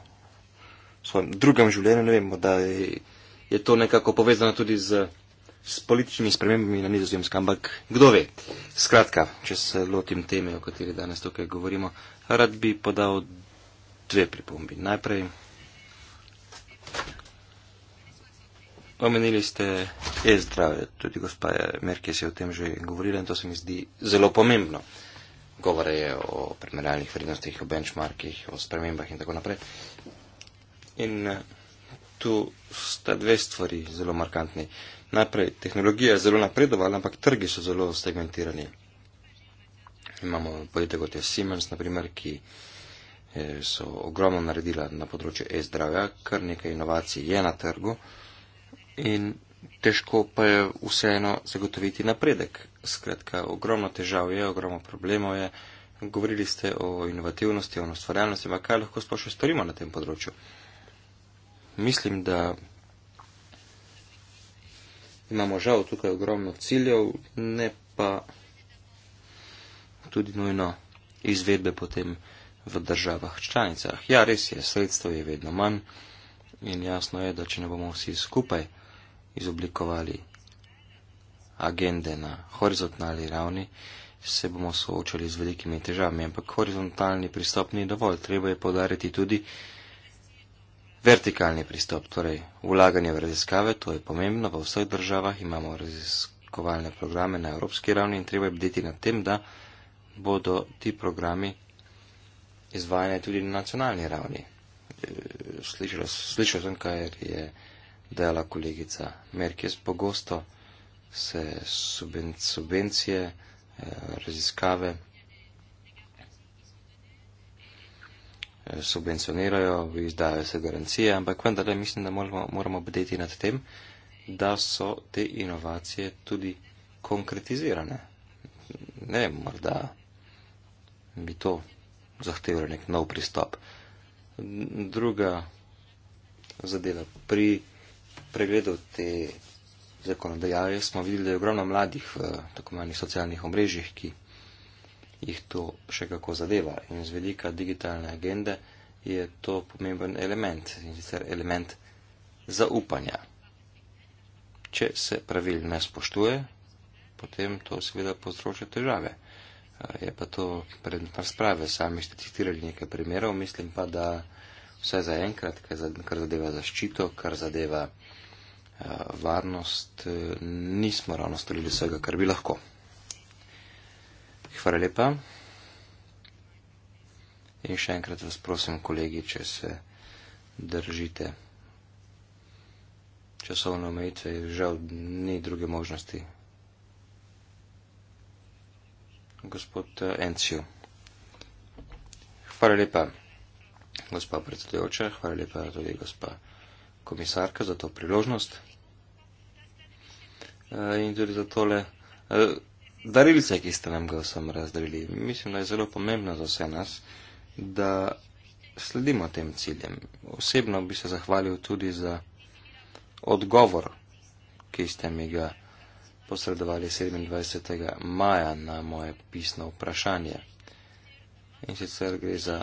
S3: svojem drugem življenju. Ne vemo, da je to nekako povezano tudi z, z političnimi spremembami na nizozemskem, ampak kdo ve. Skratka, če se lotim teme, o kateri danes tukaj govorimo, rad bi podal dve pripombi. Najprej. Omenili ste e-zdravje, tudi gospa Merkis je o tem že govorila in to se mi zdi zelo pomembno. Govore je o primerjalnih vrednostih, o benchmarkih, o spremembah in tako naprej. In eh, tu sta dve stvari zelo markantni. Najprej, tehnologija je zelo napredovala, ampak trgi so zelo segmentirani. Imamo podjetje kot je Siemens, naprimer, ki eh, so ogromno naredila na področju e-zdravja, kar nekaj inovacij je na trgu in težko pa je vseeno zagotoviti napredek. Skratka, ogromno težav je, ogromno problemov je. Govorili ste o inovativnosti, o ustvarjalnosti, ampak kaj lahko sploh še storimo na tem področju? Mislim, da imamo žal tukaj ogromno ciljev, ne pa tudi nujno izvedbe potem v državah članicah. Ja, res je, sredstvo je vedno manj in jasno je, da če ne bomo vsi skupaj izoblikovali agende na horizontalni ravni, se bomo soočali z velikimi težavami. Ampak horizontalni pristop ni dovolj. Treba je podariti tudi vertikalni pristop, torej ulaganje v raziskave, to je pomembno. V vseh državah imamo raziskovalne programe na evropski ravni in treba je bdeti nad tem, da bodo ti programi izvajane tudi na nacionalni ravni. E, slišal, slišal sem, kaj je dela kolegica Merkis pogosto, se suben, subvencije, eh, raziskave eh, subvencionirajo, izdajo se garancije, ampak vendar le mislim, da moramo, moramo bdeti nad tem, da so te inovacije tudi konkretizirane. Ne vem, morda bi to zahtevalo nek nov pristop. Druga zadeva pri pregledu te zakonodajave smo videli, da je ogromno mladih v tako manjih socialnih omrežjih, ki jih to še kako zadeva. In z velika digitalne agende je to pomemben element in sicer element zaupanja. Če se pravil ne spoštuje, potem to seveda povzroča težave. Je pa to pred razprave, sami ste citirali nekaj primerov, mislim pa, da vse za enkrat, kar zadeva zaščito, kar zadeva Eh, varnost, eh, nismo ravno storili vsega, kar bi lahko. Hvala lepa. In še enkrat vas prosim, kolegi, če se držite časovne omejitve, žal ni druge možnosti. Gospod eh, Encio. Hvala lepa, gospa predsedujoča, hvala lepa tudi gospa komisarka za to priložnost. Eh, in tudi za tole. Eh, Darilce, ki ste nam ga vsem razdelili, mislim, da je zelo pomembno za vse nas, da sledimo tem ciljem. Osebno bi se zahvalil tudi za odgovor, ki ste mi ga posredovali 27. maja na moje pisno vprašanje. In sicer gre za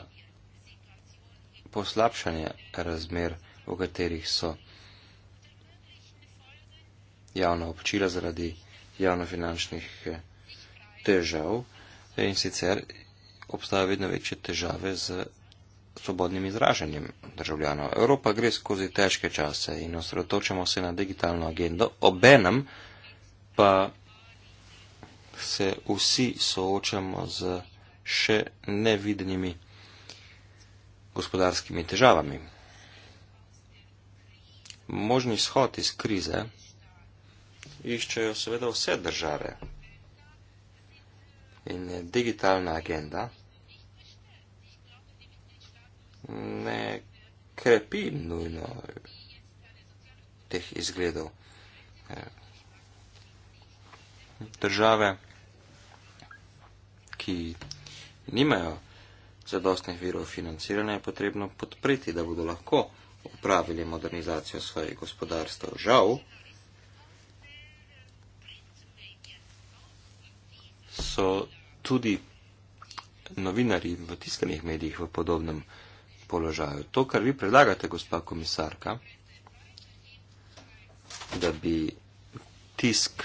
S3: poslabšanje razmer, v katerih so javna občila zaradi javnofinančnih eh, težav in sicer obstaja vedno večje težave z svobodnim izražanjem državljanov. Evropa gre skozi težke čase in osredotočamo se na digitalno agendo, obenem pa se vsi soočamo z še nevidnimi gospodarskimi težavami. Možni izhod iz krize iščejo seveda vse države. In digitalna agenda ne krepi nujno teh izgledov. Države, ki nimajo zadostnih virov financiranja, je potrebno podpreti, da bodo lahko upravili modernizacijo svojih gospodarstv. Žal, so tudi novinari v tiskanih medijih v podobnem položaju. To, kar vi predlagate, gospa komisarka, da bi tisk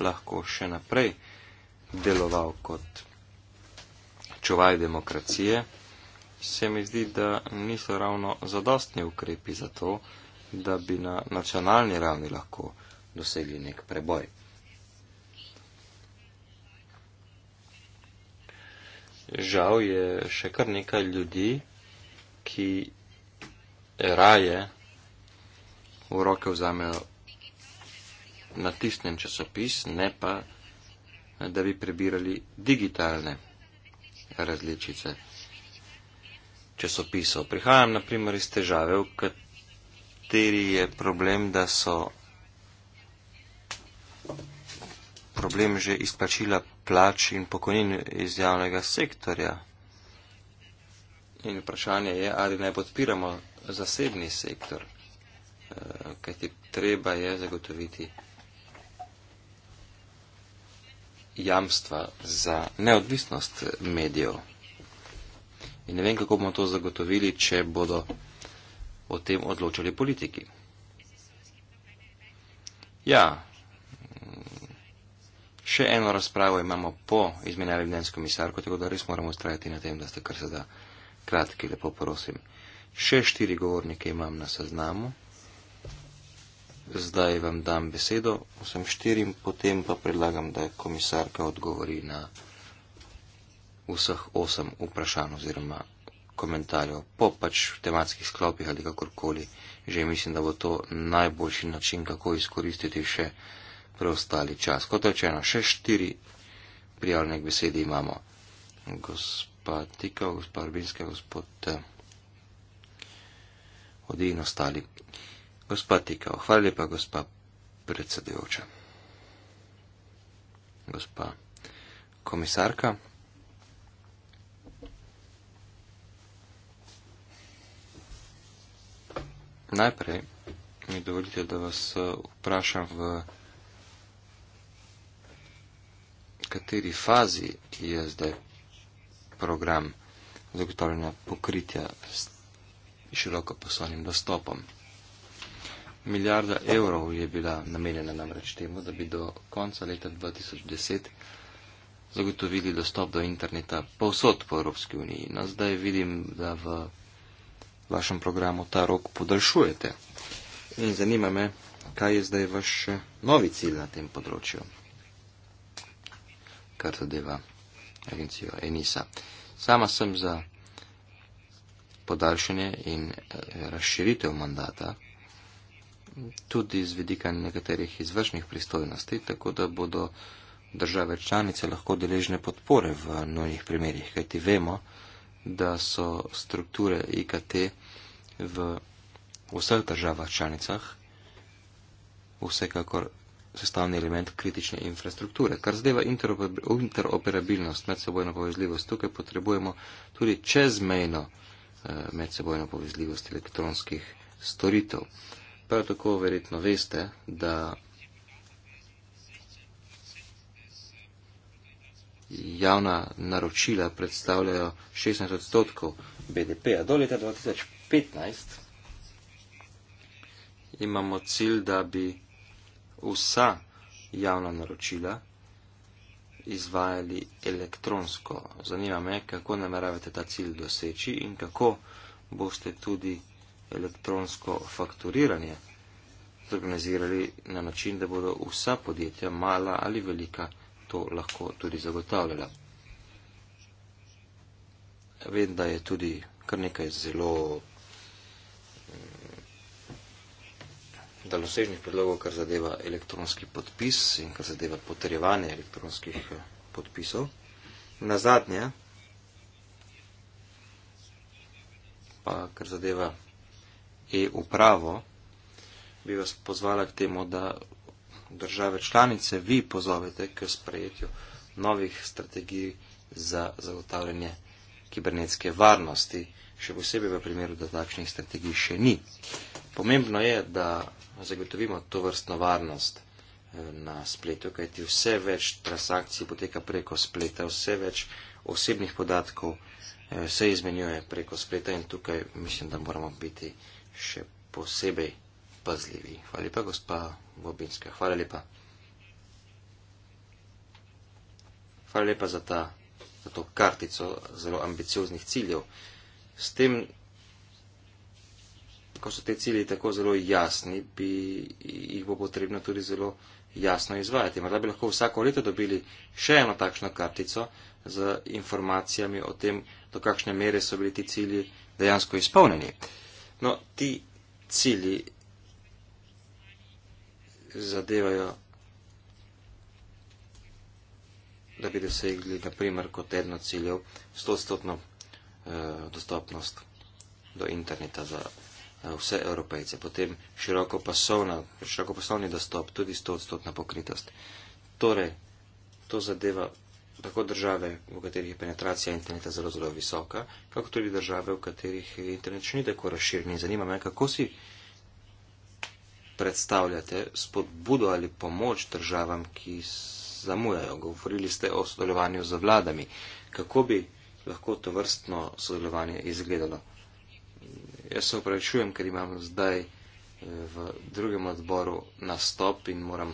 S3: lahko še naprej deloval kot čuvaj demokracije, se mi zdi, da niso ravno zadostni ukrepi za to, da bi na nacionalni ravni lahko dosegli nek preboj. žal je še kar nekaj ljudi, ki raje v roke vzamejo natisnen časopis, ne pa, da bi prebirali digitalne različice časopisov. Prihajam, na primer, iz težave, v kateri je problem, da so problem že izplačila plač in pokojnin iz javnega sektorja. In vprašanje je, ali naj podpiramo zasebni sektor, eh, kaj ti treba je zagotoviti jamstva za neodvisnost medijev. In ne vem, kako bomo to zagotovili, če bodo o tem odločali politiki. Ja, Še eno razpravo imamo po izmenjavi mnen s komisarko, tako da res moramo ustrajati na tem, da ste kar se da kratki, lepo prosim. Še štiri govornike imam na seznamu. Zdaj vam dam besedo vsem štirim, potem pa predlagam, da komisarka odgovori na vseh osem vprašanj oziroma komentarjev po pač v tematskih sklopih ali kakorkoli. Že mislim, da bo to najboljši način, kako izkoristiti še preostali čas. Kot rečeno, še štiri prijavljene k besedi imamo. Gospa Tika, gospa Rubinska, gospod eh, Odi in ostali. Gospa Tika, hvala lepa, gospa predsedujoča. Gospa komisarka. Najprej mi dovolite, da vas eh, vprašam v. kateri fazi je zdaj program zagotavljanja pokritja s široko poslovnim dostopom. Milijarda evrov je bila namenjena namreč temu, da bi do konca leta 2010 zagotovili dostop do interneta povsod po Evropski uniji. No, zdaj vidim, da v vašem programu ta rok podaljšujete. In zanima me, kaj je zdaj vaš novi cilj na tem področju kar zadeva agencijo Enisa. Sama sem za podaljšanje in eh, razširitev mandata, tudi z vidika nekaterih izvršnih pristojnosti, tako da bodo države članice lahko deležne podpore v nujnih primerjih, kajti vemo, da so strukture IKT v vseh državah članicah vsekakor sestavni element kritične infrastrukture. Kar zadeva interoperabilnost, medsebojno povezljivost, tukaj potrebujemo tudi čezmejno eh, medsebojno povezljivost elektronskih storitev. Prav tako verjetno veste, da javna naročila predstavljajo 16 odstotkov BDP-a. Do leta 2015 imamo cilj, da bi vsa javna naročila izvajali elektronsko. Zanima me, kako nameravate ta cilj doseči in kako boste tudi elektronsko fakturiranje organizirali na način, da bodo vsa podjetja, mala ali velika, to lahko tudi zagotavljala. Vem, da je tudi kar nekaj zelo daljnosežnih predlogov, kar zadeva elektronski podpis in kar zadeva potrjevanje elektronskih eh, podpisov. Na zadnje, pa kar zadeva e-upravo, bi vas pozvala k temu, da države članice vi pozovete k sprejetju novih strategij za zagotavljanje kibernetske varnosti, še posebej v primeru, da takšnih strategij še ni. Pomembno je, da zagotovimo to vrstno varnost eh, na spletu, kajti vse več transakcij poteka preko spleta, vse več osebnih podatkov eh, se izmenjuje preko spleta in tukaj mislim, da moramo biti še posebej pazljivi. Hvala lepa, gospa Vobinska. Hvala lepa. Hvala lepa za, ta, za to kartico zelo ambicioznih ciljev. S tem ko so te cilje tako zelo jasni, bi jih bo potrebno tudi zelo jasno izvajati. Morda bi lahko vsako leto dobili še eno takšno kartico z informacijami o tem, do kakšne mere so bili ti cilji dejansko izpolnjeni. No, ti cilji zadevajo, da bi dosegli, naprimer, kot eno ciljev, 100-stotno eh, dostopnost do interneta za Eh, vse evropejce. Potem široko poslovni dostop, tudi 100 odstotna pokritost. Torej, to zadeva tako države, v katerih je penetracija interneta zelo, zelo visoka, kako tudi države, v katerih internet še ni tako razširjen. Zanima me, kako si predstavljate spodbudo ali pomoč državam, ki zamujajo. Govorili ste o sodelovanju z vladami. Kako bi lahko to vrstno sodelovanje izgledalo? Jaz se upravičujem, ker imam zdaj eh, v drugem odboru nastop in moram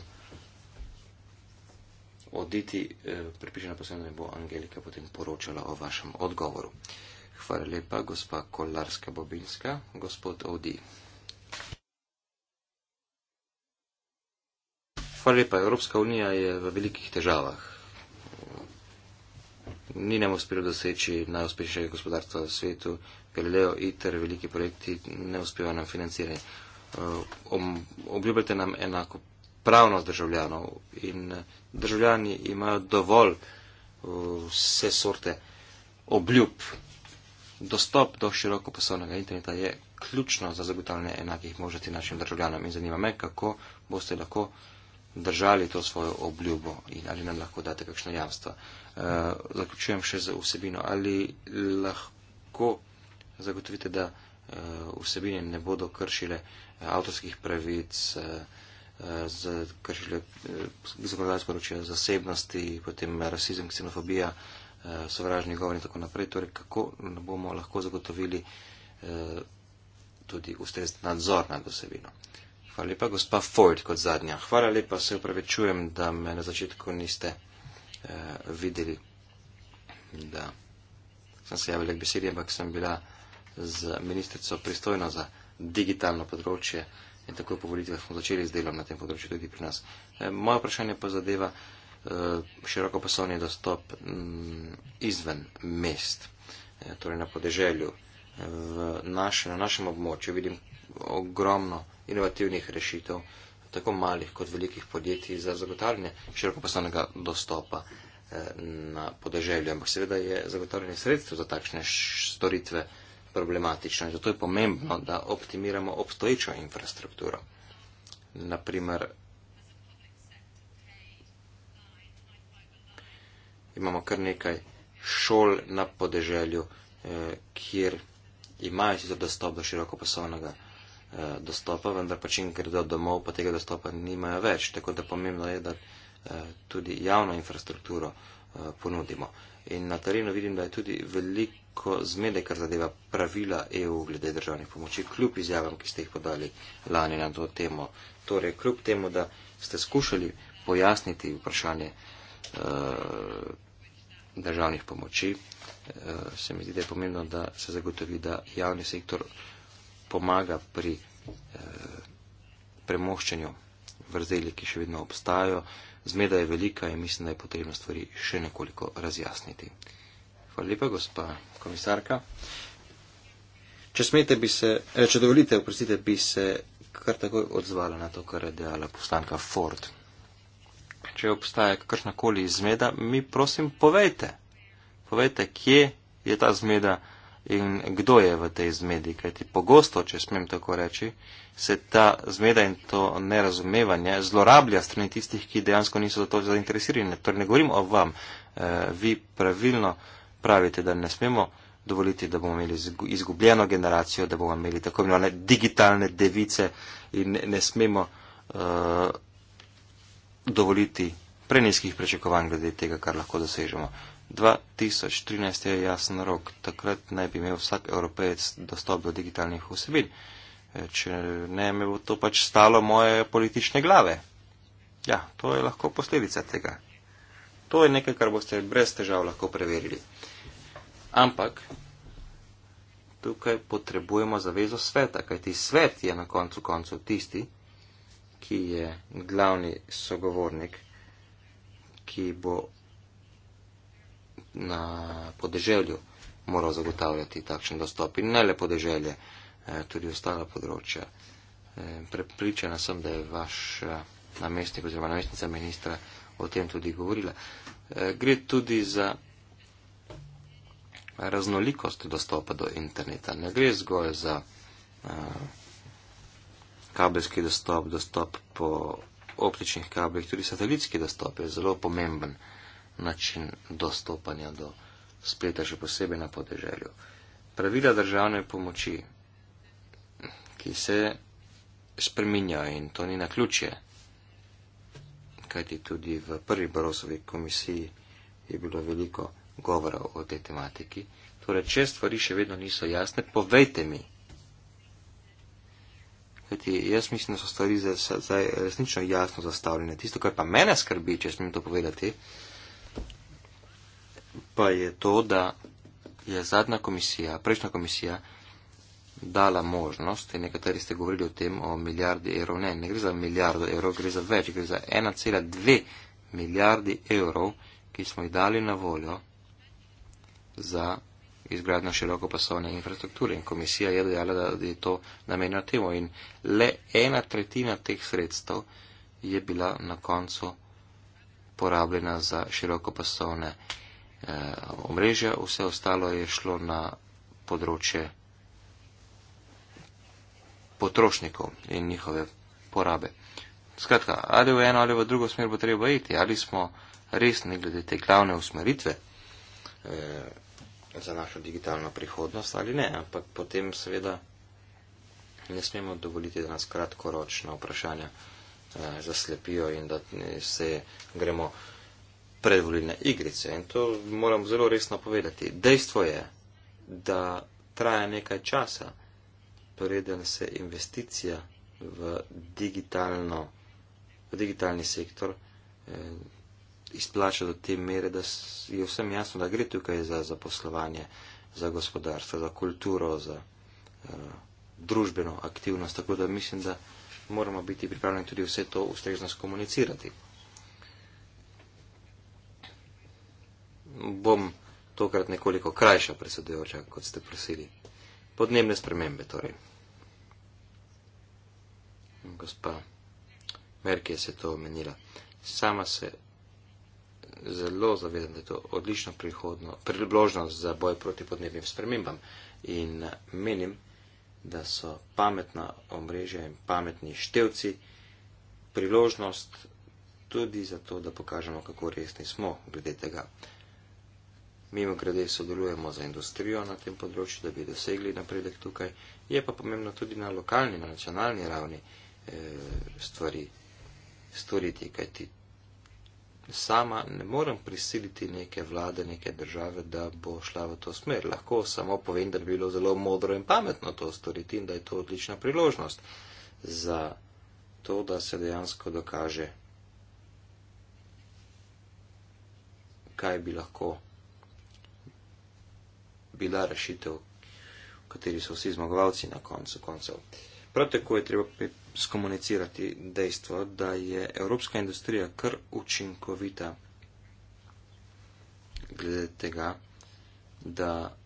S3: oditi. Eh, Pripišena posebno je bo Angelika potem poročala o vašem odgovoru. Hvala lepa, gospa Kolarska Bobinska, gospod Odi. Hvala lepa, Evropska unija je v velikih težavah. Ni nam uspelo doseči najuspešnejšega gospodarstva v svetu, Galileo, ITER, veliki projekti ne uspeva nam financiranje. Eh, obljubljate nam enako pravnost državljanov in eh, državljani imajo dovolj eh, vse sorte obljub. Dostop do širokopasovnega interneta je ključno za zagotavljanje enakih možnosti našim državljanom in zanima me, kako boste lahko držali to svojo obljubo in ali nam lahko date kakšno jamstvo. Uh, zaključujem še z vsebino. Ali lahko zagotovite, da eh, vsebine ne bodo kršile eh, avtorskih pravic, eh, kršile zakonodajsko ročje zasebnosti, potem rasizem, ksenofobija, sovražni govor in tako naprej. Torej, kako bomo lahko zagotovili tudi ustrezni nadzor nad vsebino. Hvala lepa, gospa Ford, kot zadnja. Hvala lepa, se upravičujem, da me na začetku niste eh, videli, da sem se javila k besedi, ampak sem bila z ministrico pristojno za digitalno področje in tako po volitvah smo začeli z delom na tem področju tudi pri nas. E, moje vprašanje pa zadeva e, široko poslovni dostop izven mest, e, torej na podeželju. Naš, na našem območju vidim ogromno inovativnih rešitev, tako malih kot velikih podjetij za zagotavljanje široko poslovnega dostopa na podeželju, ampak seveda je zagotavljanje sredstev za takšne storitve problematično. Zato je pomembno, da optimiramo obstoječo infrastrukturo. Naprimer, imamo kar nekaj šol na podeželju, eh, kjer imajo sicer dostop do širokopasovnega eh, dostopa, vendar pa čim gredo domov, pa tega dostopa nimajo več. Tako da pomembno je, da eh, tudi javno infrastrukturo Eh, ponudimo. In na terenu vidim, da je tudi veliko zmede, kar zadeva pravila EU glede državnih pomoči, kljub izjavam, ki ste jih podali lani na to temo. Torej, kljub temu, da ste skušali pojasniti vprašanje uh, državnih pomoči, uh, se mi zdi, da je pomembno, da se zagotovi, da javni sektor pomaga pri uh, premoščanju vrzeli, ki še vedno obstajajo, uh, zmeda je velika in mislim, da je potrebno stvari še nekoliko razjasniti. Hvala lepa, gospa komisarka. Če smete, bi se, eh, če dovolite, oprostite, bi se kar takoj odzvala na to, kar je dejala poslanka Ford. Če obstaja kakršnakoli zmeda, mi prosim povejte, povejte, kje je ta zmeda in kdo je v tej zmedi. Ker ti pogosto, če smem tako reči, se ta zmeda in to nerazumevanje zlorablja strani tistih, ki dejansko niso za to zainteresirani. Torej ne govorim o vam. E, vi pravilno pravite, da ne smemo dovoliti, da bomo imeli izgubljeno generacijo, da bomo imeli tako imenovane digitalne device in ne, ne smemo uh, dovoliti preniskih prečakovanj glede tega, kar lahko dosežemo. 2013 je jasen rok. Takrat naj bi imel vsak evropejec dostop do digitalnih vsebin. E, če ne, me bo to pač stalo moje politične glave. Ja, to je lahko posledica tega. To je nekaj, kar boste brez težav lahko preverili. Ampak tukaj potrebujemo zavezo sveta, kajti svet je na koncu koncu tisti, ki je glavni sogovornik, ki bo na podeželju mora zagotavljati takšen dostop in ne le podeželje, eh, tudi ostala področja. Eh, prepričana sem, da je vaš namestnik oziroma namestnica ministra o tem tudi govorila. Eh, gre tudi za raznolikost dostopa do interneta. Ne gre zgolj za kabelski dostop, dostop po optičnih kablih, tudi satelitski dostop je zelo pomemben način dostopanja do spleta, še posebej na podeželju. Pravila državne pomoči, ki se spreminjajo in to ni na ključje, kajti tudi v prvi Barosovi komisiji je bilo veliko govora o tej tematiki. Torej, če stvari še vedno niso jasne, povejte mi. Kajti, jaz mislim, da so stvari zdaj resnično jasno zastavljene. Tisto, kar pa mene skrbi, če smem to povedati, pa je to, da je zadnja komisija, prejšnja komisija, dala možnost, in nekateri ste govorili o tem, o milijardi evrov, ne, ne gre za milijardo evrov, gre za več, gre za 1,2 milijardi evrov, ki smo jih dali na voljo za izgradnjo široko pasovne infrastrukture. In komisija je dejala, da je to namenjeno temu. In le ena tretjina teh sredstev je bila na koncu porabljena za široko pasovne infrastrukture eh, omrežja, vse ostalo je šlo na področje potrošnikov in njihove porabe. Skratka, ali v eno ali v drugo smer bo treba iti, ali smo resni glede te glavne usmeritve eh, za našo digitalno prihodnost ali ne, ampak potem seveda ne smemo dovoliti, da nas kratkoročna vprašanja eh, zaslepijo in da se gremo. Eh, predvoljene igrice in to moram zelo resno povedati. Dejstvo je, da traja nekaj časa, preden se investicija v, digitalno, v digitalni sektor eh, izplača do te mere, da je vsem jasno, da gre tukaj za zaposlovanje, za gospodarstvo, za kulturo, za eh, družbeno aktivnost. Tako da mislim, da moramo biti pripravljeni tudi vse to ustrezno skomunicirati. bom tokrat nekoliko krajša presodejoča, kot ste prosili. Podnebne spremembe torej. Gospa Merkija se je to omenila. Sama se zelo zavedam, da je to odlična priložnost za boj proti podnebnim spremembam. In menim, da so pametna omrežja in pametni števci priložnost tudi za to, da pokažemo, kako resni smo glede tega. Mimo grede sodelujemo za industrijo na tem področju, da bi dosegli napredek tukaj, je pa pomembno tudi na lokalni, na nacionalni ravni eh, stvari storiti, kajti sama ne morem prisiliti neke vlade, neke države, da bo šla v to smer. Lahko samo povem, da bi bilo zelo modro in pametno to storiti in da je to odlična priložnost za to, da se dejansko dokaže, kaj bi lahko bila rešitev, v kateri so vsi zmagovalci na koncu koncev. Prav tako je treba skomunicirati dejstvo, da je evropska industrija kar učinkovita glede tega, da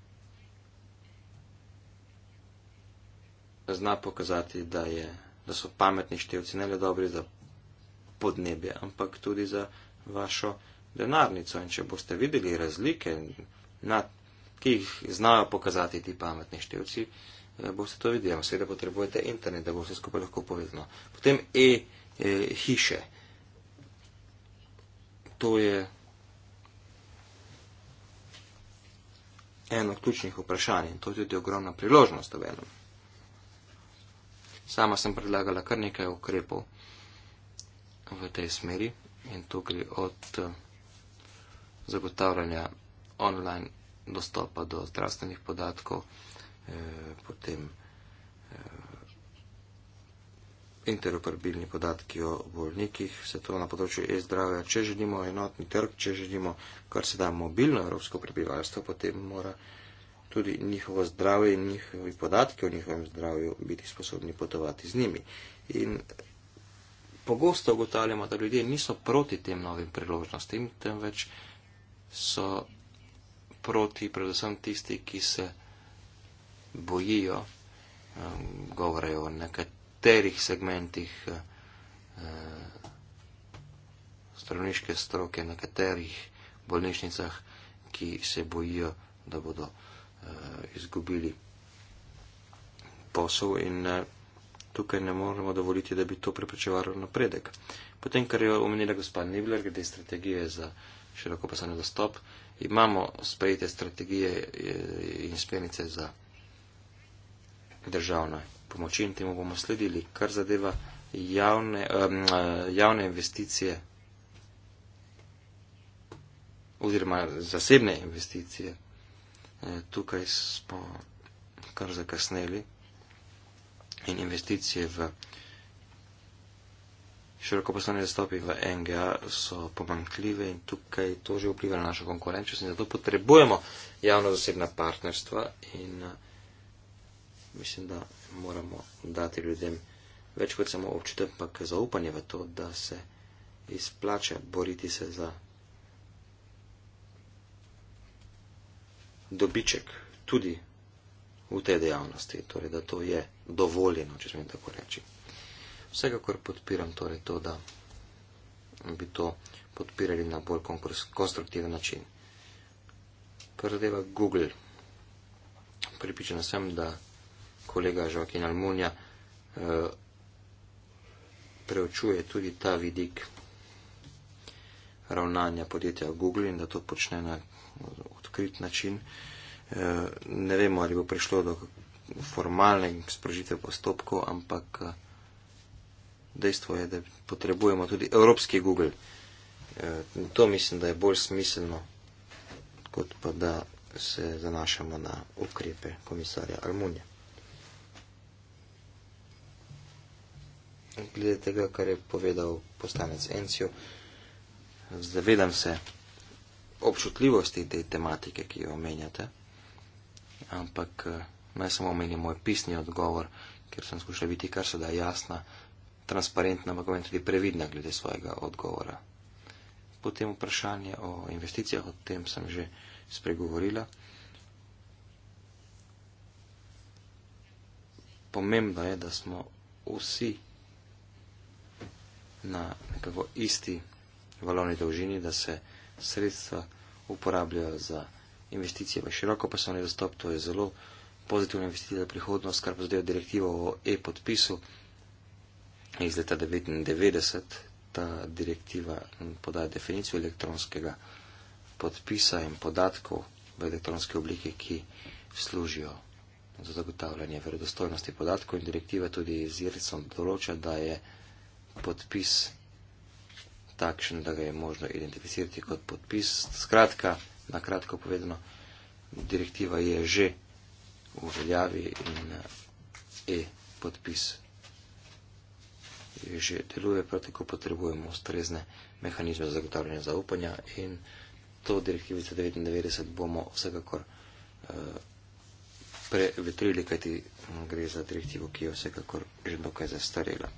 S3: zna pokazati, da, je, da so pametni števci ne le dobri za podnebje, ampak tudi za vašo denarnico. In če boste videli razlike na ki jih znajo pokazati ti pametni števci, eh, boste to videli. Seveda potrebujete internet, da bo vse skupaj lahko povezano. Potem e, e hiše. To je eno ključnih vprašanj in to je tudi ogromna priložnost, verjamem. Sama sem predlagala kar nekaj ukrepov v tej smeri in to gre od eh, zagotavljanja online dostopa do zdravstvenih podatkov, eh, potem eh, interoperabilni podatki o bolnikih, vse to na področju e-zdravja. Če želimo enotni trg, če želimo kar se da mobilno evropsko prebivalstvo, potem mora tudi njihovo zdravje in njihovi podatki o njihovem zdravju biti sposobni potovati z njimi. In pogosto ugotavljamo, da ljudje niso proti tem novim priložnostim, temveč so proti predvsem tisti, ki se bojijo, um, govorejo o nekaterih segmentih eh, zdravniške stroke, nekaterih bolnišnicah, ki se bojijo, da bodo eh, izgubili posel in eh, tukaj ne moremo dovoliti, da bi to preprečevalo napredek. Potem, kar je omenila gospod Nibler, glede strategije za široko pasane dostop, imamo sprejete strategije eh, in smernice za državne pomoči in temu bomo sledili, kar zadeva javne, um, javne investicije oziroma zasebne investicije. Eh, tukaj smo kar zakasneli in investicije v uh, širokoposlane zastopi v NGA so pomankljive in tukaj to že vpliva na našo konkurenčnost in zato potrebujemo javno-zasebna partnerstva in eh, mislim, da moramo dati ljudem več kot samo občutek, ampak zaupanje v to, da se izplača boriti se za dobiček tudi v tej dejavnosti, torej da to je dovoljeno, če smem tako reči. Vsekakor podpiram torej to, da bi to podpirali na bolj konstruktiven način. Kar zadeva Google, pripričana sem, da kolega Žoakin Almunja eh, preučuje tudi ta vidik ravnanja podjetja Google in da to počne na odkrit način. Eh, ne vemo, ali bo prišlo do formalne sprožitve postopkov, ampak eh, dejstvo je, da potrebujemo tudi evropski Google. E, to mislim, da je bolj smiselno, kot pa da se zanašamo na ukrepe komisarja Armunija. Glede tega, kar je povedal poslanec Encijo, zavedam se občutljivosti te tematike, ki jo omenjate, ampak e, naj samo omenim moj pisni odgovor, ker sem skušal biti kar se da jasna, transparentna, ampak vem tudi previdna glede svojega odgovora. Potem vprašanje o investicijah, o tem sem že spregovorila. Pomembno je, da smo vsi na nekako isti valovni dolžini, da se sredstva uporabljajo za investicije v široko poslovni dostop. To je zelo pozitivna investicija za prihodnost, kar pa zdaj direktivo o e-podpisu iz leta 1999 ta direktiva podaja definicijo elektronskega podpisa in podatkov v elektronske oblike, ki služijo za zagotavljanje verodostojnosti podatkov in direktive tudi z jelicom določa, da je podpis takšen, da ga je možno identificirati kot podpis. Skratka, na kratko povedano, direktiva je že v veljavi in e-podpis že deluje, prav tako potrebujemo ustrezne mehanizme za zagotavljanje zaupanja in to direktivico 99 bomo vsekakor eh, prevetrili, kajti mm, gre za direktivo, ki je vsekakor že dokaj zastarela.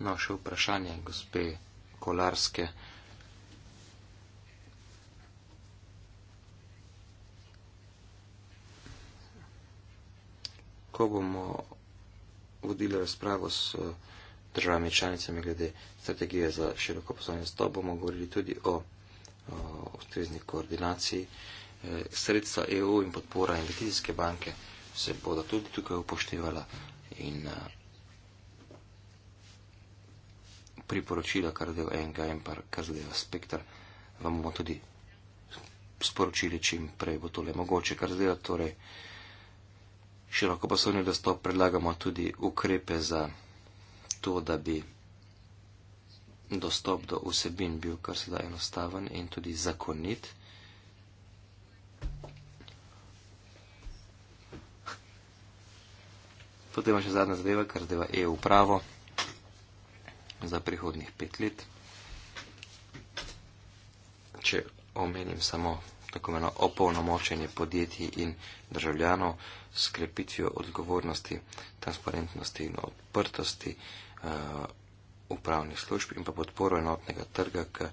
S3: No, še vprašanje gospe Kolarske. Ko bomo vodili razpravo s eh, državami članicami glede strategije za široko poslovanje s tobom, bomo govorili tudi o ustrezni koordinaciji. Eh, sredstva EU in podpora investicijske banke se bodo tudi tukaj upoštevala in eh, priporočila, kar zadeva enega in pa kar zadeva spektr, vam bomo tudi sporočili, čim prej bo tole mogoče, kar zadeva torej širokopasovni dostop predlagamo tudi ukrepe za to, da bi dostop do vsebin bil kar se da enostaven in tudi zakonit. Potem še zadnja zadeva, kar zadeva e-upravo za prihodnih pet let. Če omenim samo tako imeno opolnomočenje podjetij in državljanov, s krepitvijo odgovornosti, transparentnosti in odprtosti uh, upravnih služb in pa podporo enotnega trga k uh,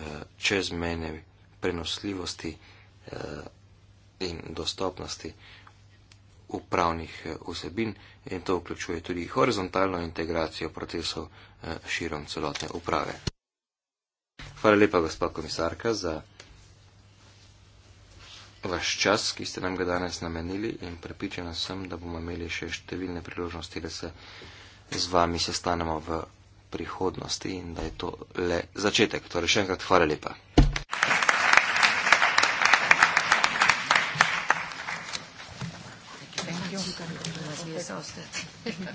S3: eh, čezmene prenosljivosti uh, in dostopnosti upravnih vsebin in to vključuje tudi horizontalno integracijo procesov uh, širom celotne uprave. Hvala lepa, gospod komisarka, za vaš čas, ki ste nam ga danes namenili in prepričana sem, da bomo imeli še številne priložnosti, da se z vami sestanemo v prihodnosti in da je to le začetek. Torej še enkrat hvala lepa. Thank you.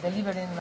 S3: delivering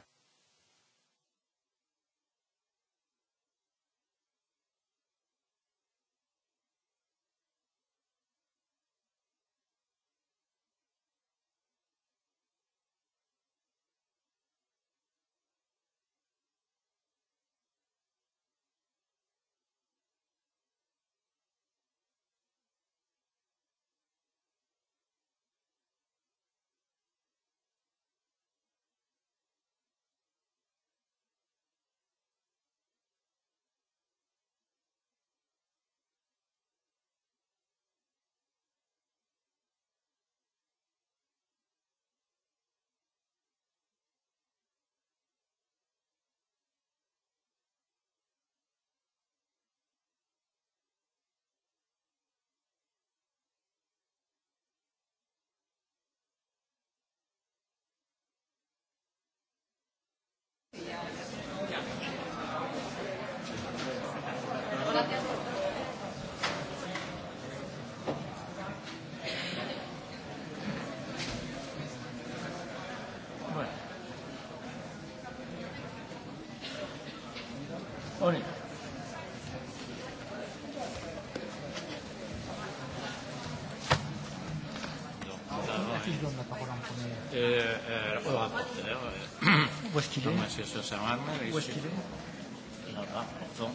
S2: gracias, José Manuel. Y, pues, y nos vamos. Don.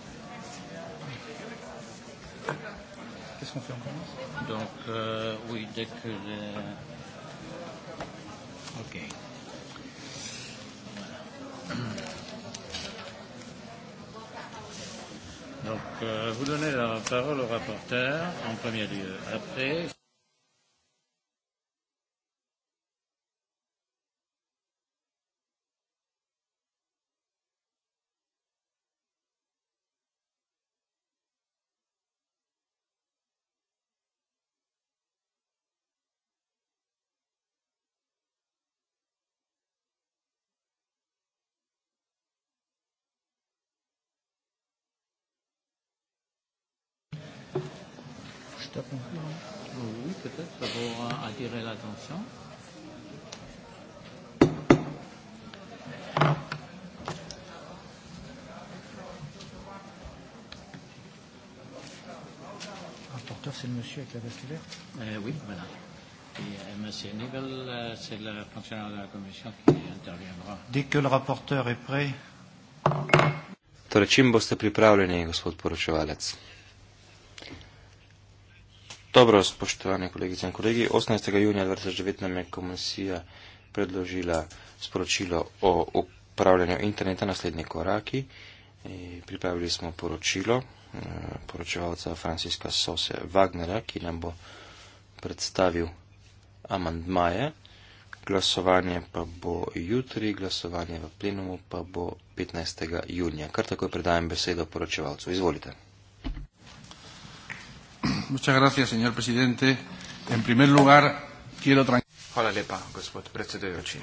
S2: Qu'est-ce qu'on fait encore Donc, euh, oui, dès que. Le... Ok. Voilà.
S1: Donc, euh, vous donnez la parole au rapporteur en premier lieu. Après.
S2: No. Oui, peut-être, ça va euh, attirer l'attention. Rapporteur, c'est le monsieur avec la veste verte
S1: euh, Oui, voilà. Et euh, M. Nivel, euh, c'est le
S2: fonctionnaire de la commission qui interviendra. Dès que le rapporteur est prêt.
S3: Torej, čim boste pripravljeni, gospod poročevalec? Dobro, spoštovane kolegice in kolegi, 18. junija 2019 je komisija predložila sporočilo o upravljanju interneta naslednji koraki. E, pripravili smo poročilo e, poročevalca Franciska Sose Wagnera, ki nam bo predstavil amandmaje. Glasovanje pa bo jutri, glasovanje v plenumu pa bo 15. junija. Kar takoj predajem besedo poročevalcu. Izvolite.
S1: Muchas gracias, señor presidente. En primer lugar, quiero
S3: Hvala lepa, gospod
S2: predsedujoči.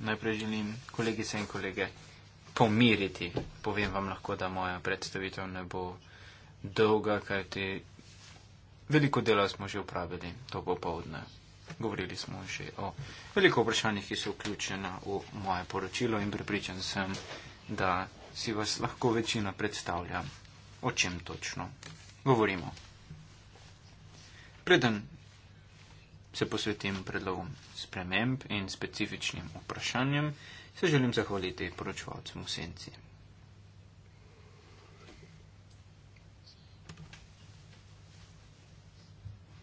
S2: Najprej želim kolegice in kolege pomiriti. Povem vam lahko, da moja predstavitev ne bo dolga, kajti veliko dela smo že upravili to popovdne. Govorili smo že o veliko vprašanjih, ki so vključena v moje poročilo in pripričan sem, da si vas lahko večina predstavlja, o čem točno govorimo. Preden se posvetim predlogom sprememb in specifičnim vprašanjem, se želim zahvaliti poročevalcem v senci.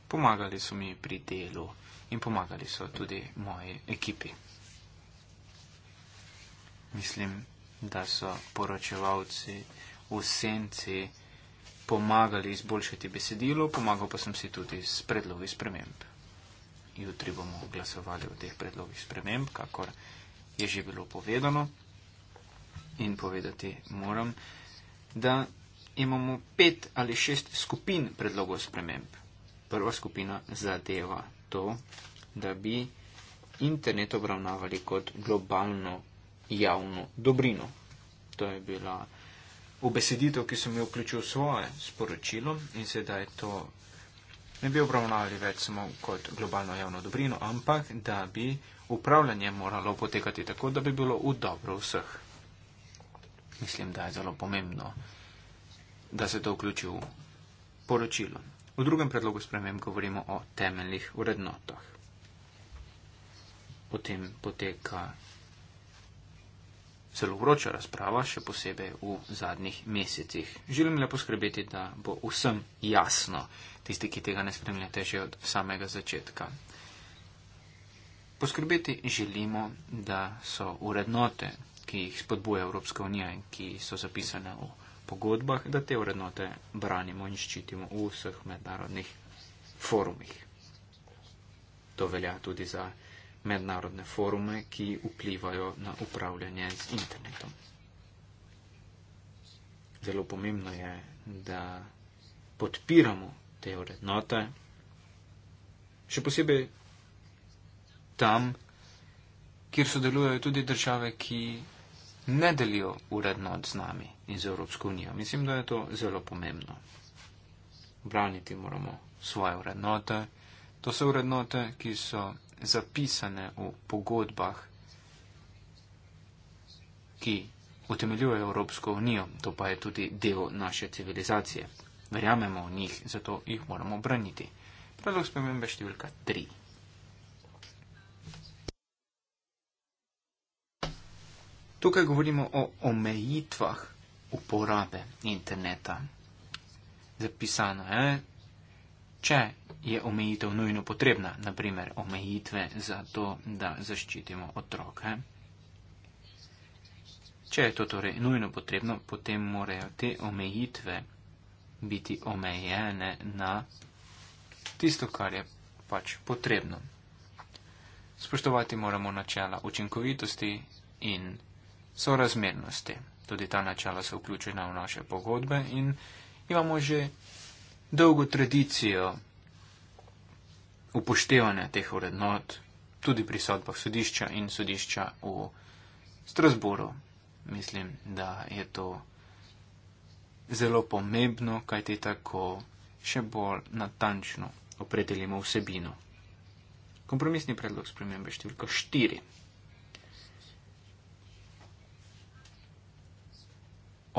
S2: Pomagali so mi pri delu in pomagali so tudi moji ekipi. Mislim, da so poročevalci v senci pomagali izboljšati besedilo, pomagal pa sem si tudi s predlogi sprememb. Jutri bomo glasovali o teh predlogih sprememb, kakor je že bilo povedano. In povedati moram, da imamo pet ali šest skupin predlogov sprememb. Prva skupina zadeva to, da bi internet obravnavali kot globalno javno dobrino. To je bila obeseditev, ki sem jo vključil v svoje sporočilo in sedaj to ne bi obravnavali več samo kot globalno javno dobrino, ampak da bi upravljanje moralo potekati tako, da bi bilo v dobro vseh. Mislim, da je zelo pomembno, da se to vključi v poročilo. V drugem predlogu spremem govorimo o temeljnih vrednotah. Potem poteka zelo vroča razprava, še posebej v zadnjih mesecih. Želim le poskrbeti, da bo vsem jasno, tisti, ki tega ne spremljate že od samega začetka. Poskrbeti želimo, da so urednote, ki jih spodbuja Evropska unija in ki so zapisane v pogodbah, da te urednote branimo in ščitimo v vseh mednarodnih forumih. To velja tudi za mednarodne forume, ki vplivajo na upravljanje z internetom. Zelo pomembno je, da podpiramo te vrednote, še posebej tam, kjer sodelujejo tudi države, ki ne delijo vrednot z nami in z Evropsko unijo. Mislim, da je to zelo pomembno. Braniti moramo svoje vrednote. To so vrednote, ki so zapisane v pogodbah, ki utemeljuje Evropsko unijo, to pa je tudi del naše civilizacije. Verjamemo v njih, zato jih moramo braniti. Predlog spremembe številka 3. Tukaj govorimo o omejitvah uporabe interneta. Zapisano je, če je omejitev nujno potrebna, naprimer omejitve za to, da zaščitimo otroke. Če je to torej nujno potrebno, potem morajo te omejitve biti omejene na tisto, kar je pač potrebno. Spoštovati moramo načela učinkovitosti in sorazmernosti. Tudi ta načela so vključena v naše pogodbe in imamo že dolgo tradicijo upoštevanja teh vrednot tudi pri sodbah sodišča in sodišča v Strasboru. Mislim, da je to zelo pomembno, kaj ti tako še bolj natančno opredelimo vsebino. Kompromisni predlog spremembe številka 4.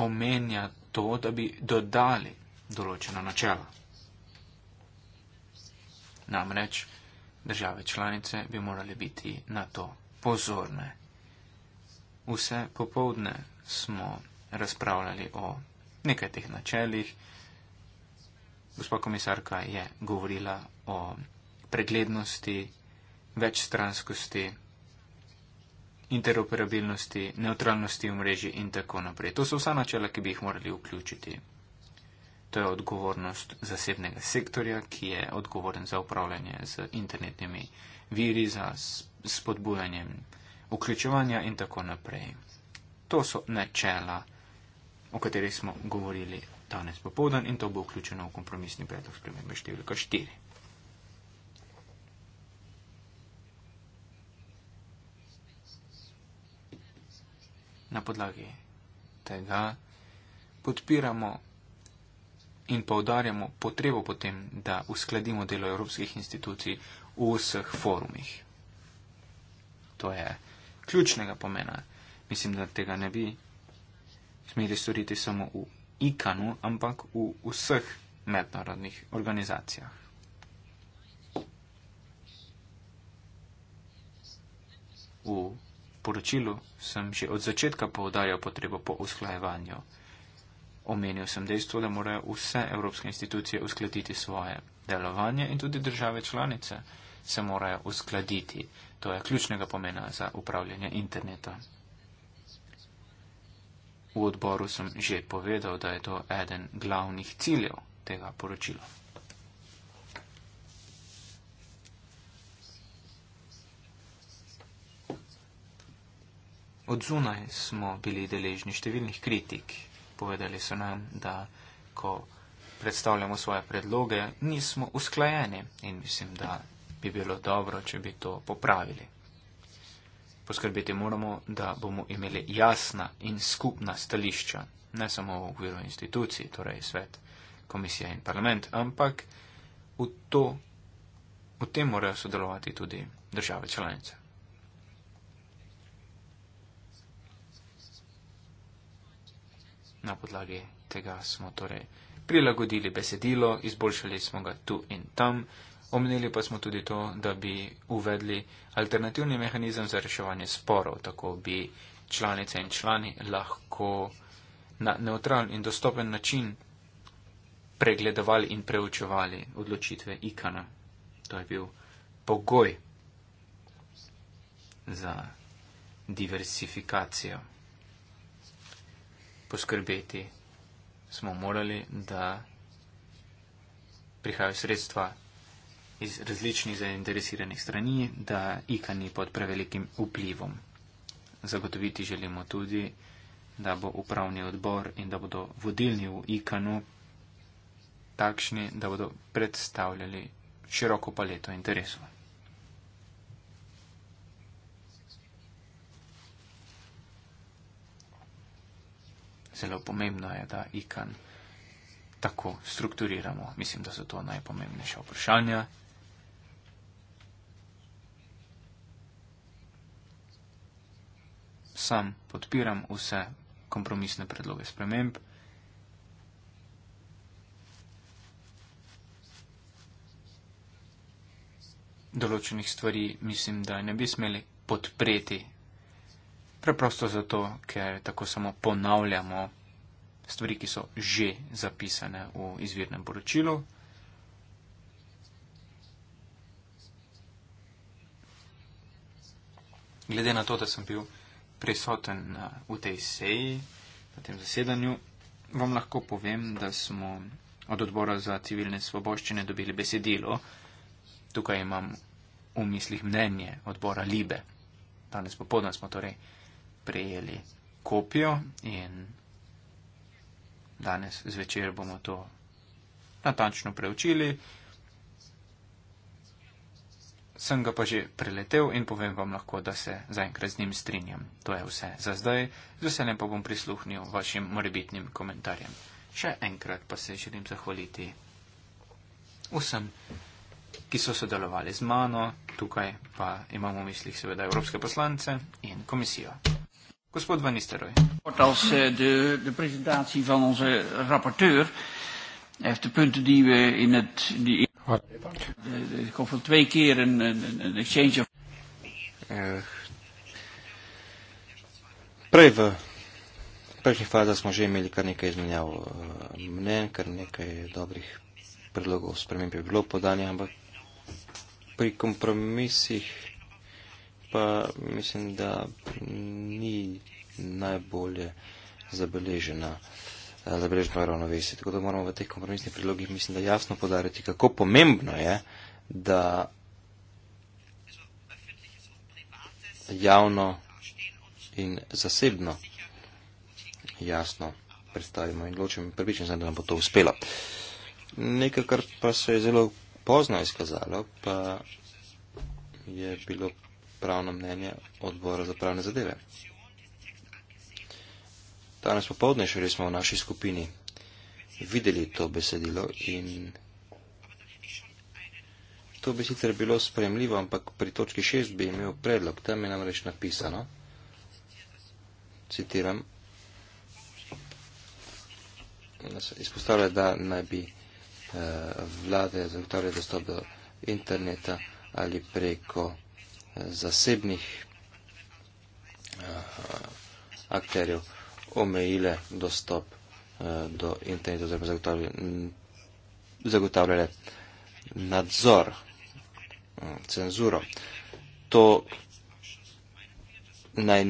S2: Omenja to, da bi dodali določena načela. Namreč države članice bi morali biti na to pozorne. Vse popovdne smo razpravljali o nekaj teh načelih. Gospod komisarka je govorila o preglednosti, večstranskosti, interoperabilnosti, neutralnosti v mreži in tako naprej. To so vsa načela, ki bi jih morali vključiti to je odgovornost zasebnega sektorja, ki je odgovoren za upravljanje z internetnimi viri, za spodbujanjem vključevanja in tako naprej. To so načela, o katerih smo govorili danes popovdan in to bo vključeno v kompromisni predlog spremembe številka 4. Na podlagi tega podpiramo in povdarjamo potrebo potem, da uskladimo delo evropskih institucij v vseh forumih. To je ključnega pomena. Mislim, da tega ne bi smeli storiti samo v IKANU, ampak v vseh mednarodnih organizacijah. V poročilu sem že od začetka povdarjal potrebo po usklajevanju. Omenil sem dejstvo, da morajo vse evropske institucije uskladiti svoje delovanje in tudi države članice se morajo uskladiti. To je ključnega pomena za upravljanje interneta. V odboru sem že povedal, da je to eden glavnih ciljev tega poročila. Od zunaj smo bili deležni številnih kritik povedali so nam, da ko predstavljamo svoje predloge, nismo usklajeni in mislim, da bi bilo dobro, če bi to popravili. Poskrbeti moramo, da bomo imeli jasna in skupna stališča, ne samo v okviru institucij, torej svet, komisija in parlament, ampak v, to, v tem morajo sodelovati tudi države članice. na podlagi tega smo torej prilagodili besedilo, izboljšali smo ga tu in tam, omenili pa smo tudi to, da bi uvedli alternativni mehanizem za reševanje sporov, tako bi članice in člani lahko na neutralen in dostopen način pregledovali in preučevali odločitve ikana. To je bil pogoj za diversifikacijo poskrbeti. Smo morali, da prihajajo sredstva iz različnih zainteresiranih strani, da IKA ni pod prevelikim vplivom. Zagotoviti želimo tudi, da bo upravni odbor in da bodo vodilni v IKANU takšni, da bodo predstavljali široko paleto interesov. zelo pomembno je, da ikan tako strukturiramo. Mislim, da so to najpomembnejša vprašanja. Sam podpiram vse kompromisne predloge sprememb. Določenih stvari mislim, da ne bi smeli podpreti Preprosto zato, ker tako samo ponavljamo stvari, ki so že zapisane v izvirnem poročilu. Glede na to, da sem bil prisoten eh, v tej seji, na tem zasedanju, vam lahko povem, da smo od odbora za civilne svoboščine dobili besedilo. Tukaj imam v mislih mnenje odbora Libe. Danes popodne smo torej prejeli kopijo in danes zvečer bomo to natančno preučili. Sem ga pa že preletel in povem vam lahko, da se zaenkrat z njim strinjam. To je vse za zdaj. Z veseljem pa bom prisluhnil vašim morebitnim komentarjem. Še enkrat pa se želim zahvaliti vsem, ki so sodelovali z mano. Tukaj pa imamo v mislih seveda evropske poslance in komisijo. Gospod Van Nistelrooy. Kort als eh, de, de presentatie van onze rapporteur. Hij heeft de punten die we in het... Die in ik hoop al twee keer een, een, een exchange of... Eh,
S3: prej v prejšnjih fazah smo že imeli kar nekaj izmenjav eh, mnen, kar nekaj dobrih predlogov sprememb je bilo podanje, ampak pri kompromisih pa mislim, da ni najbolje zabeležena, eh, zabeležena ravnovesje. Tako da moramo v teh kompromisnih prilogih, mislim, da jasno podariti, kako pomembno je, da javno in zasebno jasno predstavimo in ločimo. Prvičen sem, da nam bo to uspelo. Nekaj, kar pa se je zelo pozno izkazalo, pa je bilo pravno mnenje odbora za pravne zadeve. Danes popovdne šele smo v naši skupini videli to besedilo in to bi sicer bilo spremljivo, ampak pri točki 6 bi imel predlog, tam je namreč napisano, citiram, izpostavlja, da naj bi eh, vlade zagotavljali dostop do interneta ali preko zasebnih eh, akterjev omejile dostop eh, do interneta oziroma mm, zagotavljale nadzor, eh, cenzuro. To naj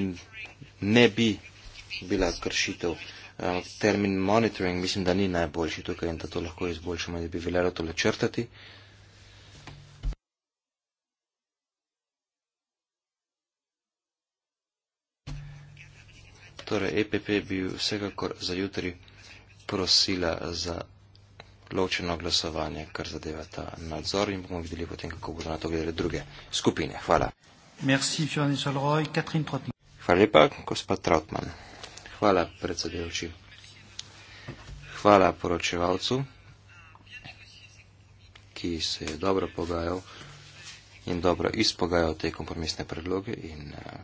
S3: ne bi bila kršitev. Termin monitoring mislim, da ni najboljši tukaj in da to lahko izboljšamo, da bi veljalo tole črtati. Torej, EPP bi vsekakor za jutri prosila za ločeno glasovanje, kar zadeva ta nadzor in bomo videli potem, kako bodo na to gledali druge skupine. Hvala. Merci, Roy, Hvala lepa, gospod Trautmann. Hvala, predsedujoči. Hvala poročevalcu, ki se je dobro pogajal in dobro izpogajal te kompromisne predloge in uh,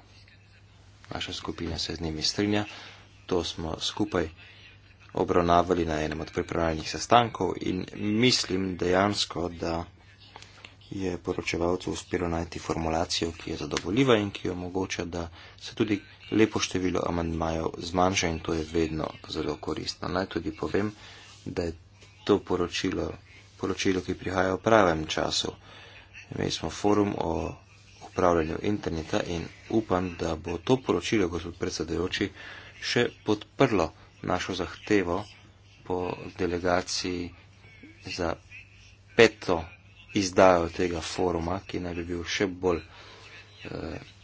S3: vaša skupina se z njimi strinja. To smo skupaj obravnavali na enem od pripravljenih sestankov in mislim dejansko, da je poročevalcu uspelo najti formulacijo, ki je zadovoljiva in ki omogoča, da se tudi lepo število amandmajev zmanjša in to je vedno zelo koristno. Naj tudi povem, da je to poročilo, poročilo ki prihaja v pravem času. Imeli smo forum o upravljanju interneta in upam, da bo to poročilo, gospod predsedajoči, še podprlo našo zahtevo po delegaciji za peto izdajo tega foruma, ki naj bi bil še bolj eh,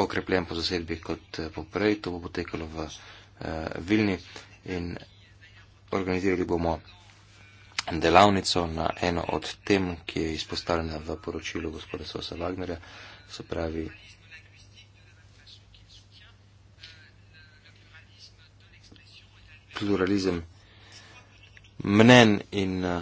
S3: okrepljen po zasedbi kot eh, poprej. To bo potekalo v eh, Vilni in organizirali bomo delavnico na eno od tem, ki je izpostavljena v poročilu gospoda Sosa Wagnerja, se pravi. pluralizem mnen in uh,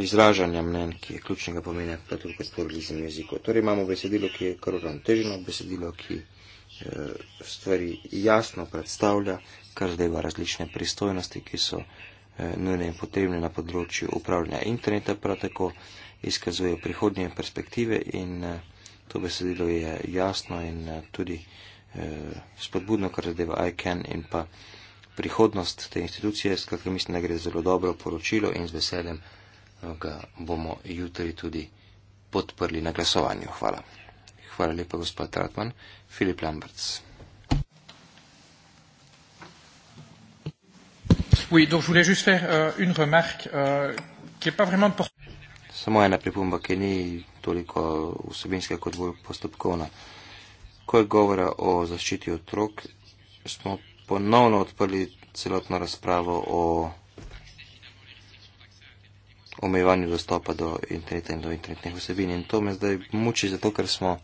S3: izražanja mnen, ki je ključnega pomena pa tudi kot pluralizem jezikov. Torej imamo besedilo, ki je kar uravnoteženo, besedilo, ki uh, stvari jasno predstavlja, kar zadeva različne pristojnosti, ki so uh, Eh, nujne in potrebne na področju upravljanja interneta, prav tako izkazujejo prihodnje perspektive in eh, to besedilo je jasno in eh, tudi spodbudno, kar zadeva ICANN in pa prihodnost te institucije, skratka mislim, da gre zelo dobro poročilo in z veseljem ga bomo jutri tudi podprli na glasovanju. Hvala. Hvala lepa, gospod Tratman. Filip Lamberts.
S1: Oui, donc je voulais juste faire euh, une remarque euh, qui n'est pas vraiment pour.
S3: Samo ena pripomba, ki ni toliko vsebinska kot bolj postopkovna. Ko je govora o zaščiti otrok, smo ponovno odprli celotno razpravo o omejevanju dostopa do interneta in do internetnih vsebin. In to me zdaj muči, zato ker smo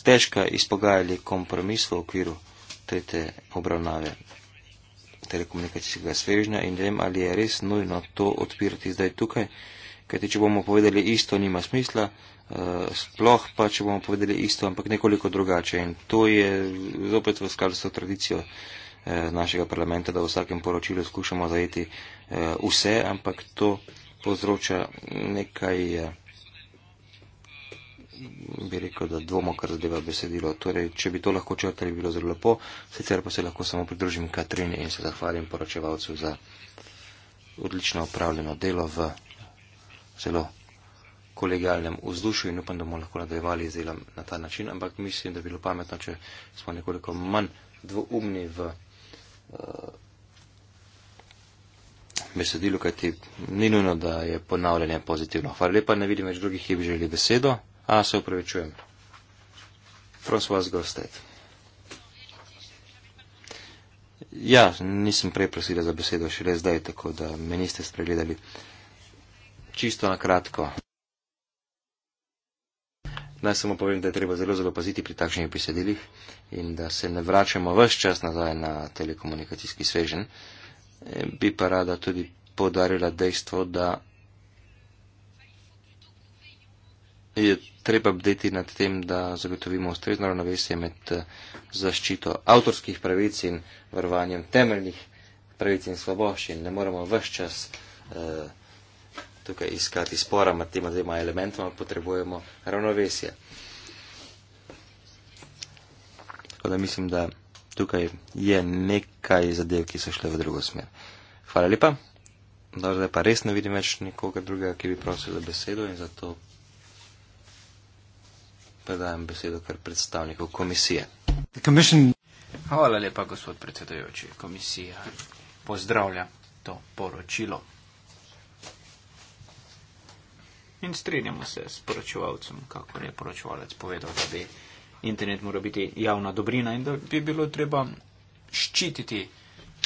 S3: stežka izpogajali kompromis v okviru tretje obravnave telekomunikacijskega svežnja in ne vem, ali je res nujno to odpirati zdaj tukaj, kajti če bomo povedali isto, nima smisla, eh, sploh pa, če bomo povedali isto, ampak nekoliko drugače. In to je zopet v skladu s to tradicijo eh, našega parlamenta, da v vsakem poročilu skušamo zajeti eh, vse, ampak to povzroča nekaj bi rekel, da dvomo, kar zadeva besedilo. Torej, če bi to lahko črtali, bi bilo zelo lepo, sicer pa se lahko samo pridružim Katrini in se zahvalim poročevalcu za odlično opravljeno delo v zelo kolegijalnem vzdušju in upam, da bomo lahko nadaljevali z delom na ta način, ampak mislim, da bi bilo pametno, če smo nekoliko manj dvoumni v uh, besedilu, kajti ni nujno, da je ponavljanje pozitivno. Hvala lepa, ne vidim več drugih, ki bi želeli besedo. A, se upravičujem. Prosim vas, gostajte. Ja, nisem prej prosila za besedo, šele zdaj, tako da me niste spregledali. Čisto na kratko. Naj samo povem, da je treba zelo zelo paziti pri takšnih besedilih in da se ne vračamo vse čas nazaj na telekomunikacijski svežen. E, bi pa rada tudi podarila dejstvo, da je treba bdeti nad tem, da zagotovimo ustrezno ravnovesje med eh, zaščito avtorskih pravic in varovanjem temeljnih pravic in sloboščin. Ne moremo vse čas eh, tukaj iskati spora med tema dvema elementoma, potrebujemo ravnovesje. Tako da mislim, da tukaj je nekaj zadev, ki so šle v drugo smer. Hvala lepa. Zdaj pa res ne vidim več nikoga drugega, ki bi prosil za besedo in zato predajam besedo kar predstavniku komisije. Hvala lepa, gospod predsedajoči. Komisija pozdravlja to poročilo.
S2: In strinjamo se s poročevalcem, kako je poročevalec povedal, da bi internet moral biti javna dobrina in da bi bilo treba ščititi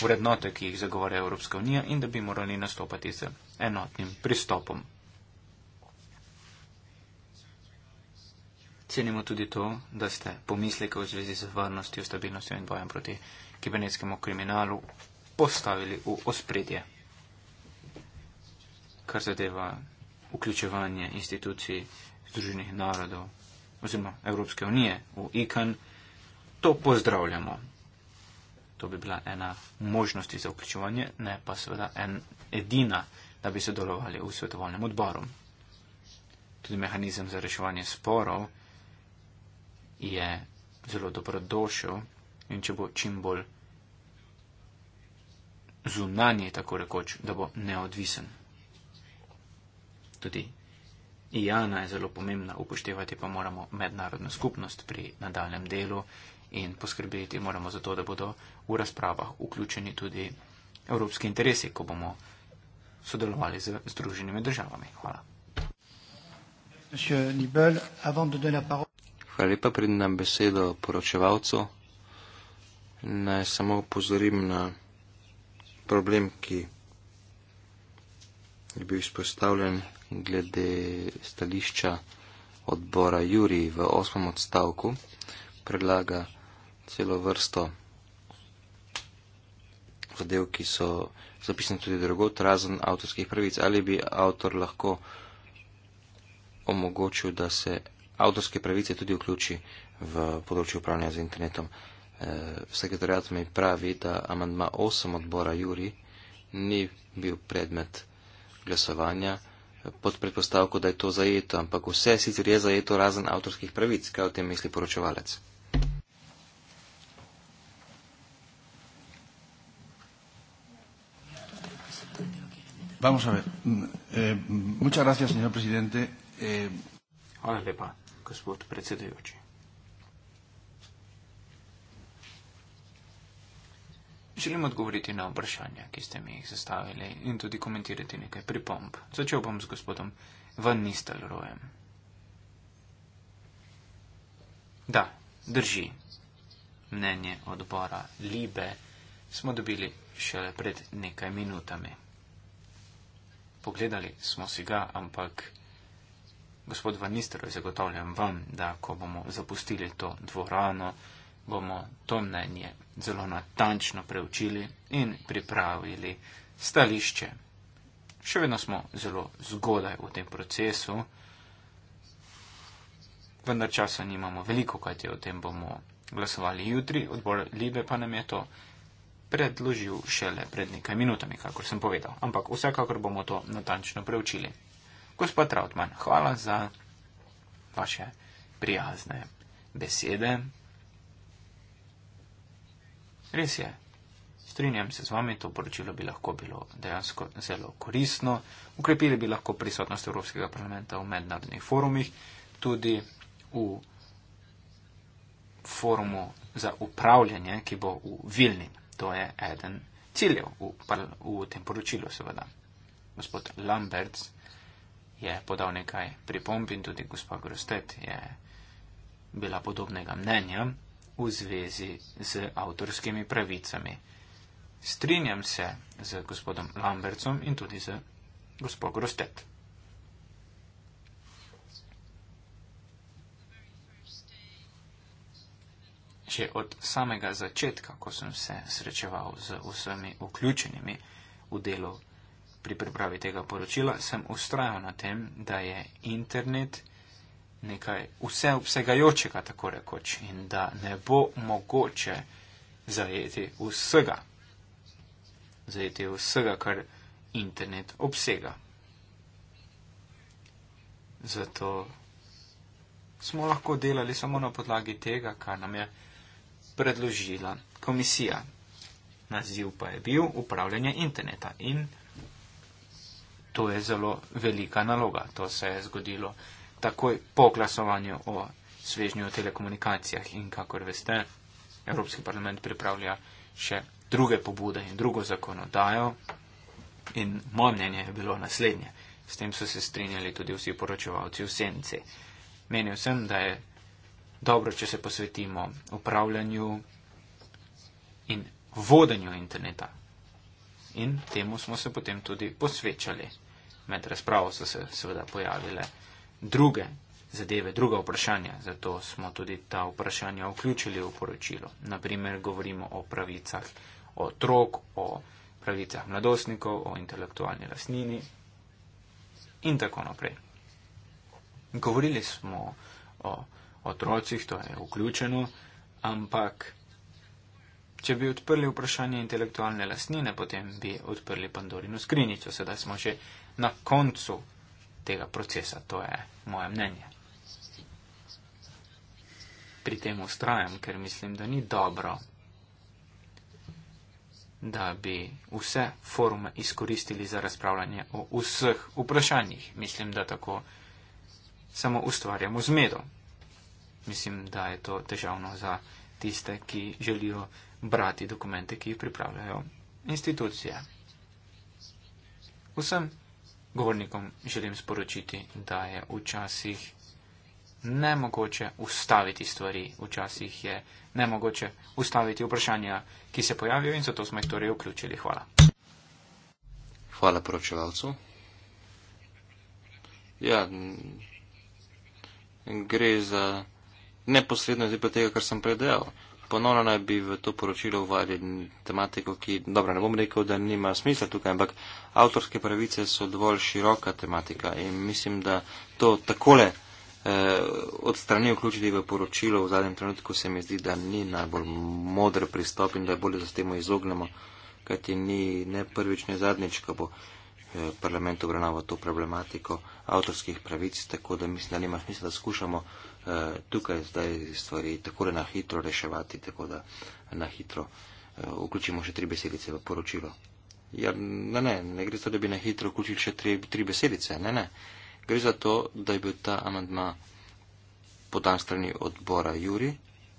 S2: vrednote, ki jih zagovarja Evropska unija in da bi morali nastopati z enotnim pristopom. Cenimo tudi to, da ste pomisleke v zvezi z varnostjo, stabilnostjo in bojem proti kibernetskemu kriminalu postavili v ospredje, kar zadeva vključevanje institucij Združenih narodov oziroma Evropske unije v IKN. To pozdravljamo. To bi bila ena možnost za vključevanje, ne pa seveda en edina, da bi sodelovali v svetovalnem odboru. Tudi mehanizem za reševanje sporov, je zelo dobrodošel in če bo čim bolj zunanje, tako rekoč, da bo neodvisen. Tudi Jana je zelo pomembna, upoštevati pa moramo mednarodno skupnost pri nadaljem delu in poskrbeti moramo za to, da bodo v razpravah vključeni tudi evropski interesi, ko bomo sodelovali z združenimi državami. Hvala.
S1: Monsieur Nibel, avant de donner la parole.
S3: Hvala lepa, pridem nam besedo poročevalcu. Naj samo upozorim na problem, ki je bil izpostavljen glede stališča odbora Juri v osmem odstavku. Predlaga celo vrsto zadev, ki so zapisane tudi drugot, razen avtorskih pravic. Ali bi avtor lahko omogočil, da se avtorske pravice tudi vključi v področju upravljanja z internetom. Eh, sekretariat mi pravi, da amandma 8 odbora Juri ni bil predmet glasovanja eh, pod predpostavko, da je to zajeto, ampak vse sicer je zajeto razen avtorskih pravic, kaj o tem misli poročevalec.
S1: Vamos a ver. Mm, eh, muchas gracias, señor presidente.
S2: Eh... Hola, Pepa gospod predsedujoči. Želim odgovoriti na vprašanja, ki ste mi jih zastavili in tudi komentirati nekaj pripomb. Začel bom z gospodom Van Nistelrojem. Da, drži. Mnenje odbora Libe smo dobili šele pred nekaj minutami. Pogledali smo si ga, ampak gospod Van Nistelrooy, zagotavljam vam, da ko bomo zapustili to dvorano, bomo to mnenje zelo natančno preučili in pripravili stališče. Še vedno smo zelo zgodaj v tem procesu, vendar časa nimamo veliko, kaj te o tem bomo glasovali jutri, odbor Libe pa nam je to predložil šele pred nekaj minutami, kakor sem povedal. Ampak vsekakor bomo to natančno preučili. Gospod Trautmann, hvala za vaše prijazne besede. Res je, strinjam se z vami, to poročilo bi lahko bilo dejansko zelo koristno. Ukrepili bi lahko prisotnost Evropskega parlamenta v mednarodnih forumih, tudi v forumu za upravljanje, ki bo v Vilni. To je eden ciljev v, v tem poročilu, seveda. Gospod Lamberts je podal nekaj pripomb in tudi gospa Grostet je bila podobnega mnenja v zvezi z avtorskimi pravicami. Strinjam se z gospodom Lambercom in tudi z gospod Grostet. Že od samega začetka, ko sem se srečeval z vsemi vključenimi v delo, pri pripravi tega poročila, sem ustrajal na tem, da je internet nekaj vseobsegajočega, tako rekoč, in da ne bo mogoče zajeti vsega, zajeti vsega, kar internet obsega. Zato smo lahko delali samo na podlagi tega, kar nam je predložila komisija. Naziv pa je bil upravljanje interneta in to je zelo velika naloga. To se je zgodilo takoj po glasovanju o svežnju o telekomunikacijah in kakor veste, Evropski parlament pripravlja še druge pobude in drugo zakonodajo in moje mnenje je bilo naslednje. S tem so se strinjali tudi vsi poročevalci v senci. Menil sem, da je dobro, če se posvetimo upravljanju in vodenju interneta. In temu smo se potem tudi posvečali med razpravo so se seveda pojavile druge zadeve, druga vprašanja, zato smo tudi ta vprašanja vključili v poročilo. Naprimer, govorimo o pravicah otrok, o pravicah mladostnikov, o intelektualni lasnini in tako naprej. Govorili smo o otrocih, to je vključeno, ampak če bi odprli vprašanje intelektualne lasnine, potem bi odprli Pandorino skrinjico, sedaj smo že na koncu tega procesa. To je moje mnenje. Pri tem ustrajam, ker mislim, da ni dobro, da bi vse forume izkoristili za razpravljanje o vseh vprašanjih. Mislim, da tako samo ustvarjamo zmedo. Mislim, da je to težavno za tiste, ki želijo brati dokumente, ki jih pripravljajo institucije. Vsem govornikom želim sporočiti, da je včasih nemogoče ustaviti stvari, včasih je nemogoče ustaviti vprašanja, ki se pojavijo in zato smo jih torej vključili. Hvala.
S3: Hvala poročevalcu. Ja, gre za neposredno izvedbo tega, kar sem predel ponovno naj bi v to poročilo uvali tematiko, ki, dobro, ne bom rekel, da nima smisla tukaj, ampak avtorske pravice so dovolj široka tematika in mislim, da to takole eh, od strani vključiti v poročilo v zadnjem trenutku se mi zdi, da ni najbolj modr pristop in da je bolje, da se temu izognemo, kajti ni ne prvič, ne zadnjič, ko bo eh, parlament obravnaval to problematiko avtorskih pravic, tako da mislim, da nima smisla, da skušamo Eh, tukaj zdaj stvari tako na hitro reševati, tako da na hitro eh, vključimo še tri besedice v poročilo. Ja, ne, ne, ne gre za to, da bi na hitro vključili še tri, tri besedice. Ne, ne. Gre za to, da je bil ta amandma podan strani odbora Juri,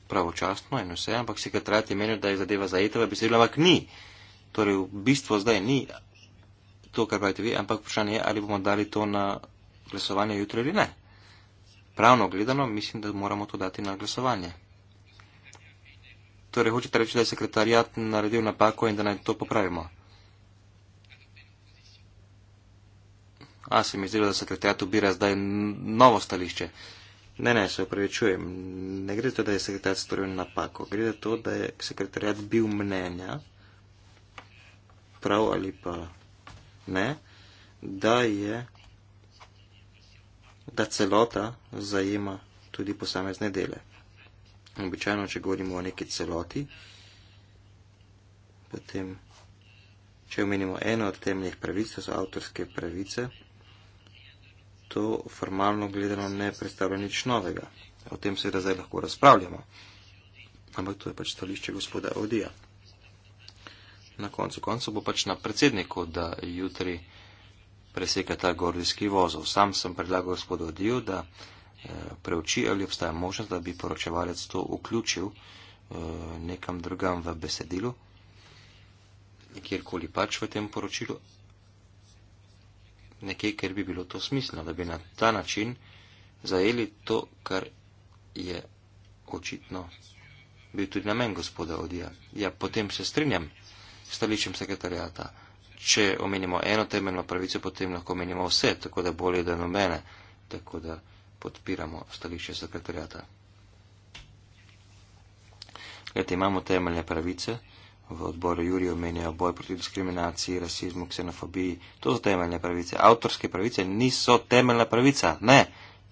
S3: pravočasno in vse, ampak se katrati meni, da je zadeva zajeta v besedilo, ampak ni. Torej, v bistvu zdaj ni to, kar pravite vi, ampak vprašanje je, ali bomo dali to na glasovanje jutri ali ne pravno gledano, mislim, da moramo to dati na glasovanje. Torej, hočete reči, da je sekretarjat naredil napako in da naj to popravimo? A, se mi zdi, da sekretarjat ubira zdaj novo stališče. Ne, ne, se upravičujem. Ne gre za to, da je sekretarjat storil napako. Gre za to, da je sekretarjat bil mnenja, prav ali pa ne, da je da celota zajema tudi posamezne dele. Običajno, če govorimo o neki celoti, potem, če omenimo eno od temeljih pravic, to so avtorske pravice, to formalno gledano ne predstavlja nič novega. O tem seveda zdaj lahko razpravljamo. Ampak to je pač stališče gospoda Odija. Na koncu koncu bo pač na predsedniku, da jutri preseka ta gordijski vozov. Sam sem predlagal gospodu Odiju, da eh, preuči ali obstaja možnost, da bi poročevalec to vključil eh, nekam drugam v besedilu, kjerkoli pač v tem poročilu, nekaj, ker bi bilo to smiselno, da bi na ta način zajeli to, kar je očitno bil tudi namen gospoda Odija. Ja, potem se strinjam s stališčem sekretarjata če omenimo eno temeljno pravico, potem lahko omenimo vse, tako da bolje, da nobene, tako da podpiramo stališče sekretarjata. Glede, imamo temeljne pravice, v odboru Juri omenjajo boj proti diskriminaciji, rasizmu, ksenofobiji, to so temeljne pravice. Avtorske pravice niso temeljna pravica, ne,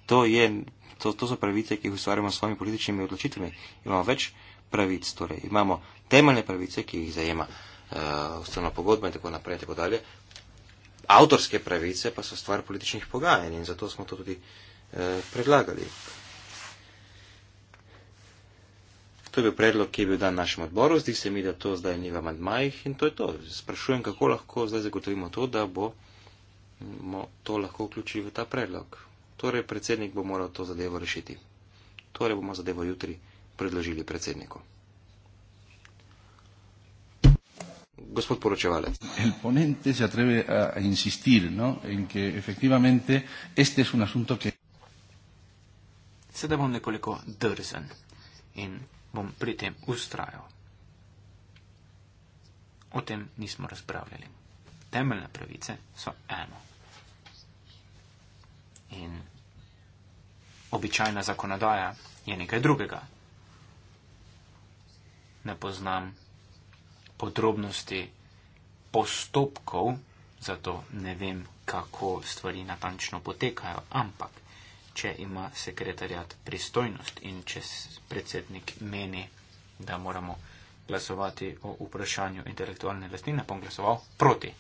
S3: to, je, to, to so pravice, ki jih ustvarjamo s svojimi političnimi odločitvami. Imamo več pravic, torej imamo temeljne pravice, ki jih zajema. Eh, ustavna pogodba in tako naprej in tako dalje. Avtorske pravice pa so stvar političnih pogajanj in zato smo to tudi eh, predlagali. To je bil predlog, ki je bil dan našem odboru. Zdi se mi, da to zdaj ni v amadmajih in to je to. Sprašujem, kako lahko zdaj zagotovimo to, da bo to lahko vključili v ta predlog. Torej, predsednik bo moral to zadevo rešiti. Torej, bomo zadevo jutri predložili predsedniku.
S1: Gospod poročevalec. El ponente se atreve a insistir, no, en que efectivamente este es un asunto que...
S2: Sedaj bom nekoliko drzen in bom pri tem ustrajal. O tem nismo razpravljali. Temeljne pravice so eno. In običajna zakonodaja je nekaj drugega. Ne poznam podrobnosti postopkov, zato ne vem, kako stvari natančno potekajo, ampak če ima sekretarjat pristojnost in če predsednik meni, da moramo glasovati o vprašanju intelektualne lastnine, bom glasoval proti.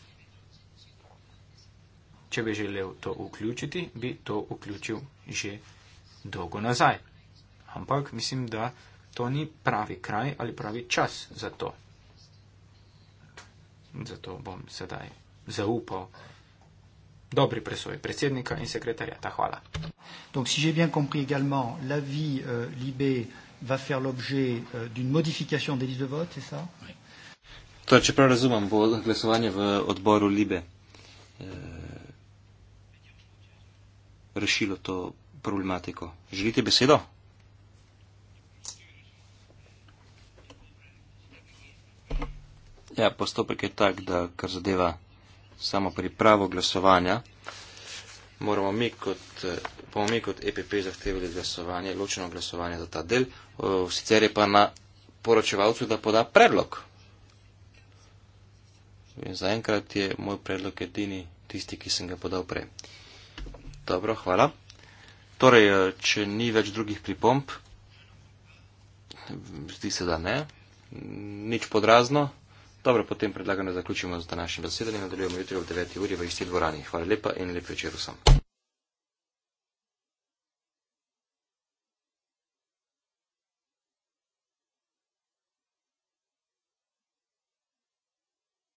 S2: Če bi želel to vključiti, bi to vključil že dolgo nazaj. Ampak mislim, da to ni pravi kraj ali pravi čas za to zato bom sedaj zaupal dobri presoji predsednika in sekretarjata. Hvala.
S3: Donc, si j'ai bien compris également, la vie euh, Libé
S2: va faire l'objet euh, d'une modification des listes de vote, c'est ça oui.
S3: To, čeprav razumem, bo glasovanje v odboru Libe euh, rešilo to problematiko. Želite besedo? Ja, postopek je tak, da kar zadeva samo pripravo glasovanja, moramo mi kot, eh, bomo mi kot EPP zahtevali glasovanje, ločeno glasovanje za ta del, eh, sicer je pa na poročevalcu, da poda predlog. In zaenkrat je moj predlog edini tisti, ki sem ga podal prej. Dobro, hvala. Torej, eh, če ni več drugih pripomb, zdi se, da ne. Nič podrazno. Dobro, potem predlagam, da zaključimo z današnjim zasedanjem. Nadaljujemo jutri ob 9. uri v isti dvorani. Hvala lepa in lep večer vsem.